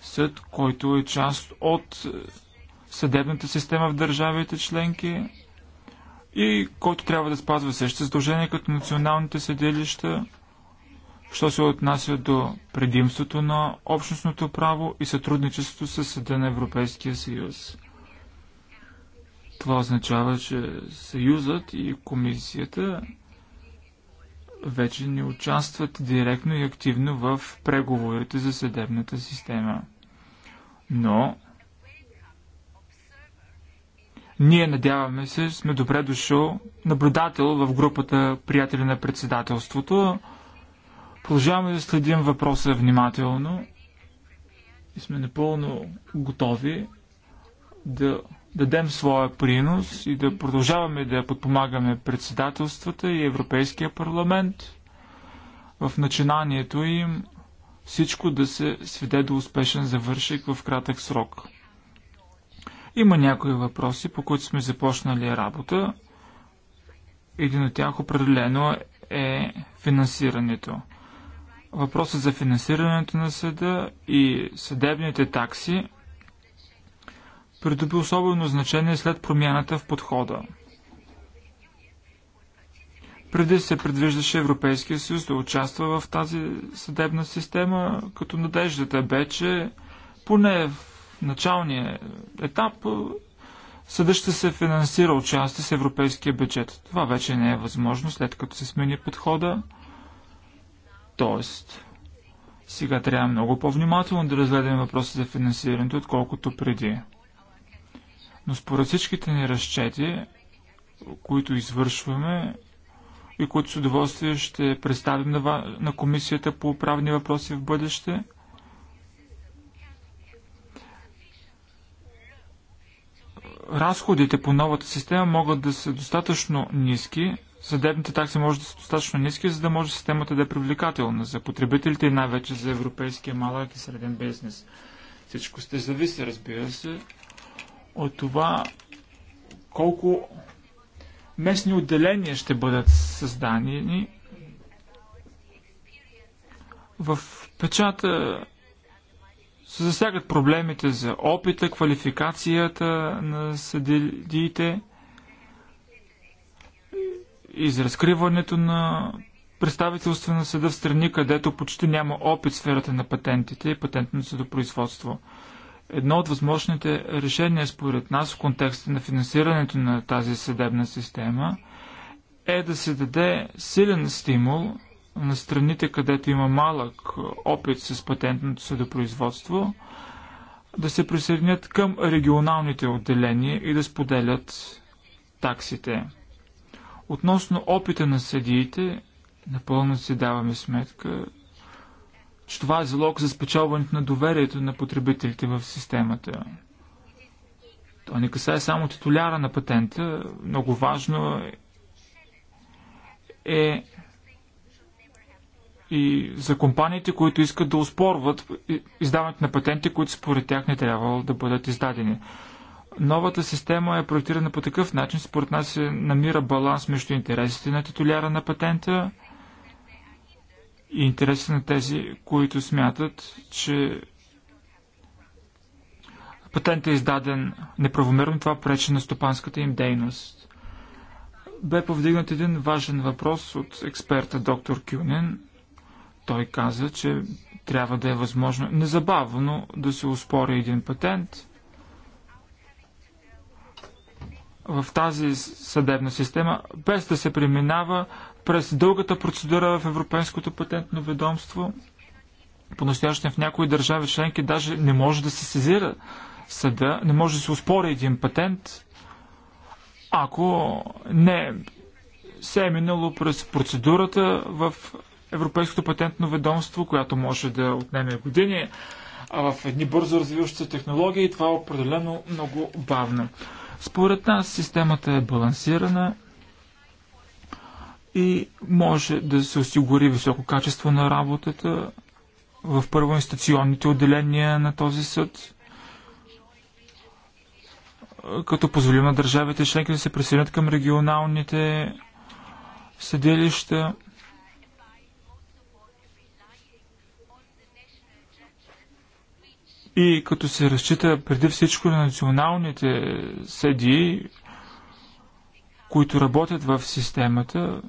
съд, който е част от е, съдебната система в държавите членки, и който трябва да спазва същите задължения като националните съдилища, що се отнася до предимството на общностното право и сътрудничеството с Съда на Европейския съюз. Това означава, че Съюзът и Комисията вече не участват директно и активно в преговорите за съдебната система. Но ние, надяваме се, сме добре дошъл наблюдател в групата приятели на председателството. Продължаваме да следим въпроса внимателно и сме напълно готови да дадем своя принос и да продължаваме да подпомагаме председателствата и Европейския парламент в начинанието им всичко да се сведе до успешен завършек в кратък срок. Има някои въпроси, по които сме започнали работа. Един от тях определено е финансирането. Въпросът за финансирането на съда и съдебните такси придоби особено значение след промяната в подхода. Преди се предвиждаше Европейския съюз да участва в тази съдебна система, като надеждата бе, че поне в началния етап е, съдът ще се финансира отчасти с европейския бюджет. Това вече не е възможно, след като се смени подхода. Тоест, сега трябва много по-внимателно да разгледаме въпроса за финансирането, отколкото преди. Но според всичките ни разчети, които извършваме и които с удоволствие ще представим на Комисията по правни въпроси в бъдеще – разходите по новата система могат да са достатъчно ниски, съдебните такси може да са достатъчно ниски, за да може системата да е привлекателна за потребителите и най-вече за европейския малък и среден бизнес. Всичко сте зависи, разбира се, от това колко местни отделения ще бъдат създани. В печата се засягат проблемите за опита, квалификацията на съдиите и за разкриването на представителство на съда в страни, където почти няма опит в сферата на патентите и патентното съдопроизводство. Едно от възможните решения според нас в контекста на финансирането на тази съдебна система е да се даде силен стимул на страните, където има малък опит с патентното съдопроизводство, да се присъединят към регионалните отделения и да споделят таксите. Относно опита на съдиите, напълно си даваме сметка, че това е залог за спечелването на доверието на потребителите в системата. То не касае само титуляра на патента. Много важно е и за компаниите, които искат да успорват издаването на патенти, които според тях не трябва да бъдат издадени. Новата система е проектирана по такъв начин, според нас се намира баланс между интересите на титуляра на патента и интересите на тези, които смятат, че патентът е издаден неправомерно, това пречи на стопанската им дейност. Бе повдигнат един важен въпрос от експерта доктор Кюнен – той каза, че трябва да е възможно незабавно да се успори един патент. В тази съдебна система, без да се преминава през дългата процедура в Европейското патентно ведомство, по-настоящем в някои държави членки даже не може да се сезира съда, не може да се успори един патент, ако не се е минало през процедурата в Европейското патентно ведомство, която може да отнеме години, а в едни бързо развиващи се технологии това е определено много бавно. Според нас системата е балансирана и може да се осигури високо качество на работата в първоинстационните отделения на този съд, като позволим на държавите членки да се присъединят към регионалните съдилища. И като се разчита преди всичко на националните съди, които работят в системата,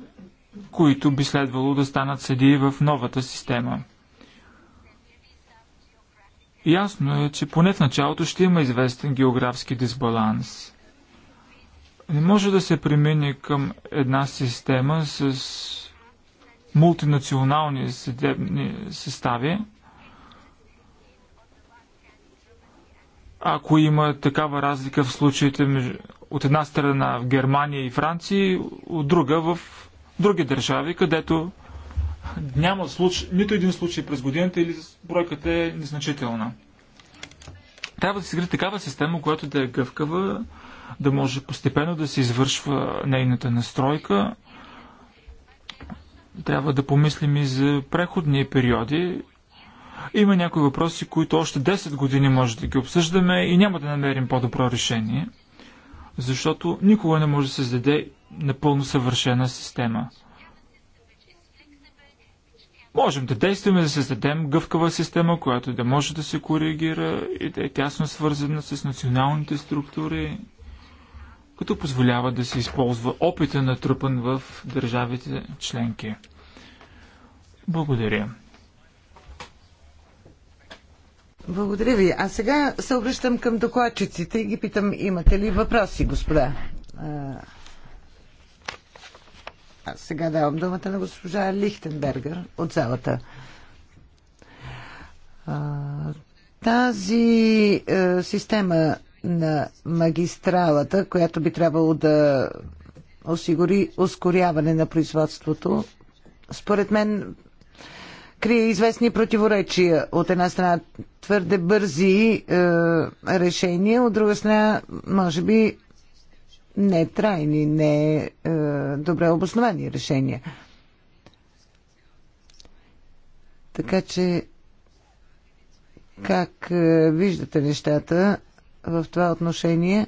които би следвало да станат съди в новата система. Ясно е, че поне в началото ще има известен географски дисбаланс. Не може да се премине към една система с мултинационални съдебни състави, Ако има такава разлика в случаите от една страна в Германия и Франция, от друга в други държави, където няма случ... нито един случай през годината или бройката е незначителна. Трябва да се изгради такава система, която да е гъвкава, да може постепенно да се извършва нейната настройка. Трябва да помислим и за преходни периоди, има някои въпроси, които още 10 години може да ги обсъждаме и няма да намерим по-добро решение, защото никога не може да се създаде напълно съвършена система. Можем да действаме да създадем гъвкава система, която да може да се коригира и да е тясно свързана с националните структури, като позволява да се използва опита натрупан в държавите членки. Благодаря. Благодаря ви. А сега се обръщам към докладчиците и ги питам, имате ли въпроси, господа? А сега давам думата на госпожа Лихтенбергер от залата. тази е, система на магистралата, която би трябвало да осигури ускоряване на производството, според мен крие известни противоречия. От една страна твърде бързи е, решения, от друга страна, може би, не трайни, не е, добре обосновани решения. Така че, как е, виждате нещата в това отношение?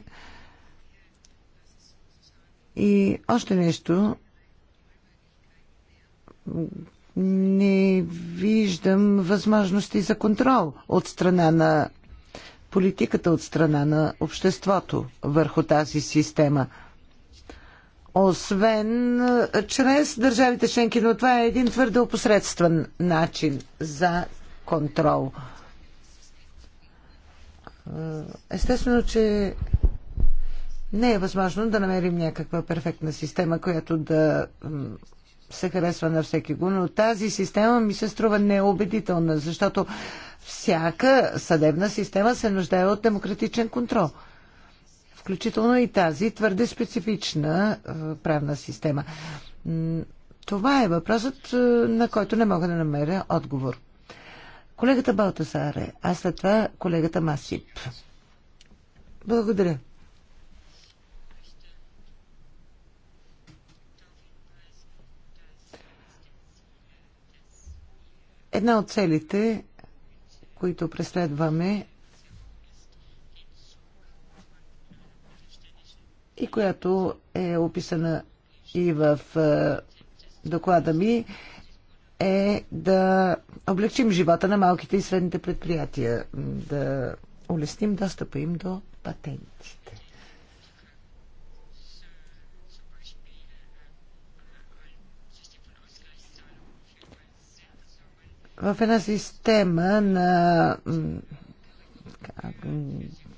И още нещо, не виждам възможности за контрол от страна на политиката, от страна на обществото върху тази система. Освен чрез държавите членки, но това е един твърде опосредствен начин за контрол. Естествено, че не е възможно да намерим някаква перфектна система, която да се харесва на всеки го, но тази система ми се струва неубедителна, защото всяка съдебна система се нуждае от демократичен контрол. Включително и тази твърде специфична е, правна система. Това е въпросът, е, на който не мога да намеря отговор. Колегата Балтасаре, а след това колегата Масип. Благодаря. Една от целите, които преследваме и която е описана и в е, доклада ми, е да облегчим живота на малките и средните предприятия, да улесним достъпа им до патентите. в една система на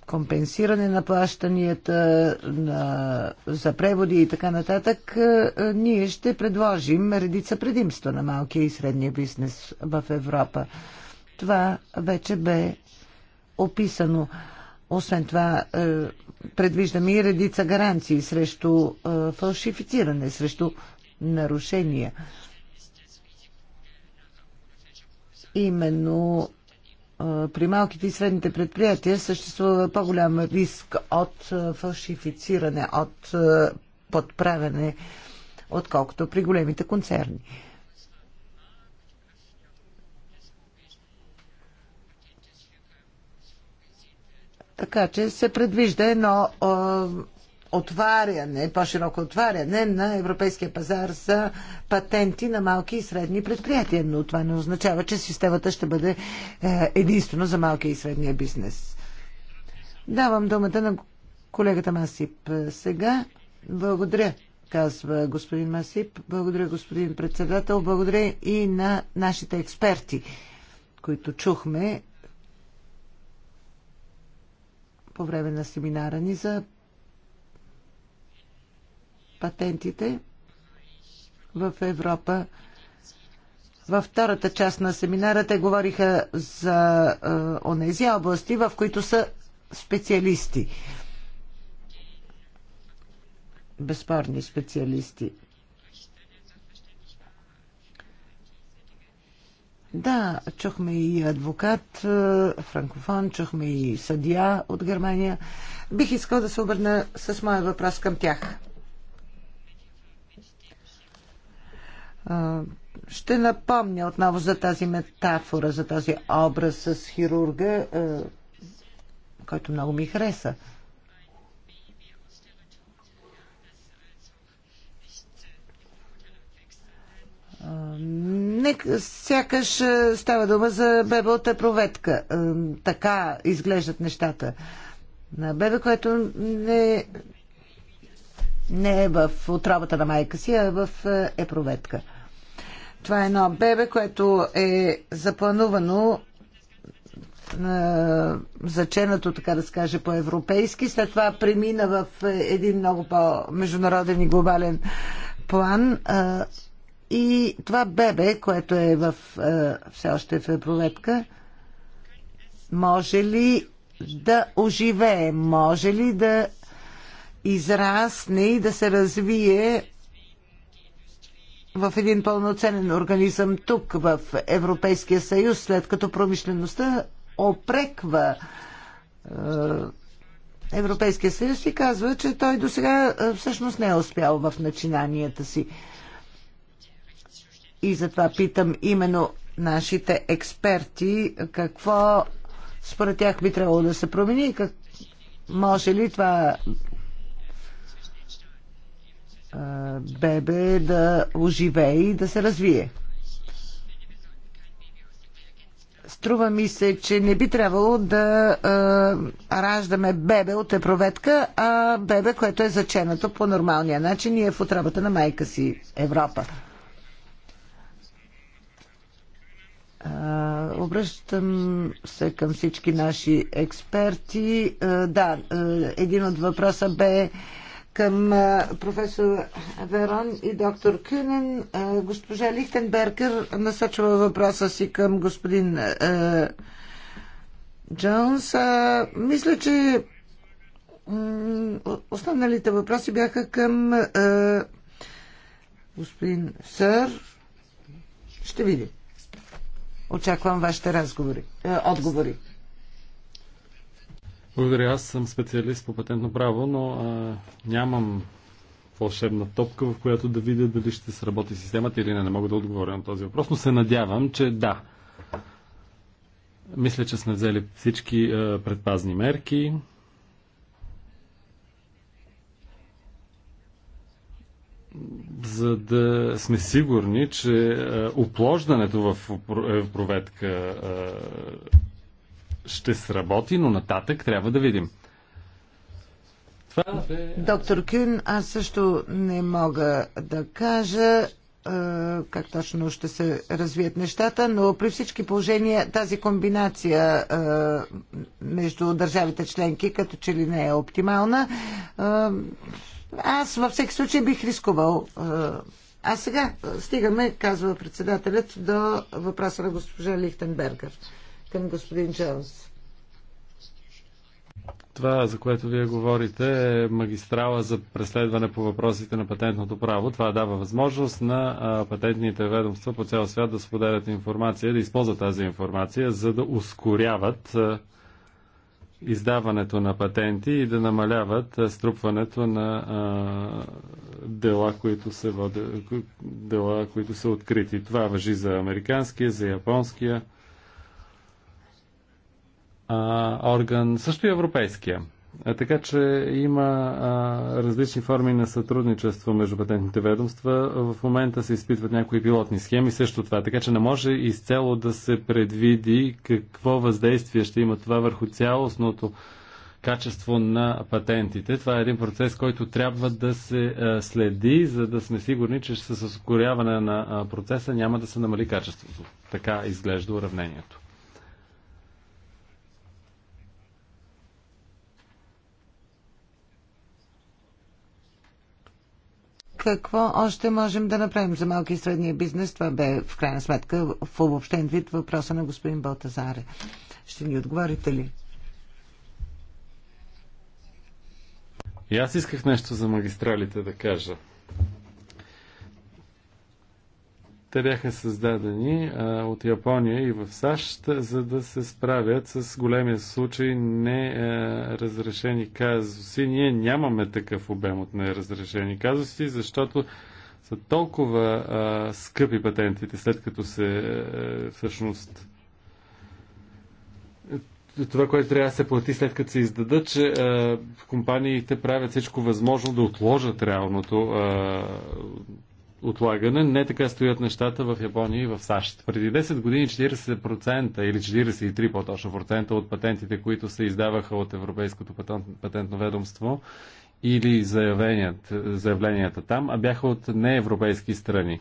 компенсиране на плащанията на, за преводи и така нататък, е, е, ние ще предложим редица предимства на малкия и средния бизнес в Европа. Това вече бе описано. Освен това, е, предвиждаме и редица гаранции срещу фалшифициране, срещу нарушения именно при малките и средните предприятия съществува по-голям риск от фалшифициране, от подправяне, отколкото при големите концерни. Така че се предвижда едно отваряне, по-широко отваряне на европейския пазар за патенти на малки и средни предприятия. Но това не означава, че системата ще бъде е, единствено за малки и средния бизнес. Давам думата на колегата Масип сега. Благодаря, казва господин Масип. Благодаря, господин председател. Благодаря и на нашите експерти, които чухме по време на семинара ни за патентите в Европа. Във втората част на семинара те говориха за е, онези области, в които са специалисти. Безспорни специалисти. Да, чухме и адвокат е, франкофон, чухме и съдия от Германия. Бих искал да се обърна с моя въпрос към тях. Ще напомня отново за тази метафора, за този образ с хирурга, който много ми хареса. Нека сякаш става дума за бебе от епроветка. Така изглеждат нещата. На бебе, което не не е в отровата на майка си, а в епроветка. Е това е едно бебе, което е запланувано заченато, така да се каже, по-европейски. След това премина в е, един много по-международен и глобален план. И това бебе, което е в, е, все още в епроветка, може ли да оживее, може ли да израсне и да се развие в един пълноценен организъм тук, в Европейския съюз, след като промишлеността опреква е, Европейския съюз и казва, че той до сега е, всъщност не е успял в начинанията си. И затова питам именно нашите експерти какво според тях би трябвало да се промени и как, може ли това бебе да оживее и да се развие. Струва ми се, че не би трябвало да а, раждаме бебе от епроветка, а бебе, което е заченато по нормалния начин и е в отрабата на майка си Европа. А, обръщам се към всички наши експерти. А, да, един от въпроса бе към професор Верон и доктор Кюнен. Госпожа Лихтенбергер насочва въпроса си към господин Джонс. Мисля, че останалите въпроси бяха към господин Сър. Ще видим. Очаквам вашите разговори, отговори. Благодаря. Аз съм специалист по патентно право, но а, нямам вълшебна топка, в която да видя дали ще сработи системата или не. Не мога да отговоря на този въпрос, но се надявам, че да. Мисля, че сме взели всички а, предпазни мерки. за да сме сигурни, че а, оплождането в е проветка а, ще сработи, но нататък трябва да видим. Това бе... Доктор Кюн, аз също не мога да кажа как точно ще се развият нещата, но при всички положения тази комбинация между държавите членки като че ли не е оптимална. Аз във всеки случай бих рискувал. А сега стигаме, казва председателят, до въпроса на госпожа Лихтенбергер към господин Джонс. Това, за което вие говорите, е магистрала за преследване по въпросите на патентното право. Това дава възможност на патентните ведомства по цял свят да споделят информация, да използват тази информация, за да ускоряват издаването на патенти и да намаляват струпването на дела, които се води, дела, които са открити. Това въжи за американския, за японския а, орган, също и европейския. А, така че има а, различни форми на сътрудничество между патентните ведомства. В момента се изпитват някои пилотни схеми също това, така че не може изцяло да се предвиди какво въздействие ще има това върху цялостното качество на патентите. Това е един процес, който трябва да се следи, за да сме сигурни, че с ускоряване на процеса няма да се намали качеството. Така изглежда уравнението. какво още можем да направим за малки и средния бизнес? Това бе в крайна сметка в обобщен вид въпроса на господин Балтазаре. Ще ни отговорите ли? И аз исках нещо за магистралите да кажа. Те бяха създадени а, от Япония и в САЩ, за да се справят с големия случай неразрешени е, казуси. Ние нямаме такъв обем от неразрешени казуси, защото са толкова а, скъпи патентите, след като се а, е, всъщност това, което трябва да се плати след като се издадат, че а, компаниите правят всичко възможно да отложат реалното а, отлагане. Не така стоят нещата в Япония и в САЩ. Преди 10 години 40% или 43% по-точно процента от патентите, които се издаваха от Европейското патентно ведомство или заявленията там, а бяха от неевропейски страни.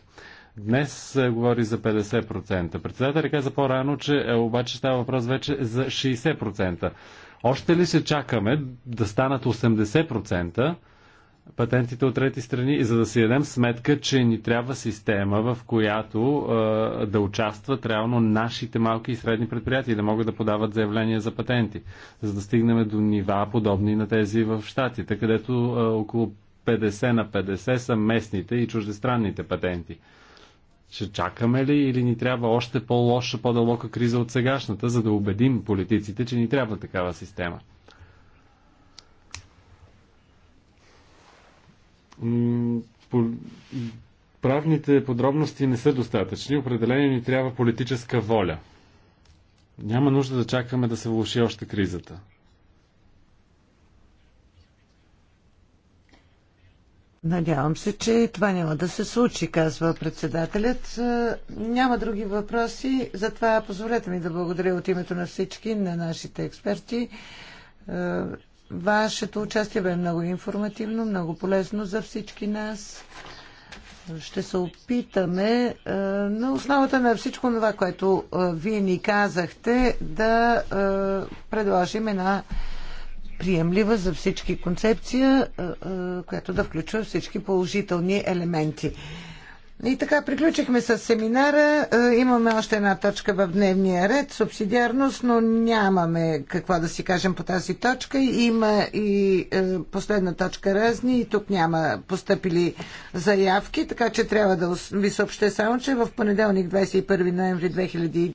Днес се говори за 50%. Председателя каза по-рано, че е, обаче става въпрос вече за 60%. Още ли се чакаме да станат 80%? патентите от трети страни, и за да си дадем сметка, че ни трябва система, в която е, да участват реално нашите малки и средни предприятия да могат да подават заявления за патенти, за да стигнем до нива подобни на тези в Штатите, където е, около 50 на 50 са местните и чуждестранните патенти. Ще чакаме ли или ни трябва още по-лоша, по-дълбока криза от сегашната, за да убедим политиците, че ни трябва такава система? правните подробности не са достатъчни. Определено ни трябва политическа воля. Няма нужда да чакаме да се влуши още кризата. Надявам се, че това няма да се случи, казва председателят. Е, няма други въпроси, затова позволете ми да благодаря от името на всички, на нашите експерти. Е, Вашето участие бе много информативно, много полезно за всички нас. Ще се опитаме е, на основата на всичко това, което е, вие ни казахте, да е, предложим една приемлива за всички концепция, която да включва всички положителни елементи. И така, приключихме с семинара. Е, имаме още една точка в дневния ред, субсидиарност, но нямаме какво да си кажем по тази точка. Има и е, последна точка разни и тук няма поступили заявки, така че трябва да ви съобща само, че в понеделник 21 ноември 2000